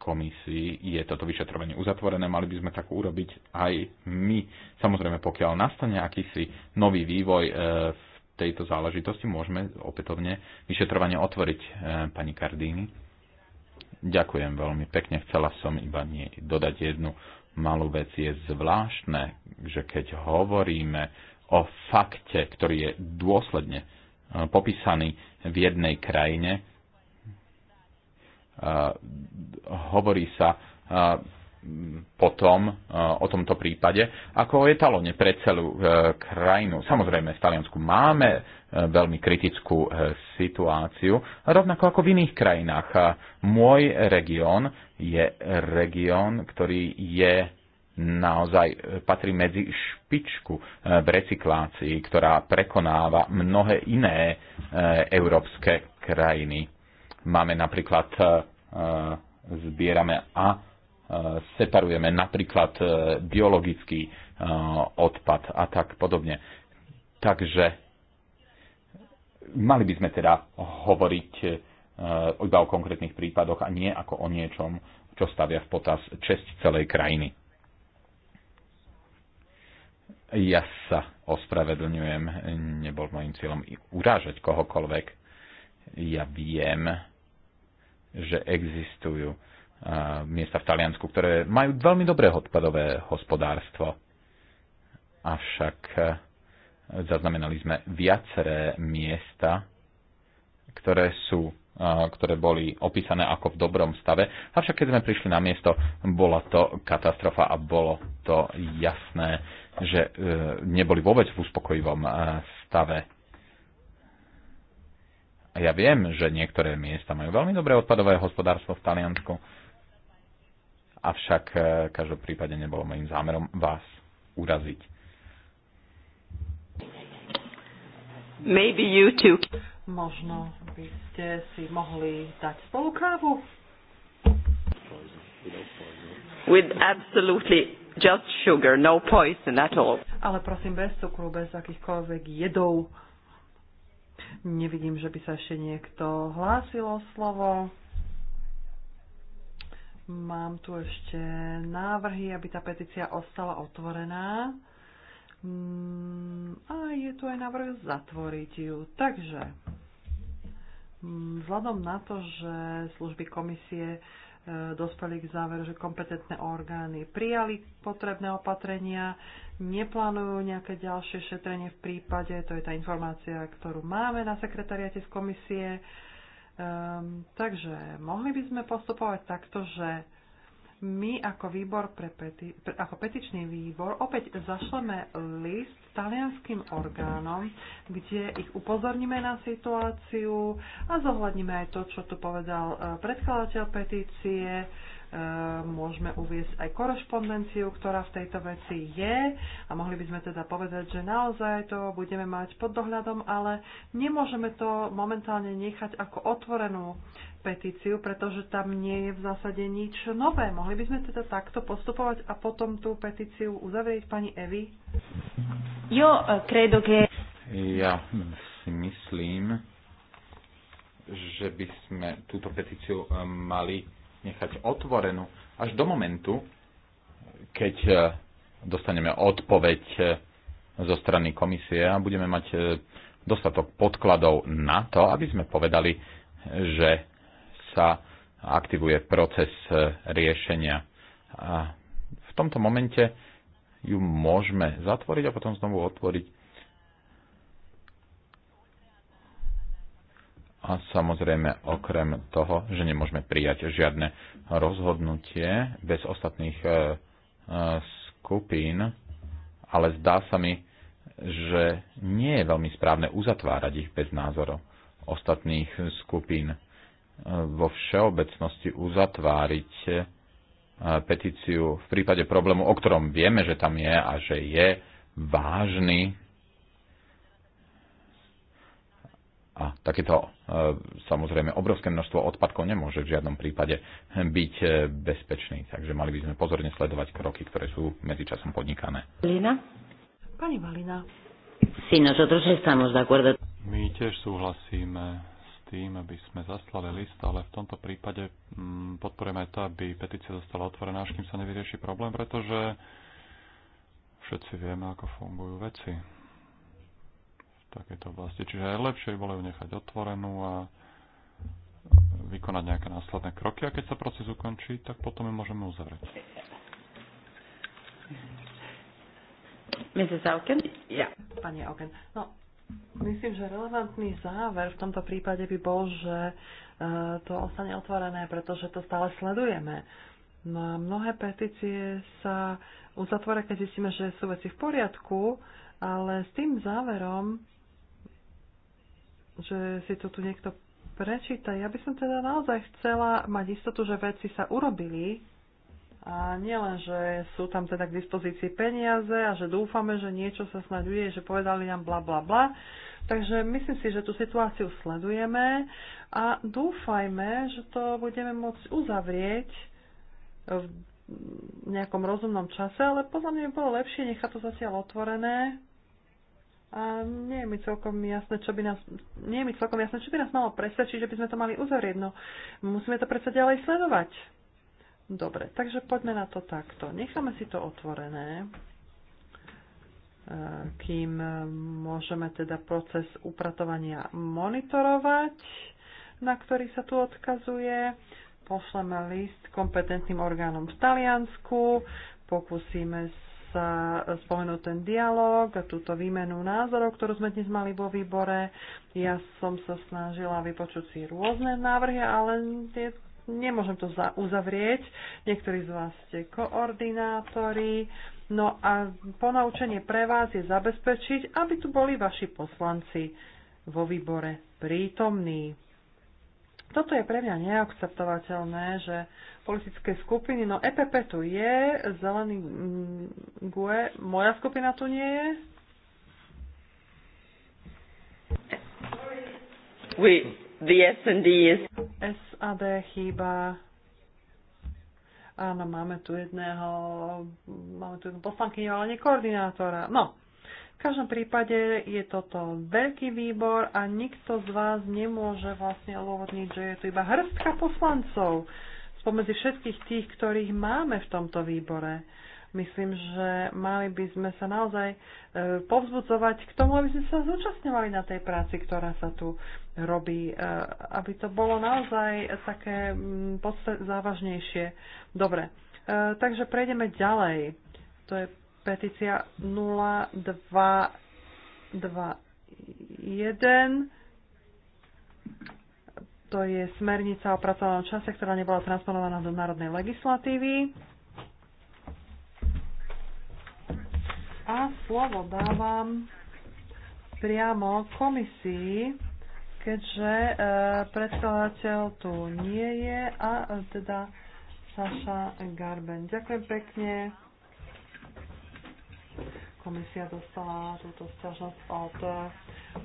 komisii je toto vyšetrovanie uzatvorené, mali by sme tak urobiť aj my. Samozrejme, pokiaľ nastane akýsi nový vývoj e, v tejto záležitosti, môžeme opätovne vyšetrovanie otvoriť e, pani Kardíny. Ďakujem veľmi pekne. Chcela som iba nie dodať jednu malú vec je zvláštne, že keď hovoríme o fakte, ktorý je dôsledne e, popísaný v jednej krajine, e, hovorí sa e, potom e, o tomto prípade, ako o etalone pre celú e, krajinu. Samozrejme, v Taliansku máme e, veľmi kritickú situáciu, rovnako ako v iných krajinách. Môj región je región, ktorý je naozaj patrí medzi špičku v recyklácii, ktorá prekonáva mnohé iné európske krajiny. Máme napríklad, zbierame a separujeme napríklad e, biologický e, odpad a tak podobne. Takže mali by sme teda hovoriť e, iba o konkrétnych prípadoch a nie ako o niečom, čo stavia v potaz česť celej krajiny. Ja sa ospravedlňujem, nebol môjim cieľom urážať kohokoľvek. Ja viem, že existujú miesta v Taliansku, ktoré majú veľmi dobré odpadové hospodárstvo. Avšak e, zaznamenali sme viaceré miesta, ktoré sú e, ktoré boli opísané ako v dobrom stave. Avšak keď sme prišli na miesto, bola to katastrofa a bolo to jasné, že e, neboli vôbec v uspokojivom stave. Ja viem, že niektoré miesta majú veľmi dobré odpadové hospodárstvo v Taliansku, avšak v e, každom prípade nebolo mojím zámerom vás uraziť. Maybe you too. Možno by ste si mohli dať spolu kávu. With absolutely just sugar, no poison at all. Ale prosím, bez cukru, bez akýchkoľvek jedov. Nevidím, že by sa ešte niekto hlásil o slovo. Mám tu ešte návrhy, aby tá petícia ostala otvorená. Mm, a je tu aj návrh zatvoriť ju. Takže, mm, vzhľadom na to, že služby komisie e, dospeli k záveru, že kompetentné orgány prijali potrebné opatrenia, neplánujú nejaké ďalšie šetrenie v prípade, to je tá informácia, ktorú máme na sekretariate z komisie. Um, takže mohli by sme postupovať takto, že my ako výbor pre peti- pre, ako petičný výbor opäť zašleme list talianským orgánom, kde ich upozorníme na situáciu a zohľadníme aj to, čo tu povedal eh, predkladateľ petície, Ehm, môžeme uviesť aj korešpondenciu, ktorá v tejto veci je a mohli by sme teda povedať, že naozaj to budeme mať pod dohľadom, ale nemôžeme to momentálne nechať ako otvorenú petíciu, pretože tam nie je v zásade nič nové. Mohli by sme teda takto postupovať a potom tú petíciu uzavrieť pani Evi? Jo, eh, credo che... Ja si myslím, že by sme túto petíciu eh, mali nechať otvorenú až do momentu, keď e, dostaneme odpoveď e, zo strany komisie a budeme mať e, dostatok podkladov na to, aby sme povedali, že sa aktivuje proces riešenia. A v tomto momente ju môžeme zatvoriť a potom znovu otvoriť a samozrejme okrem toho, že nemôžeme prijať žiadne rozhodnutie bez ostatných e, e, skupín, ale zdá sa mi, že nie je veľmi správne uzatvárať ich bez názorov ostatných skupín. E, vo všeobecnosti uzatváriť petíciu v prípade problému, o ktorom vieme, že tam je a že je vážny, A takéto e, samozrejme obrovské množstvo odpadkov nemôže v žiadnom prípade byť e, bezpečný. Takže mali by sme pozorne sledovať kroky, ktoré sú medzičasom podnikané. Lina? Pani Malina. Sí, nosotros estamos de acuerdo. My tiež súhlasíme s tým, aby sme zaslali list, ale v tomto prípade mm, podporujeme aj to, aby petícia zostala otvorená, až kým sa nevyrieši problém, pretože všetci vieme, ako fungujú veci takéto oblasti. Čiže aj lepšie bolo ju nechať otvorenú a vykonať nejaké následné kroky a keď sa proces ukončí, tak potom ju môžeme uzavrieť. Mrs. Auken? Ja. Pani Auken. No, myslím, že relevantný záver v tomto prípade by bol, že e, to ostane otvorené, pretože to stále sledujeme. No, mnohé petície sa uzatvoria, keď zistíme, že sú veci v poriadku, ale s tým záverom, že si to tu niekto prečíta. Ja by som teda naozaj chcela mať istotu, že veci sa urobili a nielen, že sú tam teda k dispozícii peniaze a že dúfame, že niečo sa snáď udeje, že povedali nám bla bla bla. Takže myslím si, že tú situáciu sledujeme a dúfajme, že to budeme môcť uzavrieť v nejakom rozumnom čase, ale podľa mňa by bolo lepšie nechať to zatiaľ otvorené, a nie je mi celkom jasné, čo by nás, nie je mi celkom jasné, čo by nás malo presvedčiť, že by sme to mali uzavrieť. No, musíme to predsa ďalej sledovať. Dobre, takže poďme na to takto. Necháme si to otvorené, e, kým e, môžeme teda proces upratovania monitorovať, na ktorý sa tu odkazuje. Pošleme list kompetentným orgánom v Taliansku, pokúsime sa spomenúť ten dialog a túto výmenu názorov, ktorú sme dnes mali vo výbore. Ja som sa snažila vypočuť si rôzne návrhy, ale tie, nemôžem to uzavrieť. Niektorí z vás ste koordinátori. No a ponaučenie pre vás je zabezpečiť, aby tu boli vaši poslanci vo výbore prítomní toto je pre mňa neakceptovateľné, že politické skupiny, no EPP tu je, zelený mm, GUE, moja skupina tu nie je. We, the S&D is... SAD chýba. Áno, máme tu jedného, máme tu jednu poslankyňu, ale nie koordinátora. No, v každom prípade je toto veľký výbor a nikto z vás nemôže vlastne odôvodniť, že je tu iba hrstka poslancov spomedzi všetkých tých, ktorých máme v tomto výbore. Myslím, že mali by sme sa naozaj e, povzbudzovať k tomu, aby sme sa zúčastňovali na tej práci, ktorá sa tu robí, e, aby to bolo naozaj také mm, závažnejšie. Dobre, e, takže prejdeme ďalej. To je Petícia 0221. To je smernica o pracovnom čase, ktorá nebola transponovaná do národnej legislatívy. A slovo dávam priamo komisii, keďže e, predkladateľ tu nie je a e, teda Saša Garben. Ďakujem pekne. Komisia dostala túto sťažnosť od eh,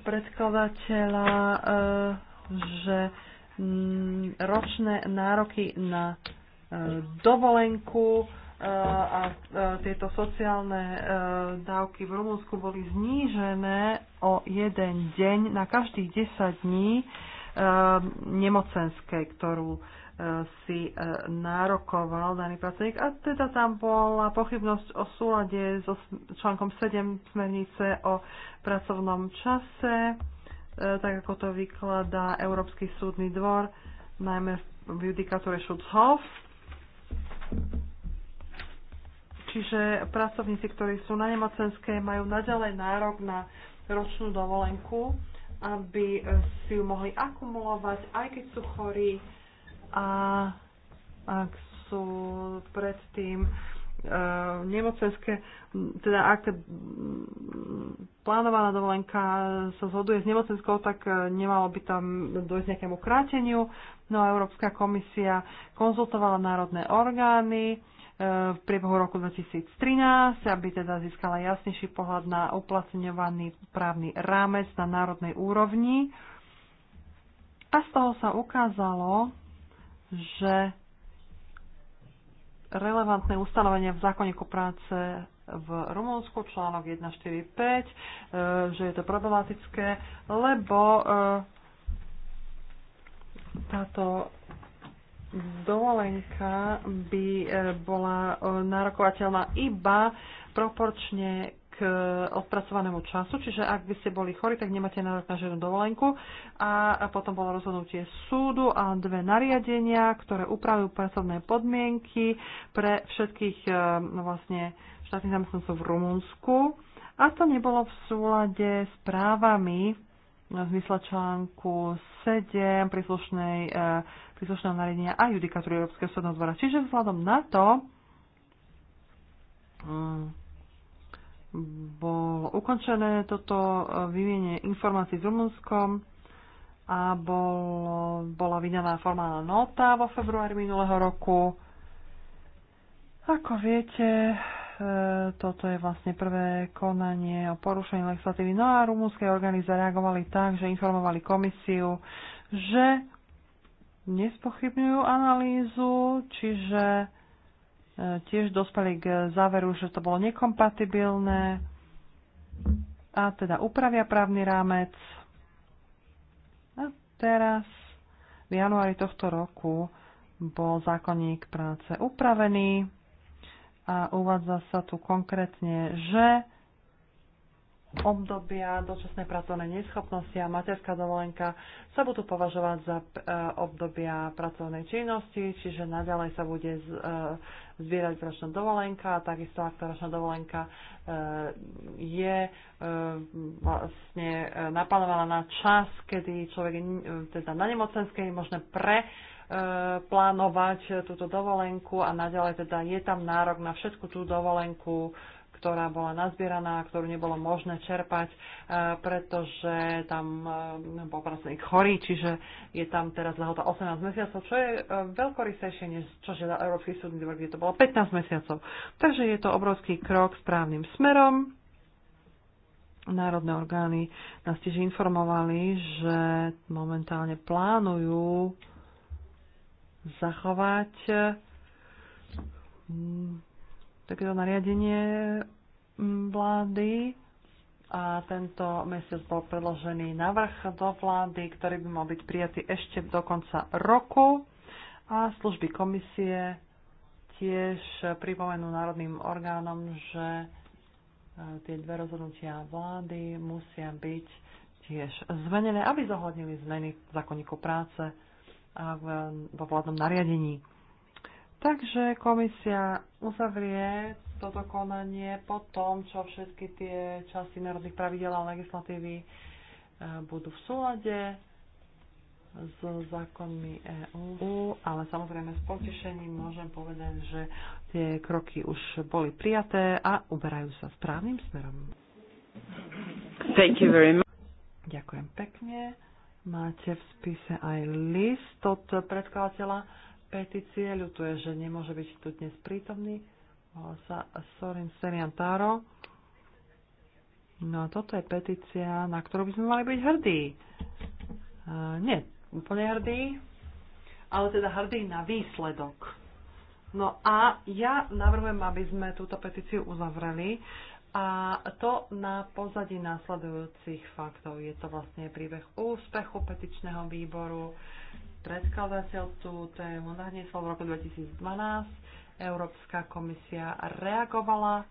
predkladateľa, eh, že mm, ročné nároky na eh, dovolenku a tieto sociálne dávky v Rumunsku boli znížené o jeden deň na každých 10 dní nemocenské, ktorú si e, nárokoval daný pracovník a teda tam bola pochybnosť o súlade so článkom 7 smernice o pracovnom čase, e, tak ako to vykladá Európsky súdny dvor, najmä v judikatúre Schutzhof. Čiže pracovníci, ktorí sú na nemocenské, majú naďalej nárok na ročnú dovolenku, aby si ju mohli akumulovať, aj keď sú chorí, a ak sú predtým e, nemocenské, teda ak plánovaná dovolenka sa zhoduje s nemocenskou, tak e, nemalo by tam dojsť nejakému kráteniu. No a Európska komisia konzultovala národné orgány e, v priebehu roku 2013, aby teda získala jasnejší pohľad na uplatňovaný právny rámec na národnej úrovni. A z toho sa ukázalo, že relevantné ustanovenia v zákonníku práce v Rumunsku, článok 145, e, že je to problematické, lebo e, táto dovolenka by e, bola nárokovateľná iba proporčne k e, odpracovanému času, čiže ak by ste boli chorí, tak nemáte nárok na žiadnu dovolenku. A potom bolo rozhodnutie súdu a dve nariadenia, ktoré upravujú pracovné podmienky pre všetkých e, no vlastne štátnych zamestnancov v Rumunsku. A to nebolo v súlade s právami v zmysle článku 7 príslušnej, e, príslušného nariadenia a judikatúry Európskeho súdneho dvora. Čiže vzhľadom na to, mm, bolo ukončené toto e, vymienie informácií s Rumunskom a bol, bola vydaná formálna nota vo februári minulého roku. Ako viete, e, toto je vlastne prvé konanie o porušení legislatívy. No a rumúnske orgány zareagovali tak, že informovali komisiu, že nespochybňujú analýzu, čiže tiež dospeli k záveru, že to bolo nekompatibilné a teda upravia právny rámec. A teraz v januári tohto roku bol zákonník práce upravený a uvádza sa tu konkrétne, že obdobia dočasnej pracovnej neschopnosti a materská dovolenka sa budú považovať za e, obdobia pracovnej činnosti, čiže naďalej sa bude e, zbierať ročná dovolenka a takisto ak tá ročná dovolenka e, je vlastne naplánovaná na čas, kedy človek je teda na nemocenskej, možné pre plánovať túto dovolenku a naďalej teda je tam nárok na všetku tú dovolenku ktorá bola nazbieraná, ktorú nebolo možné čerpať, e, pretože tam e, bol pracovník chorý, čiže je tam teraz lehota 18 mesiacov, čo je e, veľkorysejšie, než čo žiada Európsky súdny dvor, kde to bolo 15 mesiacov. Takže je to obrovský krok správnym smerom. Národné orgány nás tiež informovali, že momentálne plánujú zachovať mm, takéto nariadenie vlády a tento mesiac bol predložený navrh do vlády, ktorý by mal byť prijatý ešte do konca roku a služby komisie tiež pripomenú národným orgánom, že e, tie dve rozhodnutia vlády musia byť tiež zmenené, aby zohľadnili zmeny v zákonníku práce a vo vládnom nariadení. Takže komisia uzavrie toto konanie po tom, čo všetky tie časti národných pravidel a legislatívy e, budú v súlade s zákonmi EÚ, ale samozrejme s potešením môžem povedať, že tie kroky už boli prijaté a uberajú sa správnym smerom. Thank you very much. Ďakujem pekne. Máte v spise aj list od predkladateľa petície, ľutuje, že nemôže byť tu dnes prítomný. sa Sorin Seriantaro. No a toto je petícia, na ktorú by sme mali byť hrdí. Uh, nie, úplne hrdí, ale teda hrdí na výsledok. No a ja navrhujem, aby sme túto petíciu uzavreli a to na pozadí následujúcich faktov. Je to vlastne príbeh úspechu petičného výboru, uh, predkladateľ tú tému nahniesol v roku 2012. Európska komisia reagovala.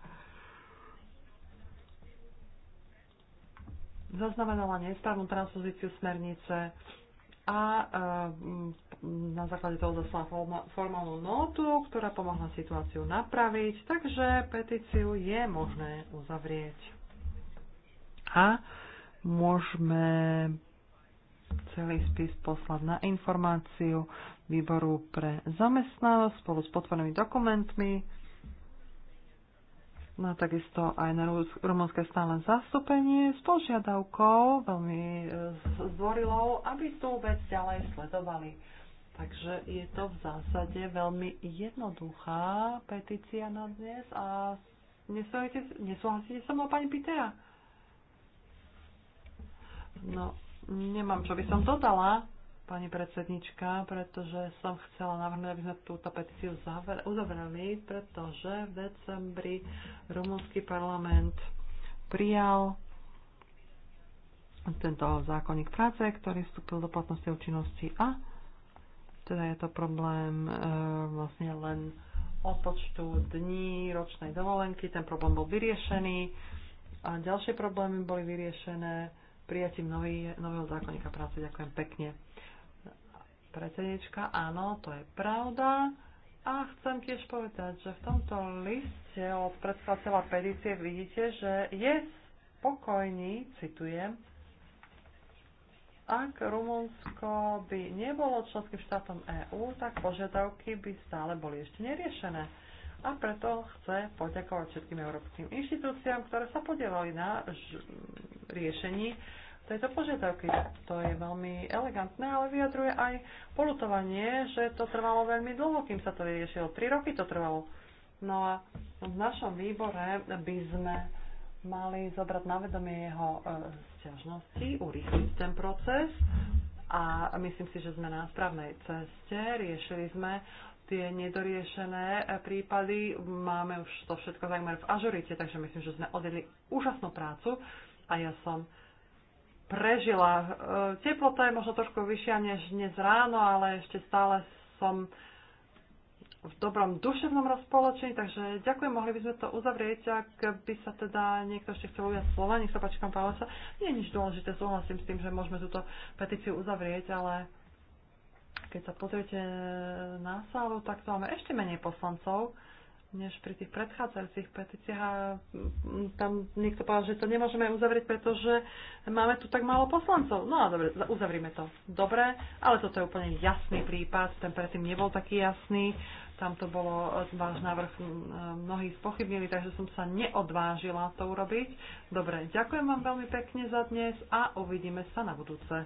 Zaznamenala nesprávnu transpozíciu smernice a e, na základe toho zaslala formálnu notu, ktorá pomohla situáciu napraviť, takže petíciu je možné uzavrieť. A môžeme celý spis poslať na informáciu výboru pre zamestnanosť spolu s potvornými dokumentmi. No a takisto aj na rumunské stále zastúpenie s požiadavkou veľmi zdvorilou, e, aby tú vec ďalej sledovali. Takže je to v zásade veľmi jednoduchá petícia na dnes a nesúhlasíte, nesúhlasíte sa mnou, pani Pitera? No, Nemám, čo by som dodala, pani predsednička, pretože som chcela navrhnúť, aby sme túto petíciu uzavreli, pretože v decembri rumúnsky parlament prijal tento zákonník práce, ktorý vstúpil do platnosti účinnosti a teda je to problém e, vlastne len odpočtu dní ročnej dovolenky. Ten problém bol vyriešený a ďalšie problémy boli vyriešené prijatím nový, nového zákonníka práce. Ďakujem pekne. Predsednička, áno, to je pravda. A chcem tiež povedať, že v tomto liste od predkladateľa petície vidíte, že je spokojný, citujem, ak Rumunsko by nebolo členským štátom EÚ, tak požiadavky by stále boli ešte neriešené a preto chce poďakovať všetkým európskym inštitúciám, ktoré sa podielali na riešení tejto požiadavky. To je veľmi elegantné, ale vyjadruje aj polutovanie, že to trvalo veľmi dlho, kým sa to vyriešilo. Tri roky to trvalo. No a v našom výbore by sme mali zobrať na vedomie jeho e, stiažnosti, urýchliť ten proces a myslím si, že sme na správnej ceste. Riešili sme tie nedoriešené prípady. Máme už to všetko zaujímavé v ažurite, takže myslím, že sme odjeli úžasnú prácu a ja som prežila. E, teplota je možno trošku vyššia než dnes ráno, ale ešte stále som v dobrom duševnom rozpoločení, takže ďakujem, mohli by sme to uzavrieť, ak by sa teda niekto ešte chcel uviať slova, nech sa páči pán Pálesa. Nie je nič dôležité, súhlasím s tým, že môžeme túto petíciu uzavrieť, ale keď sa pozriete e, na sálu, tak to máme ešte menej poslancov, než pri tých predchádzajúcich petíciách. A tam niekto povedal, že to nemôžeme uzavrieť, pretože máme tu tak málo poslancov. No a dobre, uzavrime to. Dobre, ale toto je úplne jasný prípad. Ten predtým nebol taký jasný. Tam to bolo, e, váš návrh e, mnohí spochybnili, takže som sa neodvážila to urobiť. Dobre, ďakujem vám veľmi pekne za dnes a uvidíme sa na budúce.